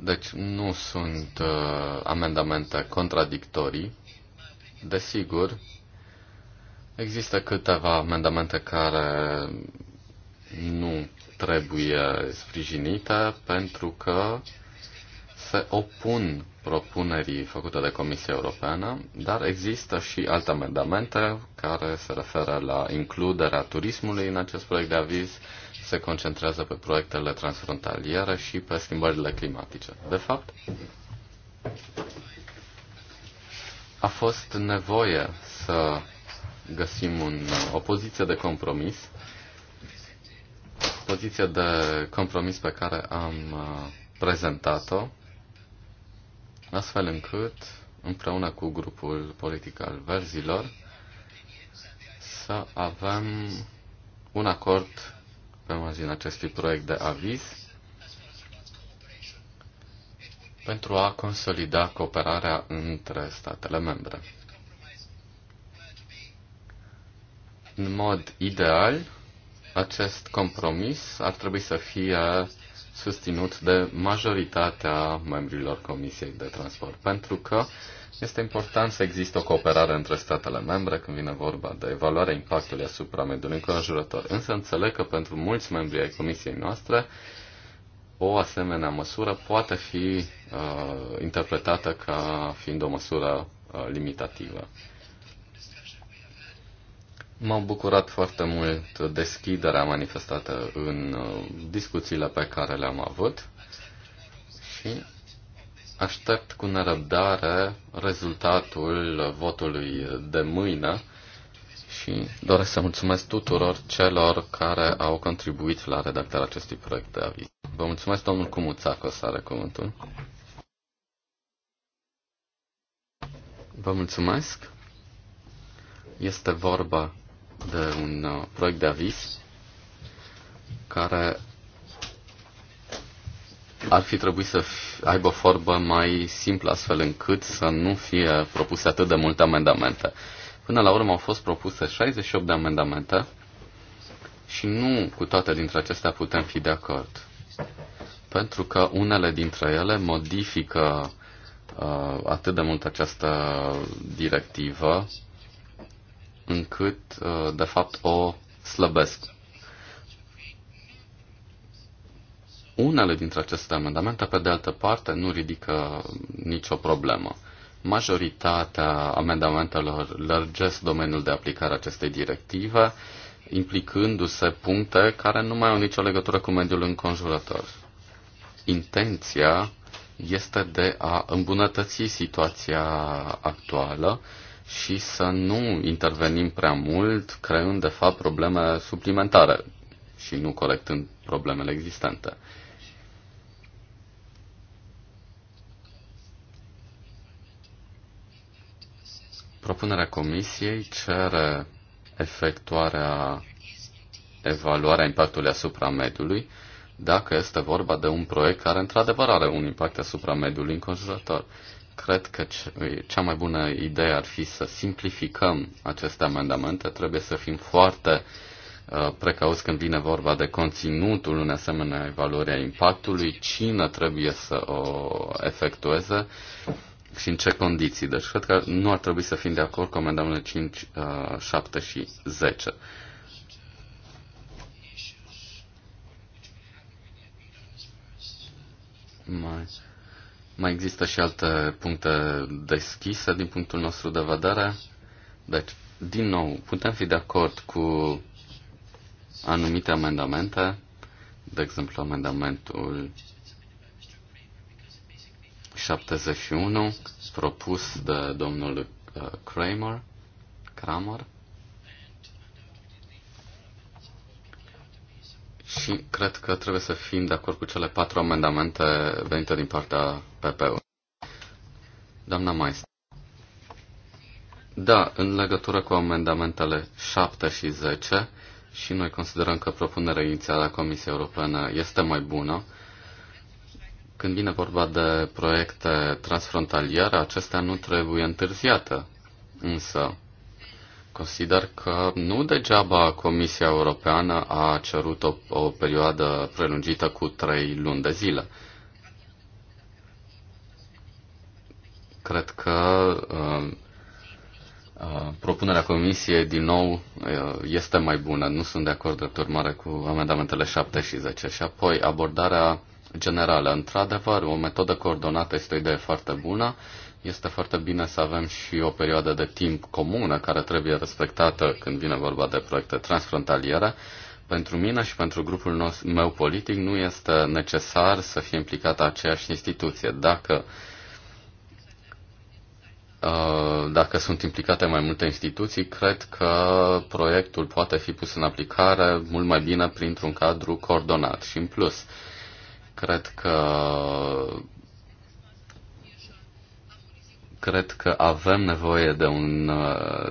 Deci nu sunt uh, amendamente contradictorii. Desigur, există câteva amendamente care nu trebuie sprijinite pentru că se opun propunerii făcute de Comisia Europeană, dar există și alte amendamente care se referă la includerea turismului în acest proiect de aviz, se concentrează pe proiectele transfrontaliere și pe schimbările climatice. De fapt, a fost nevoie să găsim un, o poziție de compromis, poziție de compromis pe care am uh, prezentat-o, astfel încât, împreună cu grupul politic al verzilor, să avem un acord azi în acestui proiect de aviz pentru a consolida cooperarea între statele membre. În mod ideal, acest compromis ar trebui să fie susținut de majoritatea membrilor Comisiei de Transport, pentru că este important să există o cooperare între statele membre când vine vorba de evaluarea impactului asupra mediului înconjurător. Însă înțeleg că pentru mulți membri ai comisiei noastre, o asemenea măsură poate fi uh, interpretată ca fiind o măsură uh, limitativă. m am bucurat foarte mult deschiderea manifestată în uh, discuțiile pe care le-am avut și Aștept cu nerăbdare rezultatul votului de mâine și doresc să mulțumesc tuturor celor care au contribuit la redactarea acestui proiect de aviz. Vă mulțumesc, domnul Cumuțac, o să are cuvântul. Vă mulțumesc. Este vorba de un uh, proiect de aviz care ar fi trebuit să aibă o formă mai simplă, astfel încât să nu fie propuse atât de multe amendamente. Până la urmă au fost propuse 68 de amendamente și nu cu toate dintre acestea putem fi de acord. Pentru că unele dintre ele modifică uh, atât de mult această directivă, încât, uh, de fapt, o slăbesc. Unele dintre aceste amendamente, pe de altă parte, nu ridică nicio problemă. Majoritatea amendamentelor lărgesc domeniul de aplicare a acestei directive, implicându-se puncte care nu mai au nicio legătură cu mediul înconjurător. Intenția este de a îmbunătăți situația actuală și să nu intervenim prea mult, creând de fapt probleme suplimentare și nu corectând problemele existente. Propunerea Comisiei cere efectuarea evaluarea impactului asupra mediului, dacă este vorba de un proiect care într-adevăr are un impact asupra mediului înconjurător. Cred că cea mai bună idee ar fi să simplificăm aceste amendamente. Trebuie să fim foarte uh, precauți când vine vorba de conținutul unei asemenea evaluări a impactului, cine trebuie să o efectueze și în ce condiții. Deci cred că nu ar trebui să fim de acord cu amendamentele 5, 7 uh, și 10. Mai, mai există și alte puncte deschise din punctul nostru de vedere. Deci, din nou, putem fi de acord cu anumite amendamente, de exemplu amendamentul 71 propus de domnul uh, Kramer. Kramer. Și cred că trebuie să fim de acord cu cele patru amendamente venite din partea PP-ului. Doamna Maist. Da, în legătură cu amendamentele 7 și 10, și noi considerăm că propunerea inițială a Comisiei Europene este mai bună, când vine vorba de proiecte transfrontaliere, acestea nu trebuie întârziate. Însă, consider că nu degeaba Comisia Europeană a cerut o, o perioadă prelungită cu trei luni de zile. Cred că uh, uh propunerea comisiei din nou uh, este mai bună. Nu sunt de acord drept urmare cu amendamentele 7 și 10. Și apoi abordarea generală. Într-adevăr, o metodă coordonată este o idee foarte bună. Este foarte bine să avem și o perioadă de timp comună care trebuie respectată când vine vorba de proiecte transfrontaliere. Pentru mine și pentru grupul nostru, meu politic nu este necesar să fie implicată aceeași instituție. Dacă uh, dacă sunt implicate mai multe instituții, cred că proiectul poate fi pus în aplicare mult mai bine printr-un cadru coordonat. Și în plus, Cred că cred că avem nevoie de un,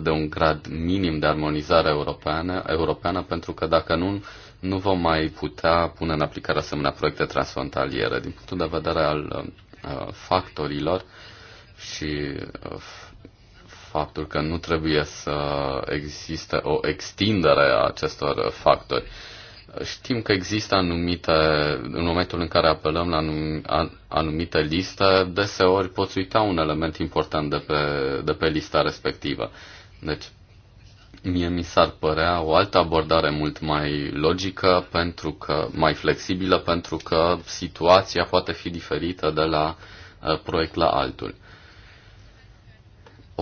de un grad minim de armonizare europeană, europeană pentru că dacă nu, nu vom mai putea pune în aplicare asemenea proiecte transfrontaliere. Din punctul de vedere al uh, factorilor și uh, faptul că nu trebuie să existe o extindere a acestor uh, factori. Știm că există anumite, în momentul în care apelăm la anumite liste, deseori poți uita un element important de pe, de pe lista respectivă. Deci, mie mi s-ar părea o altă abordare mult mai logică, pentru că, mai flexibilă, pentru că situația poate fi diferită de la uh, proiect la altul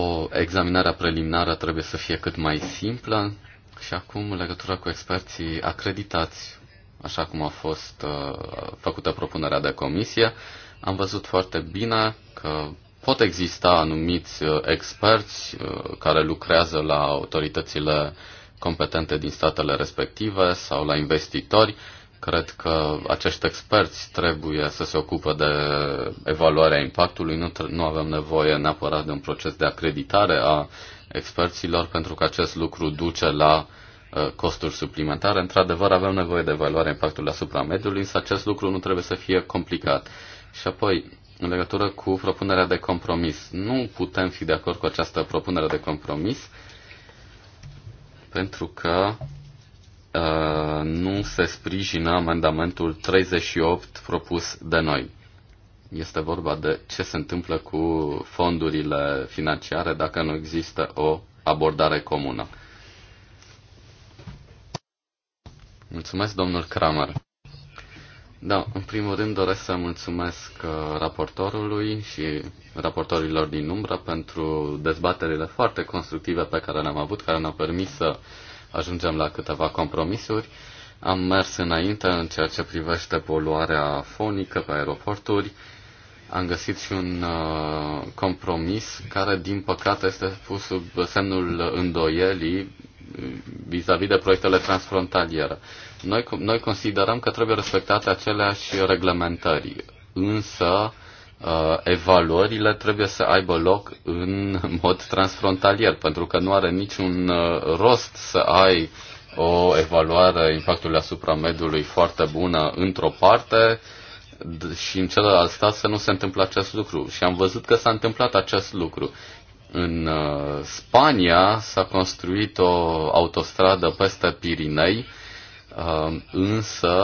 o examinare preliminară trebuie să fie cât mai simplă și acum, în legătură cu experții acreditați, așa cum a fost uh, făcută propunerea de comisie, am văzut foarte bine că pot exista anumiți uh, experți uh, care lucrează la autoritățile competente din statele respective sau la investitori. Cred că acești experți trebuie să se ocupe de evaluarea impactului. Nu, nu avem nevoie neapărat de un proces de acreditare a experților, pentru că acest lucru duce la uh, costuri suplimentare. Într-adevăr, avem nevoie de evaluarea impactului asupra mediului, însă acest lucru nu trebuie să fie complicat. Și apoi, în legătură cu propunerea de compromis, nu putem fi de acord cu această propunere de compromis pentru că uh, nu se sprijină amendamentul 38 propus de noi. Este vorba de ce se întâmplă cu fondurile financiare dacă nu există o abordare comună. Mulțumesc, domnul Kramer. Da, în primul rând doresc să mulțumesc uh, raportorului și raportorilor din umbră pentru dezbaterile foarte constructive pe care le-am avut, care ne-au permis să ajungem la câteva compromisuri. Am mers înainte în ceea ce privește poluarea fonică pe aeroporturi, am găsit și un uh, compromis care, din păcate, este pus sub semnul îndoielii uh, vis-a-vis -vis de proiectele transfrontaliere. Noi, noi considerăm că trebuie respectate aceleași reglementări, însă uh, evaluările trebuie să aibă loc în *laughs* mod transfrontalier, pentru că nu are niciun uh, rost să ai o evaluare impactului asupra mediului foarte bună într-o parte, uh, și în celălalt stat să nu se întâmple acest lucru. Și am văzut că s-a întâmplat acest lucru. În uh, Spania s-a construit o autostradă peste Pirinei, uh, însă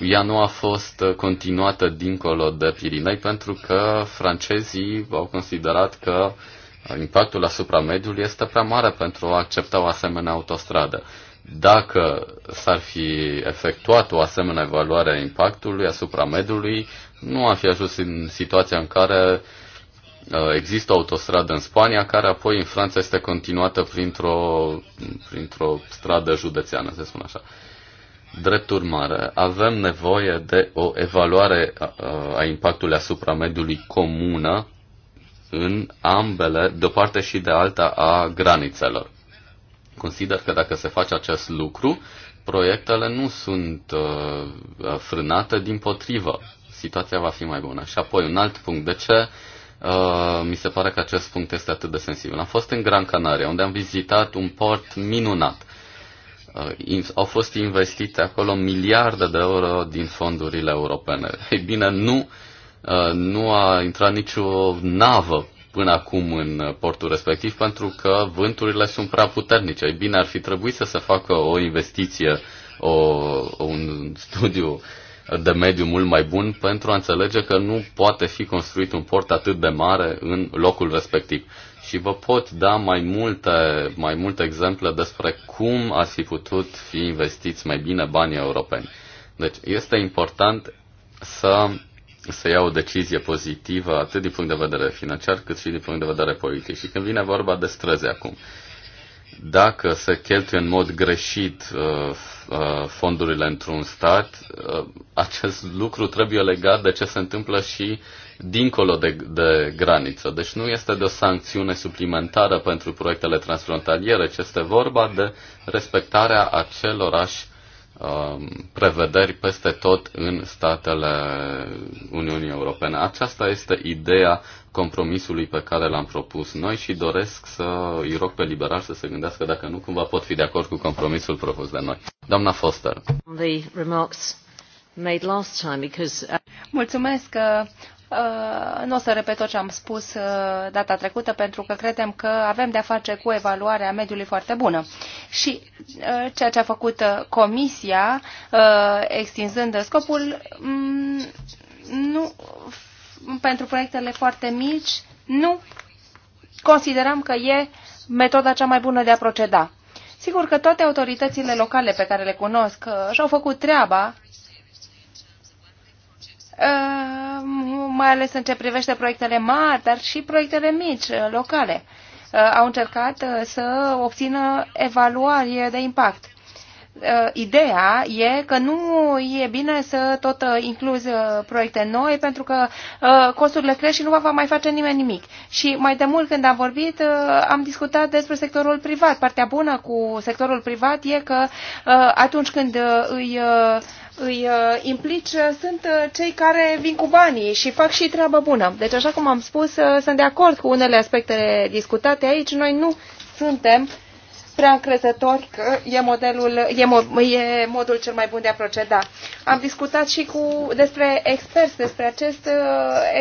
ea nu a fost continuată dincolo de Pirinei pentru că francezii au considerat că impactul asupra mediului este prea mare pentru a accepta o asemenea autostradă. Dacă s-ar fi efectuat o asemenea evaluare a impactului asupra mediului, nu am fi ajuns în situația în care uh, există o autostradă în Spania, care apoi în Franța este continuată printr-o, printr-o stradă județeană, să spun așa. Drept urmare, avem nevoie de o evaluare a impactului asupra mediului comună în ambele, de o parte și de alta, a granițelor consider că dacă se face acest lucru, proiectele nu sunt uh, frânate, din potrivă, situația va fi mai bună. Și apoi un alt punct, de ce uh, mi se pare că acest punct este atât de sensibil? Am fost în Gran Canaria, unde am vizitat un port minunat. Uh, au fost investite acolo miliarde de euro din fondurile europene. Ei bine, nu, uh, nu a intrat nicio navă până acum în portul respectiv pentru că vânturile sunt prea puternice. Ei bine, ar fi trebuit să se facă o investiție, o, un studiu de mediu mult mai bun pentru a înțelege că nu poate fi construit un port atât de mare în locul respectiv. Și vă pot da mai multe, mai multe exemple despre cum ar fi putut fi investiți mai bine banii europeni. Deci este important să să ia o decizie pozitivă atât din punct de vedere financiar cât și din punct de vedere politic. Și când vine vorba de străzi acum, dacă se cheltuie în mod greșit uh, uh, fondurile într-un stat, uh, acest lucru trebuie legat de ce se întâmplă și dincolo de, de graniță. Deci nu este de o sancțiune suplimentară pentru proiectele transfrontaliere, ci este vorba de respectarea acelorași Um, prevederi peste tot în statele Uniunii Europene. Aceasta este ideea compromisului pe care l-am propus noi și doresc să îi rog pe liberal să se gândească dacă nu cumva pot fi de acord cu compromisul propus de noi. Doamna Foster. Uh, Mulțumesc. Uh, Uh, nu o să repet tot ce am spus uh, data trecută, pentru că credem că avem de-a face cu evaluarea mediului foarte bună. Și uh, ceea ce a făcut Comisia, extinzând scopul, mm, nu, pentru proiectele foarte mici, nu considerăm că e metoda cea mai bună de a proceda. Sigur că toate autoritățile locale pe care le cunosc și-au făcut treaba Ehm, mai ales în ce privește proiectele mari, dar și proiectele mici, eh, locale. Eh, au încercat eh, să obțină evaluare de impact. Ideea e că nu e bine să tot incluzi proiecte noi pentru că costurile cresc și nu va mai face nimeni nimic. Și mai de mult când am vorbit am discutat despre sectorul privat. Partea bună cu sectorul privat e că atunci când îi îi uh, implici uh, sunt uh, cei care vin cu banii și fac și treabă bună. Deci, așa cum am spus, sunt de acord cu unele aspecte discutate aici. Noi nu suntem uh, prea încrezători că e, modelul, e, mo, e modul cel mai bun de a proceda. Am discutat și cu, despre experți, despre acest uh,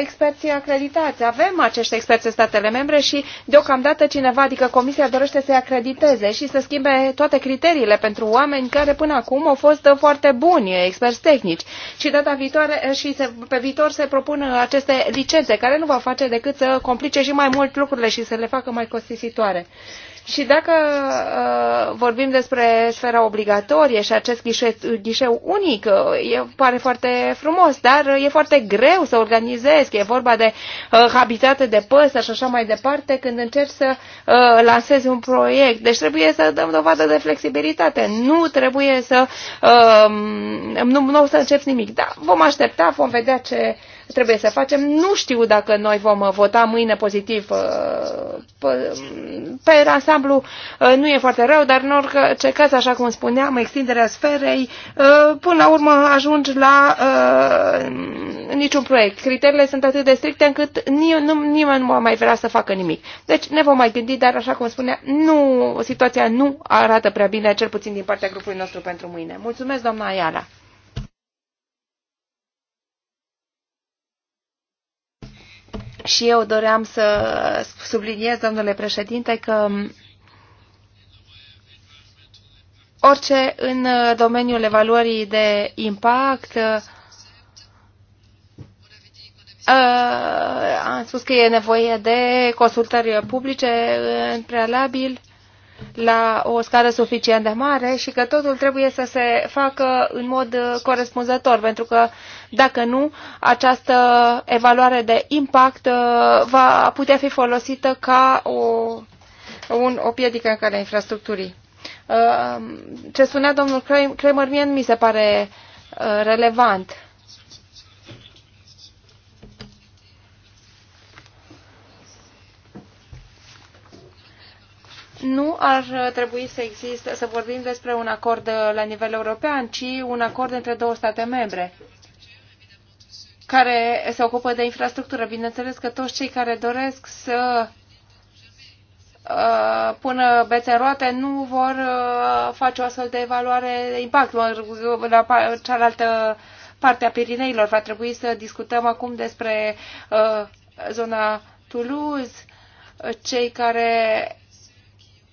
experții acreditați. Avem acești experți în statele membre și deocamdată cineva, adică Comisia, dorește să-i acrediteze și să schimbe toate criteriile pentru oameni care până acum au fost foarte buni, experți tehnici. Și data viitoare uh, și se, pe viitor se propun uh, aceste licențe, care nu va face decât să complice și mai mult lucrurile și să le facă mai costisitoare. Și dacă uh, vorbim despre sfera obligatorie și acest ghișeu, ghișeu unic, uh, e, pare foarte frumos, dar uh, e foarte greu să organizezi, e vorba de uh, habitate de păsări și așa mai departe când încerci să uh, lansezi un proiect. Deci trebuie să dăm dovadă de flexibilitate. Nu trebuie să... Uh, nu, nu o să începi nimic. Da, vom aștepta, vom vedea ce... Uh, trebuie să facem. Nu știu dacă noi vom vota mâine pozitiv uh, pe ansamblu, uh, nu e foarte rău, dar în orice caz, așa cum spuneam, extinderea sferei, uh, până la urmă ajungi la niciun proiect. Criteriile sunt atât de stricte încât nimeni nu va mai vrea să facă nimic. Deci ne vom mai gândi, dar așa cum spuneam, nu, situația nu arată prea bine, cel puțin din partea grupului nostru pentru mâine. Mulțumesc, doamna Ayala. Și eu doream să subliniez, domnule președinte, că orice în domeniul evaluării de impact uh, am spus că e nevoie de consultări publice în prealabil la o scară suficient de mare și că totul trebuie să se facă în mod corespunzător, pentru că dacă nu, această evaluare de impact uh, va putea fi folosită ca o, un, o piedică în calea infrastructurii. Uh, ce spunea domnul Kramer, mie mi se pare uh, relevant. nu ar trebui să existe, să vorbim despre un acord la nivel european, ci un acord între două state membre care se ocupă de infrastructură. Bineînțeles că toți cei care doresc să uh, pună bețe în roate nu vor uh, face o astfel de evaluare de impact. La cealaltă parte a Pirineilor va trebui să discutăm acum despre uh, zona Toulouse, cei care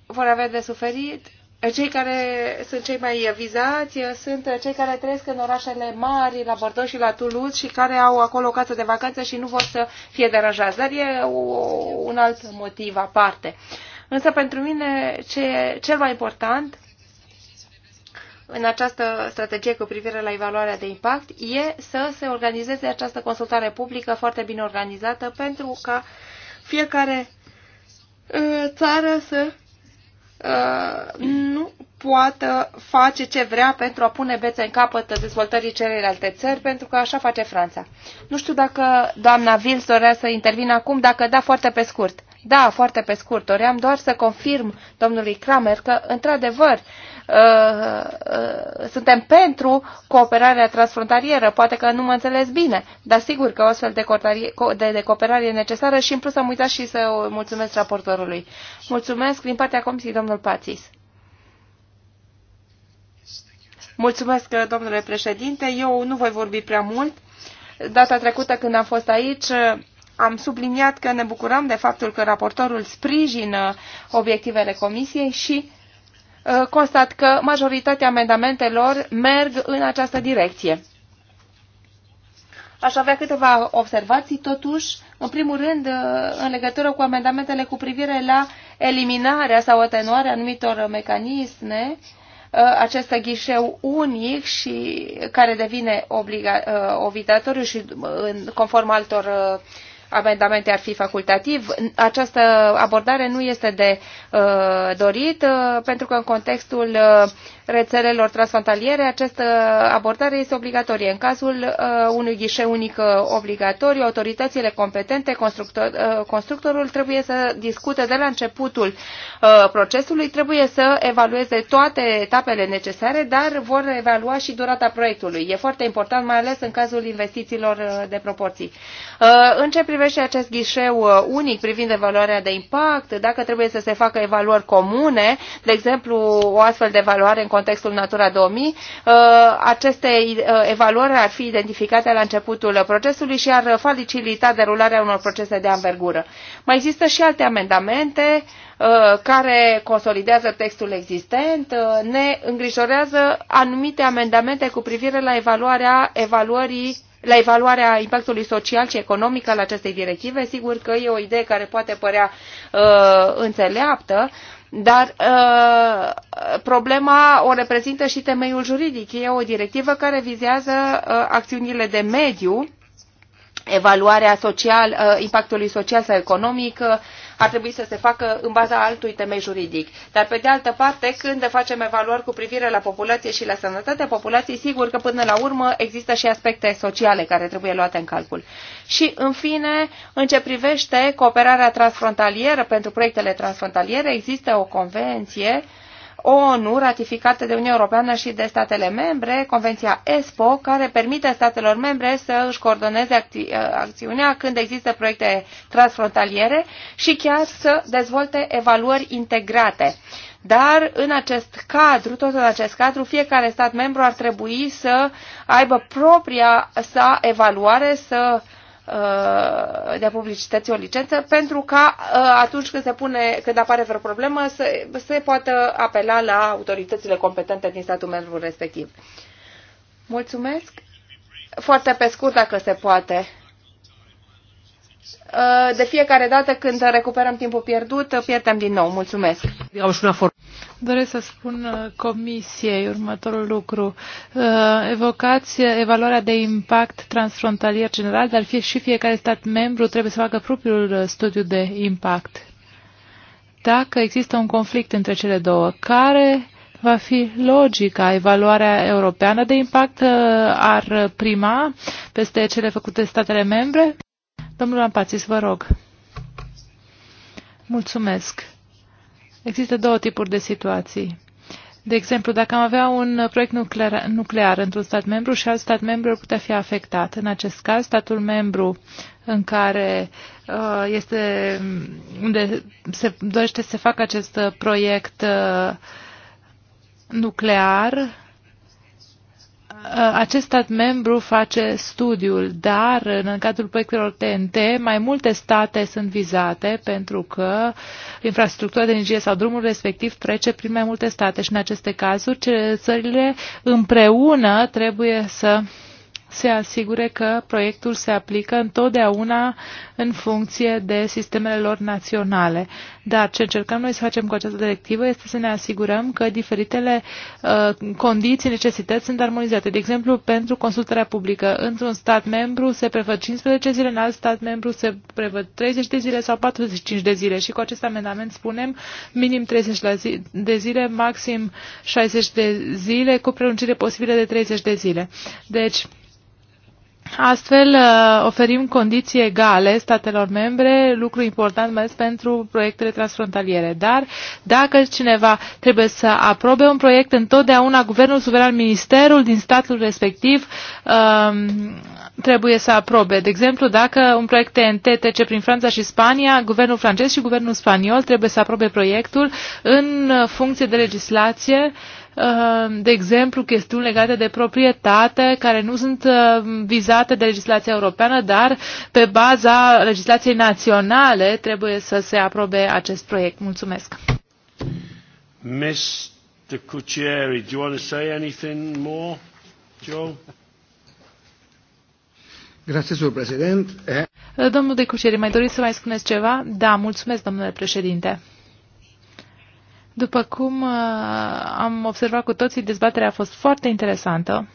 vor avea de suferit cei care sunt cei mai vizați sunt cei care trăiesc în orașele mari, la Bordeaux și la Toulouse și care au acolo o casă de vacanță și nu vor să fie deranjați. Dar e o, un alt motiv aparte. Însă pentru mine ce e cel mai important în această strategie cu privire la evaluarea de impact e să se organizeze această consultare publică foarte bine organizată pentru ca fiecare uh, țară să Uh, nu poată face ce vrea pentru a pune bețe în capăt dezvoltării celelalte țări, pentru că așa face Franța. Nu știu dacă doamna Vils dorea să intervină acum, dacă da, foarte pe scurt. Da, foarte pe scurt, doream doar să confirm domnului Kramer că, într-adevăr, uh, Uh, uh, suntem pentru cooperarea transfrontalieră. Poate că nu mă înțeles bine, dar sigur că o astfel de, de, de cooperare e necesară și în plus am uitat și să mulțumesc raportorului. Mulțumesc din partea Comisiei domnul Pațis. Mulțumesc, domnule președinte. Eu nu voi vorbi prea mult. Data trecută când am fost aici, am subliniat că ne bucurăm de faptul că raportorul sprijină obiectivele comisiei și uh, Uh, constat că majoritatea amendamentelor merg în această direcție. Aș avea câteva observații, totuși, în primul rând, uh, în legătură cu amendamentele cu privire la eliminarea sau atenuarea anumitor mecanisme, uh, acest ghișeu unic și care devine obligatoriu și conform altor uh, amendamente ar fi facultativ. Această abordare nu este de uh, dorit, uh, pentru că în contextul uh, rețelelor transfrontaliere, această abordare este obligatorie. În cazul uh, unui ghișeu unic uh, obligatoriu, autoritățile competente, constructor, uh, constructorul trebuie să discute de la începutul procesului, trebuie să evalueze toate etapele necesare, dar vor evalua și durata proiectului. E foarte important, mai ales în cazul investițiilor de proporții. În ce privește acest ghișeu unic privind evaluarea de impact, dacă trebuie să se facă evaluări comune, de exemplu, o astfel de evaluare în contextul Natura 2000. Uh, aceste uh, evaluări ar fi identificate la începutul procesului și ar facilita derularea unor procese de anvergură. Mai există și alte amendamente uh, care consolidează textul existent. Ne îngrijorează anumite amendamente cu privire la evaluarea evaluării la evaluarea impactului social și economic al acestei directive. Sigur că e o idee care poate părea uh, înțeleaptă, dar uh, problema o reprezintă și temeiul juridic. E o directivă care vizează uh, acțiunile de mediu, evaluarea social, uh, impactului social sau economic, ar trebui să se facă în baza altui temei juridic. Dar, pe de altă parte, când facem evaluări cu privire la populație și la sănătatea populației, sigur că până la urmă există și aspecte sociale care trebuie luate în calcul. Și, în fine, în ce privește cooperarea transfrontalieră pentru proiectele transfrontaliere, există o convenție uh, ONU ratificată de Uniunea Europeană și de statele membre, Convenția ESPO, care permite statelor membre să își coordoneze acti uh, acțiunea când există proiecte transfrontaliere și chiar să dezvolte evaluări integrate. Dar în acest cadru, tot în acest cadru, fiecare stat membru ar trebui să aibă propria sa evaluare, să uh, Uh, de a publicității o licență pentru ca uh, atunci când, se pune, când apare vreo problemă să se poată apela la autoritățile competente din statul membru respectiv. Mulțumesc! Foarte pe scurt, dacă se poate. Uh, de fiecare dată când recuperăm timpul pierdut, pierdem din nou. Mulțumesc. Doresc să spun uh, comisiei următorul lucru. Uh, evocați evaluarea de impact transfrontalier general, dar fie și fiecare stat membru trebuie să facă propriul studiu de impact. Dacă există un conflict între cele două, care va fi logica. Evaluarea europeană de impact ar prima peste cele făcute statele membre? Domnul Ampațis, vă rog. Mulțumesc. Există două tipuri de situații. De exemplu, dacă am avea un proiect nuclear, nuclear într-un stat membru și alt stat membru ar putea fi afectat. În acest caz, statul membru în care uh, este, unde se dorește să se facă acest uh, proiect uh, nuclear Uh, acest stat membru face studiul, dar în cadrul proiectelor TNT mai multe state sunt vizate pentru că infrastructura de energie sau drumul respectiv trece prin mai multe state și în aceste cazuri țările împreună trebuie să uh, se asigure că proiectul se aplică întotdeauna în funcție de sistemele lor naționale. Dar ce încercăm noi să facem cu această directivă este să ne asigurăm că diferitele uh, condiții, necesități sunt armonizate. De exemplu, pentru consultarea publică într-un stat membru se prevăd 15 zile, în alt stat membru se prevăd 30 de zile sau 45 de zile și cu acest amendament spunem minim 30 de zile, maxim 60 de zile, cu prelungire posibilă de 30 de zile. Deci, Astfel uh, oferim condiții egale statelor membre, lucru important mai ales pentru proiectele transfrontaliere. Dar dacă cineva trebuie să aprobe un proiect, întotdeauna guvernul suveran, ministerul din statul respectiv um, trebuie să aprobe. De exemplu, dacă un proiect TNT trece prin Franța și Spania, guvernul francez și guvernul spaniol trebuie să aprobe proiectul în funcție de legislație uh, Uh, de exemplu, chestiuni legate de proprietate care nu sunt uh, vizate de legislația europeană, dar pe baza legislației naționale trebuie să se aprobe acest proiect. Mulțumesc. Mr. Cuccieri, do you want to say anything more, Joe? Grazie, sur președinte. Uh, domnul de Cuceri, mai doriți să mai spuneți ceva? Da, mulțumesc, domnule președinte. După cum uh, am observat cu toții, dezbaterea a fost foarte interesantă.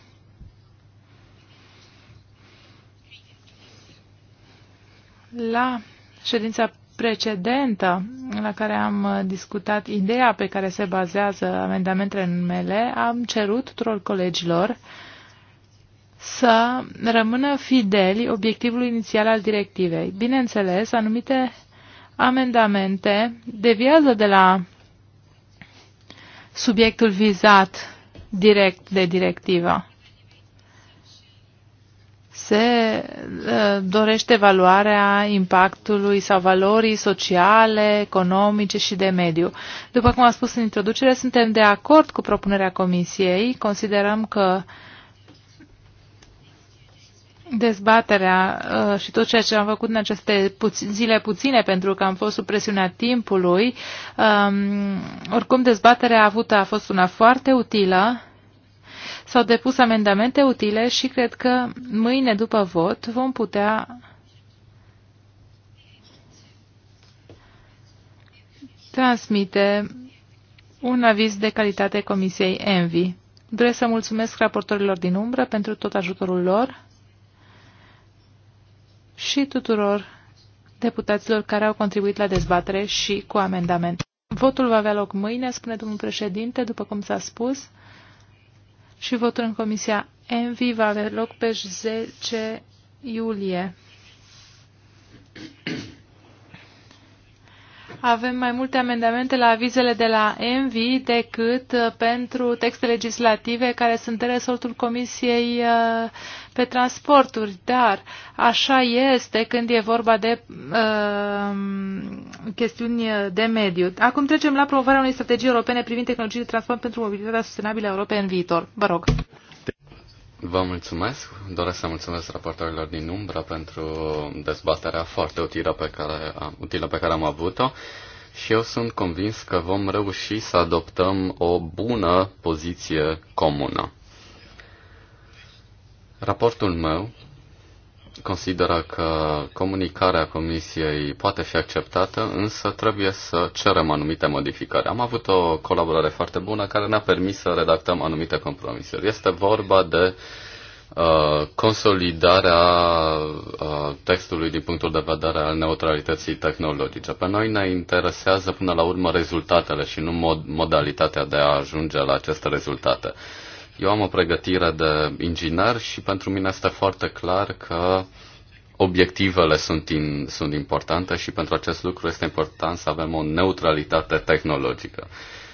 La ședința precedentă la care am uh, discutat ideea pe care se bazează amendamentele mele, am cerut tuturor colegilor să rămână fideli obiectivului inițial al directivei. Bineînțeles, anumite amendamente deviază de la subiectul vizat direct de directivă. Se uh, dorește evaluarea impactului sau valorii sociale, economice și de mediu. După cum am spus în introducere, suntem de acord cu propunerea Comisiei. Considerăm că uh, dezbaterea uh, și tot ceea ce am făcut în aceste puțin, zile puține, pentru că am fost sub presiunea timpului. Um, oricum, dezbaterea avută a fost una foarte utilă. S-au depus amendamente utile și cred că mâine după vot vom putea transmite un aviz de calitate Comisiei ENVI. Doresc să mulțumesc raportorilor din umbră pentru tot ajutorul lor și tuturor deputaților care au contribuit la dezbatere și cu amendamente. Votul va avea loc mâine, spune domnul președinte, după cum s-a spus, și votul în Comisia ENVI va avea loc pe 10 iulie. Avem mai multe amendamente la avizele de la ENVI decât uh, pentru texte legislative care sunt de resortul Comisiei uh, pe transporturi, dar așa este când e vorba de uh, chestiuni de mediu. Acum trecem la promovarea unei strategii europene privind tehnologii de transport pentru mobilitatea sustenabilă a Europei în viitor. Vă rog. Vă mulțumesc. Doresc să mulțumesc raportorilor din Umbra pentru dezbaterea foarte utilă pe care am, utilă pe care am avut-o și eu sunt convins că vom reuși să adoptăm o bună poziție comună. Raportul meu consideră că comunicarea Comisiei poate fi acceptată, însă trebuie să cerem anumite modificări. Am avut o colaborare foarte bună care ne-a permis să redactăm anumite compromisuri. Este vorba de uh, consolidarea uh, textului din punctul de vedere al neutralității tehnologice. Pe noi ne interesează până la urmă rezultatele și nu mod- modalitatea de a ajunge la aceste rezultate. Uh, eu am o pregătire de inginer și pentru mine este foarte clar că obiectivele sunt, in, sunt importante și pentru acest lucru este important să avem o neutralitate tehnologică.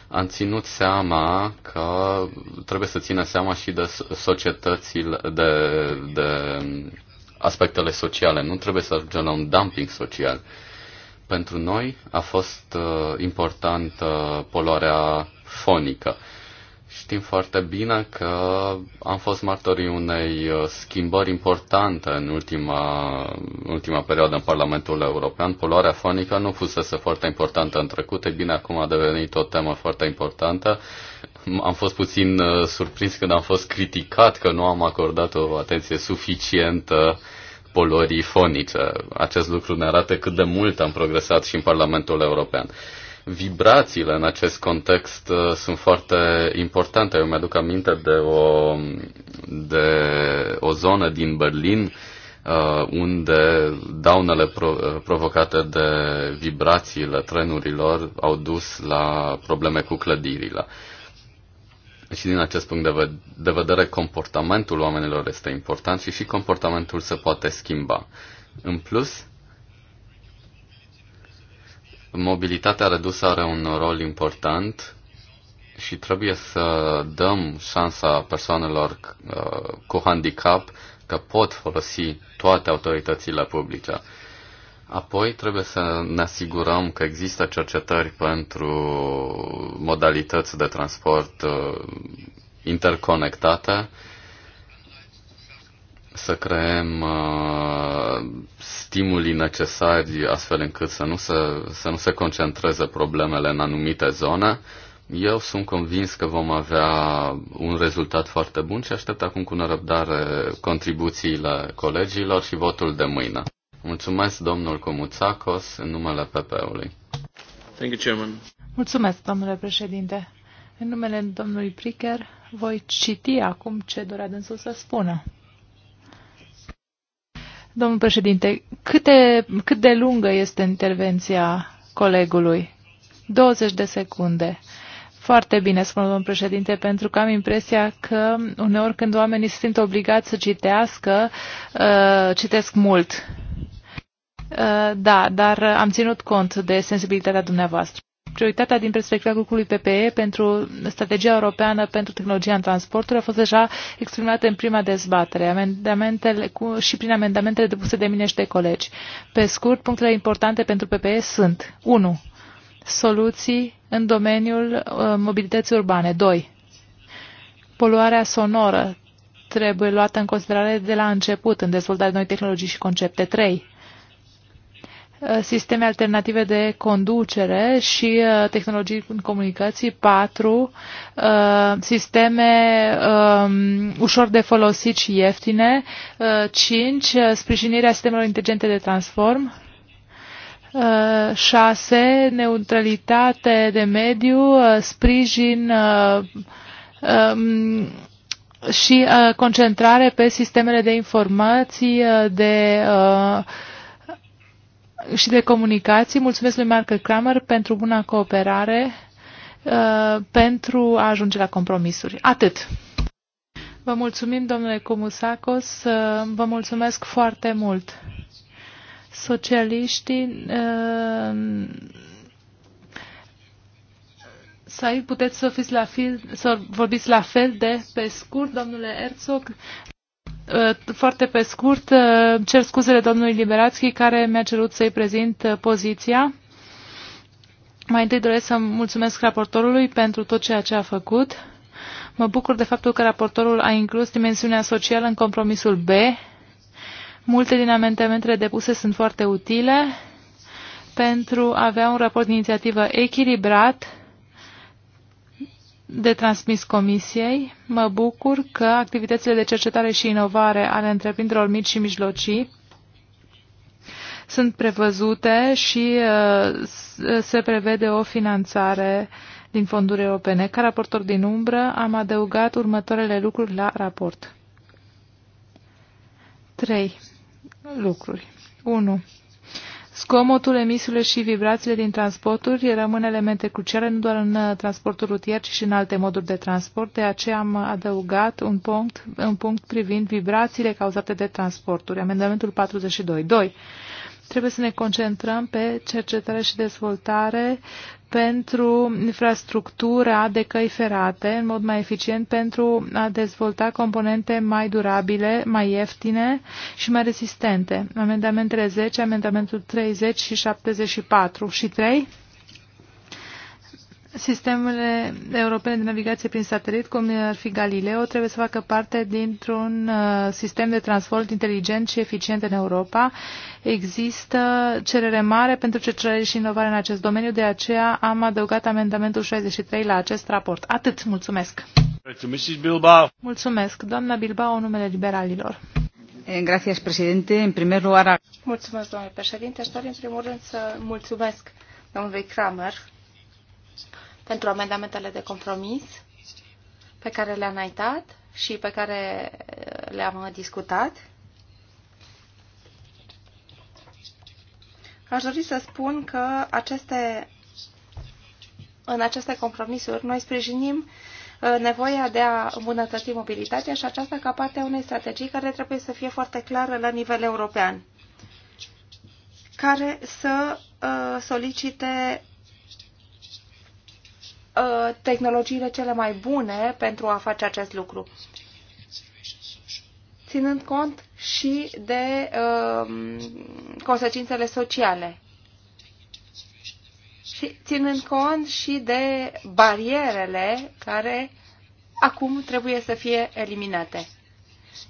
Am ținut seama că trebuie să țină seama și de societățile, de, de aspectele sociale. Nu trebuie să ajungem la un dumping social. Pentru noi a fost uh, importantă uh, poluarea fonică. Uh, Știm foarte bine că am fost martorii unei uh, schimbări importante în ultima, ultima perioadă în Parlamentul European. Poluarea fonică nu fusese foarte importantă în trecut, e bine, acum a devenit o temă foarte importantă. Am fost puțin uh, surprins când am fost criticat că nu am acordat o atenție suficientă poluării fonice. Acest lucru ne arată cât de mult am progresat și în Parlamentul European. Vibrațiile în acest context uh, sunt foarte importante. Eu mi-aduc aminte de o, de o zonă din Berlin uh, unde daunele uh, provocate de vibrațiile trenurilor au dus la probleme cu clădirile. Și din acest punct de, ved- de vedere, comportamentul oamenilor este important și și comportamentul se poate schimba. În plus, Mobilitatea redusă are un rol important și trebuie să dăm șansa persoanelor uh, cu handicap că pot folosi toate autoritățile publice. Apoi trebuie să ne asigurăm că există cercetări pentru modalități de transport uh, interconectate să creăm uh, stimulii necesari astfel încât să nu se, să nu se concentreze problemele în anumite zone. Eu sunt convins că vom avea un rezultat foarte bun și aștept acum cu nerăbdare contribuțiile colegilor și votul de mâine. Mulțumesc, domnul Comuțacos, în numele PP-ului. Thank you, Chairman. Mulțumesc, domnule președinte. În numele domnului Pricker voi citi acum ce dorea dânsul să spună. Domnul președinte, câte, cât de lungă este intervenția colegului? 20 de secunde. Foarte bine, spune domnul președinte, pentru că am impresia că uneori când oamenii se simt obligați să citească, uh, citesc mult. Uh, da, dar am ținut cont de sensibilitatea dumneavoastră prioritatea din perspectiva grupului PPE pentru strategia europeană pentru tehnologia în transporturi a fost deja exprimată în prima dezbatere amendamentele cu, și prin amendamentele depuse de mine și de colegi. Pe scurt, punctele importante pentru PPE sunt 1. Soluții în domeniul uh, mobilității urbane. 2. Poluarea sonoră trebuie luată în considerare de la început în dezvoltarea de noi tehnologii și concepte. 3 Uh, sisteme alternative de conducere și uh, tehnologii în comunicații, patru uh, sisteme um, ușor de folosit și ieftine, cinci sprijinirea sistemelor inteligente de transform, șase Neutralitate de mediu, sprijin um, și concentrare pe sistemele de informații, de și de comunicații. Mulțumesc lui Mark Kramer pentru buna cooperare, uh, pentru a ajunge la compromisuri. Atât. Vă mulțumim, domnule Comusacos, uh, vă mulțumesc foarte mult. Socialiștii, uh, să puteți să, fiți la fi, să vorbiți la fel de pe scurt, domnule Herzog. Uh, foarte pe scurt, uh, cer scuzele domnului Liberațchi care mi-a cerut să-i prezint uh, poziția. Mai întâi doresc să mulțumesc raportorului pentru tot ceea ce a făcut. Mă bucur de faptul că raportorul a inclus dimensiunea socială în compromisul B. Multe din amendamentele depuse sunt foarte utile pentru a avea un raport de inițiativă echilibrat de transmis Comisiei. Mă bucur că activitățile de cercetare și inovare ale întreprinderilor mici și mijlocii sunt prevăzute și uh, se prevede o finanțare din fonduri europene. Ca raportor din umbră am adăugat următoarele lucruri la raport. 3 lucruri. 1. Scomotul, emisiile și vibrațiile din transporturi rămân elemente cruciale nu doar în uh, transportul rutier, ci și în alte moduri de transport. De aceea am adăugat un punct, un punct privind vibrațiile cauzate de transporturi. Amendamentul 42. 2. Trebuie să ne concentrăm pe cercetare și dezvoltare pentru infrastructura de căi ferate în mod mai eficient pentru a dezvolta componente mai durabile, mai ieftine și mai rezistente. Amendamentele 10, amendamentul 30 și 74 și 3 Sistemele europene de navigație prin satelit, cum ar fi Galileo, trebuie să facă parte dintr-un uh, sistem de transport inteligent și eficient în Europa. Există cerere mare pentru cercetare și inovare în acest domeniu, de aceea am adăugat amendamentul 63 la acest raport. Atât, mulțumesc! Mulțumesc, doamna Bilbao, numele liberalilor. Eh, gracias, președinte. În primul lugar... Mulțumesc, domnule președinte. Aș dori, în primul rând, să mulțumesc domnului Kramer pentru amendamentele de compromis pe care le-am înaintat și pe care le-am discutat. Aș dori să spun că aceste, în aceste compromisuri noi sprijinim uh, nevoia de a îmbunătăți mobilitatea și aceasta ca parte a unei strategii care trebuie să fie foarte clară la nivel european, care să uh, solicite Uh, tehnologiile cele mai bune pentru a face acest lucru. Ținând cont și de uh, consecințele sociale. Și ținând cont și de barierele care acum trebuie să fie eliminate.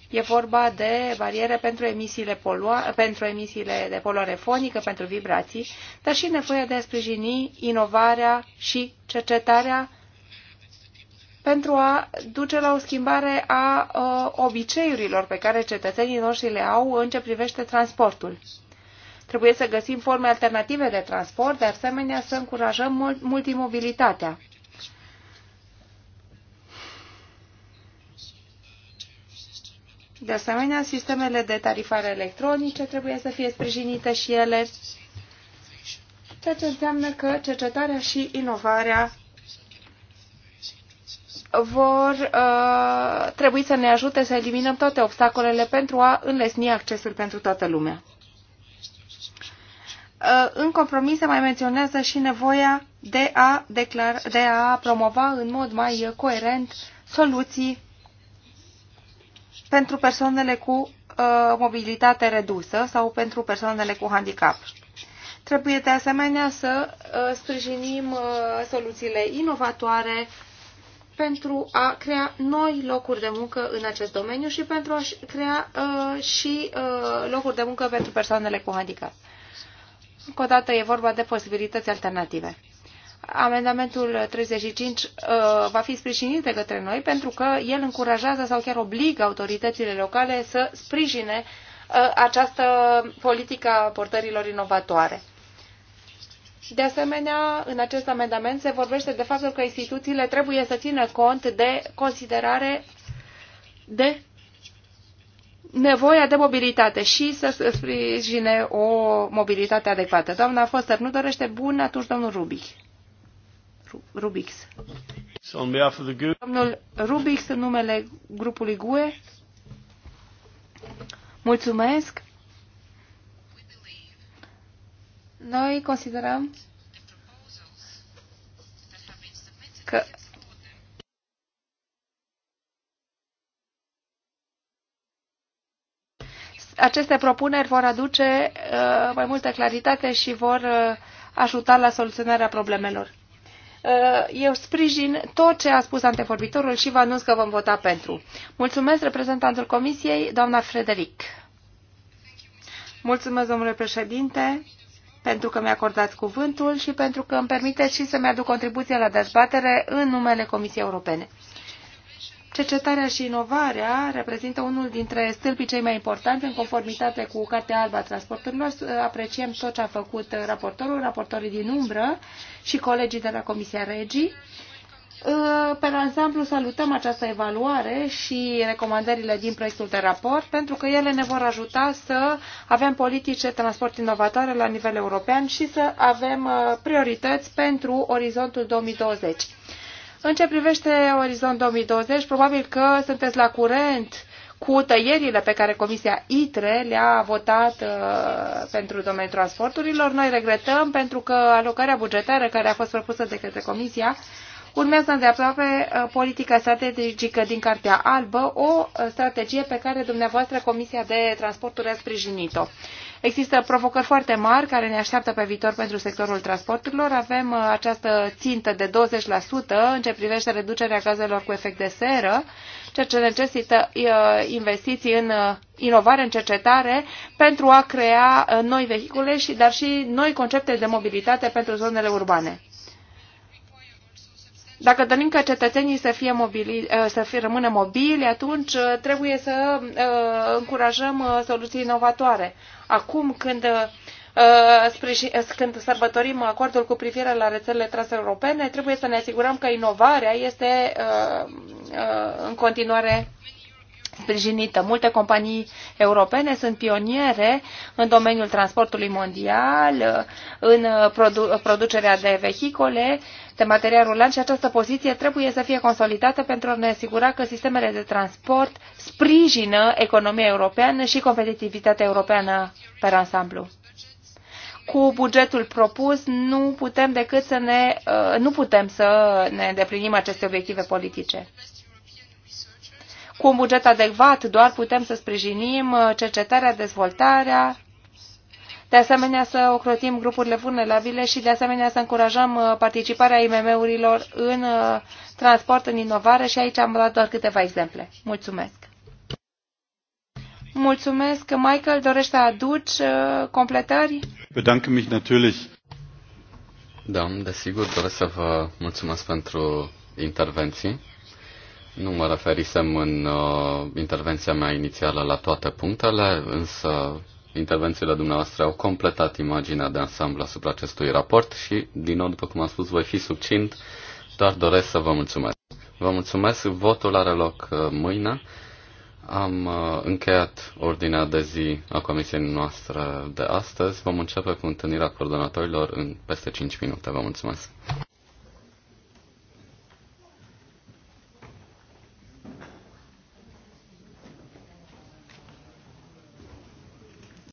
E vorba de bariere pentru emisiile, polua, pentru emisiile de poluare fonică, pentru vibrații, dar și nevoia de a sprijini inovarea și cercetarea pentru a duce la o schimbare a ă, obiceiurilor pe care cetățenii noștri le au în ce privește transportul. Trebuie să găsim forme alternative de transport, de asemenea să încurajăm multimobilitatea. De asemenea, sistemele de tarifare electronice trebuie să fie sprijinite și ele, ceea ce înseamnă că cercetarea și inovarea vor uh, trebui să ne ajute să eliminăm toate obstacolele pentru a înlesni accesul pentru toată lumea. Uh, în compromis se mai menționează și nevoia de a, declar, de a promova în mod mai coerent soluții pentru persoanele cu uh, mobilitate redusă sau pentru persoanele cu handicap. Trebuie de asemenea să uh, sprijinim uh, soluțiile inovatoare pentru a crea noi locuri de muncă în acest domeniu și pentru a crea și locuri de muncă pentru persoanele cu handicap. Încă o dată e vorba de posibilități alternative. Amendamentul 35 uh, va fi sprijinit de către noi pentru că el încurajează sau chiar obligă autoritățile locale să sprijine uh, această politică a portărilor inovatoare. De asemenea, în acest amendament se vorbește de faptul că instituțiile trebuie să țină cont de considerare de nevoia de mobilitate și să sprijine o mobilitate adecvată. Doamna Foster nu dorește bun, atunci domnul Rubic. Rubix. Domnul Rubix, în numele grupului GUE. Mulțumesc. Noi considerăm că aceste propuneri vor aduce uh, mai multă claritate și vor uh, ajuta la soluționarea problemelor. Uh, eu sprijin tot ce a spus antevorbitorul și vă anunț că vom vota pentru. Mulțumesc reprezentantul Comisiei, doamna Frederic. Mulțumesc, domnule președinte pentru că mi-acordați cuvântul și pentru că îmi permiteți și să-mi aduc contribuția la dezbatere în numele Comisiei Europene. Cercetarea și inovarea reprezintă unul dintre stâlpii cei mai importante în conformitate cu Cartea Alba a Transporturilor. Apreciem tot ce a făcut raportorul, raportorii din umbră și colegii de la Comisia Regii. Pe ansamblu salutăm această evaluare și recomandările din proiectul de raport pentru că ele ne vor ajuta să avem politici de transport inovatoare la nivel european și să avem uh, priorități pentru orizontul 2020. În ce privește Orizont 2020, probabil că sunteți la curent cu tăierile pe care Comisia ITRE le-a votat uh, pentru domeniul transporturilor. Noi regretăm pentru că alocarea bugetară care a fost propusă de către Comisia urmează de aproape uh, politica strategică din Cartea Albă, o uh, strategie pe care dumneavoastră Comisia de Transporturi a sprijinit-o. Există provocări foarte mari care ne așteaptă pe viitor pentru sectorul transporturilor. Avem uh, această țintă de 20% în ce privește reducerea gazelor cu efect de seră, ceea ce necesită uh, investiții în uh, inovare, în cercetare, pentru a crea noi vehicule, și dar și noi concepte de mobilitate pentru zonele urbane. Dacă dorim ca cetățenii să, fie mobili, uh, să fie, rămână mobili, atunci uh, trebuie să uh, încurajăm soluții inovatoare. Acum, când când sărbătorim acordul cu privire la rețelele transeuropene, trebuie să ne asigurăm că inovarea este în continuare sprijinită. Multe companii europene sunt pioniere în domeniul transportului mondial, în produ- producerea de vehicole, de material rulant și această poziție trebuie să fie consolidată pentru a ne asigura că sistemele de transport sprijină economia europeană și competitivitatea europeană pe ansamblu cu bugetul propus nu putem decât să ne, uh, nu putem să ne îndeplinim aceste obiective politice. Cu un buget adecvat doar putem să sprijinim uh, cercetarea, dezvoltarea, de asemenea să ocrotim grupurile vulnerabile și de asemenea să încurajăm uh, participarea IMM-urilor în uh, transport, în inovare și aici am luat doar câteva exemple. Mulțumesc! Mulțumesc, Michael. dorește să aduci completări? Bedanke mich natürlich. Da, desigur, doresc să vă mulțumesc pentru intervenții. Nu mă referisem în uh, intervenția mea inițială la toate punctele, însă intervențiile dumneavoastră au completat imaginea de ansamblu asupra acestui raport și, din nou, după cum am spus, voi fi succint, doar doresc să vă mulțumesc. Vă mulțumesc, votul are loc uh, mâine. Am uh, încheiat ordinea de zi a comisiei noastre de astăzi. Vom începe cu întâlnirea coordonatorilor în peste 5 minute. Vă mulțumesc!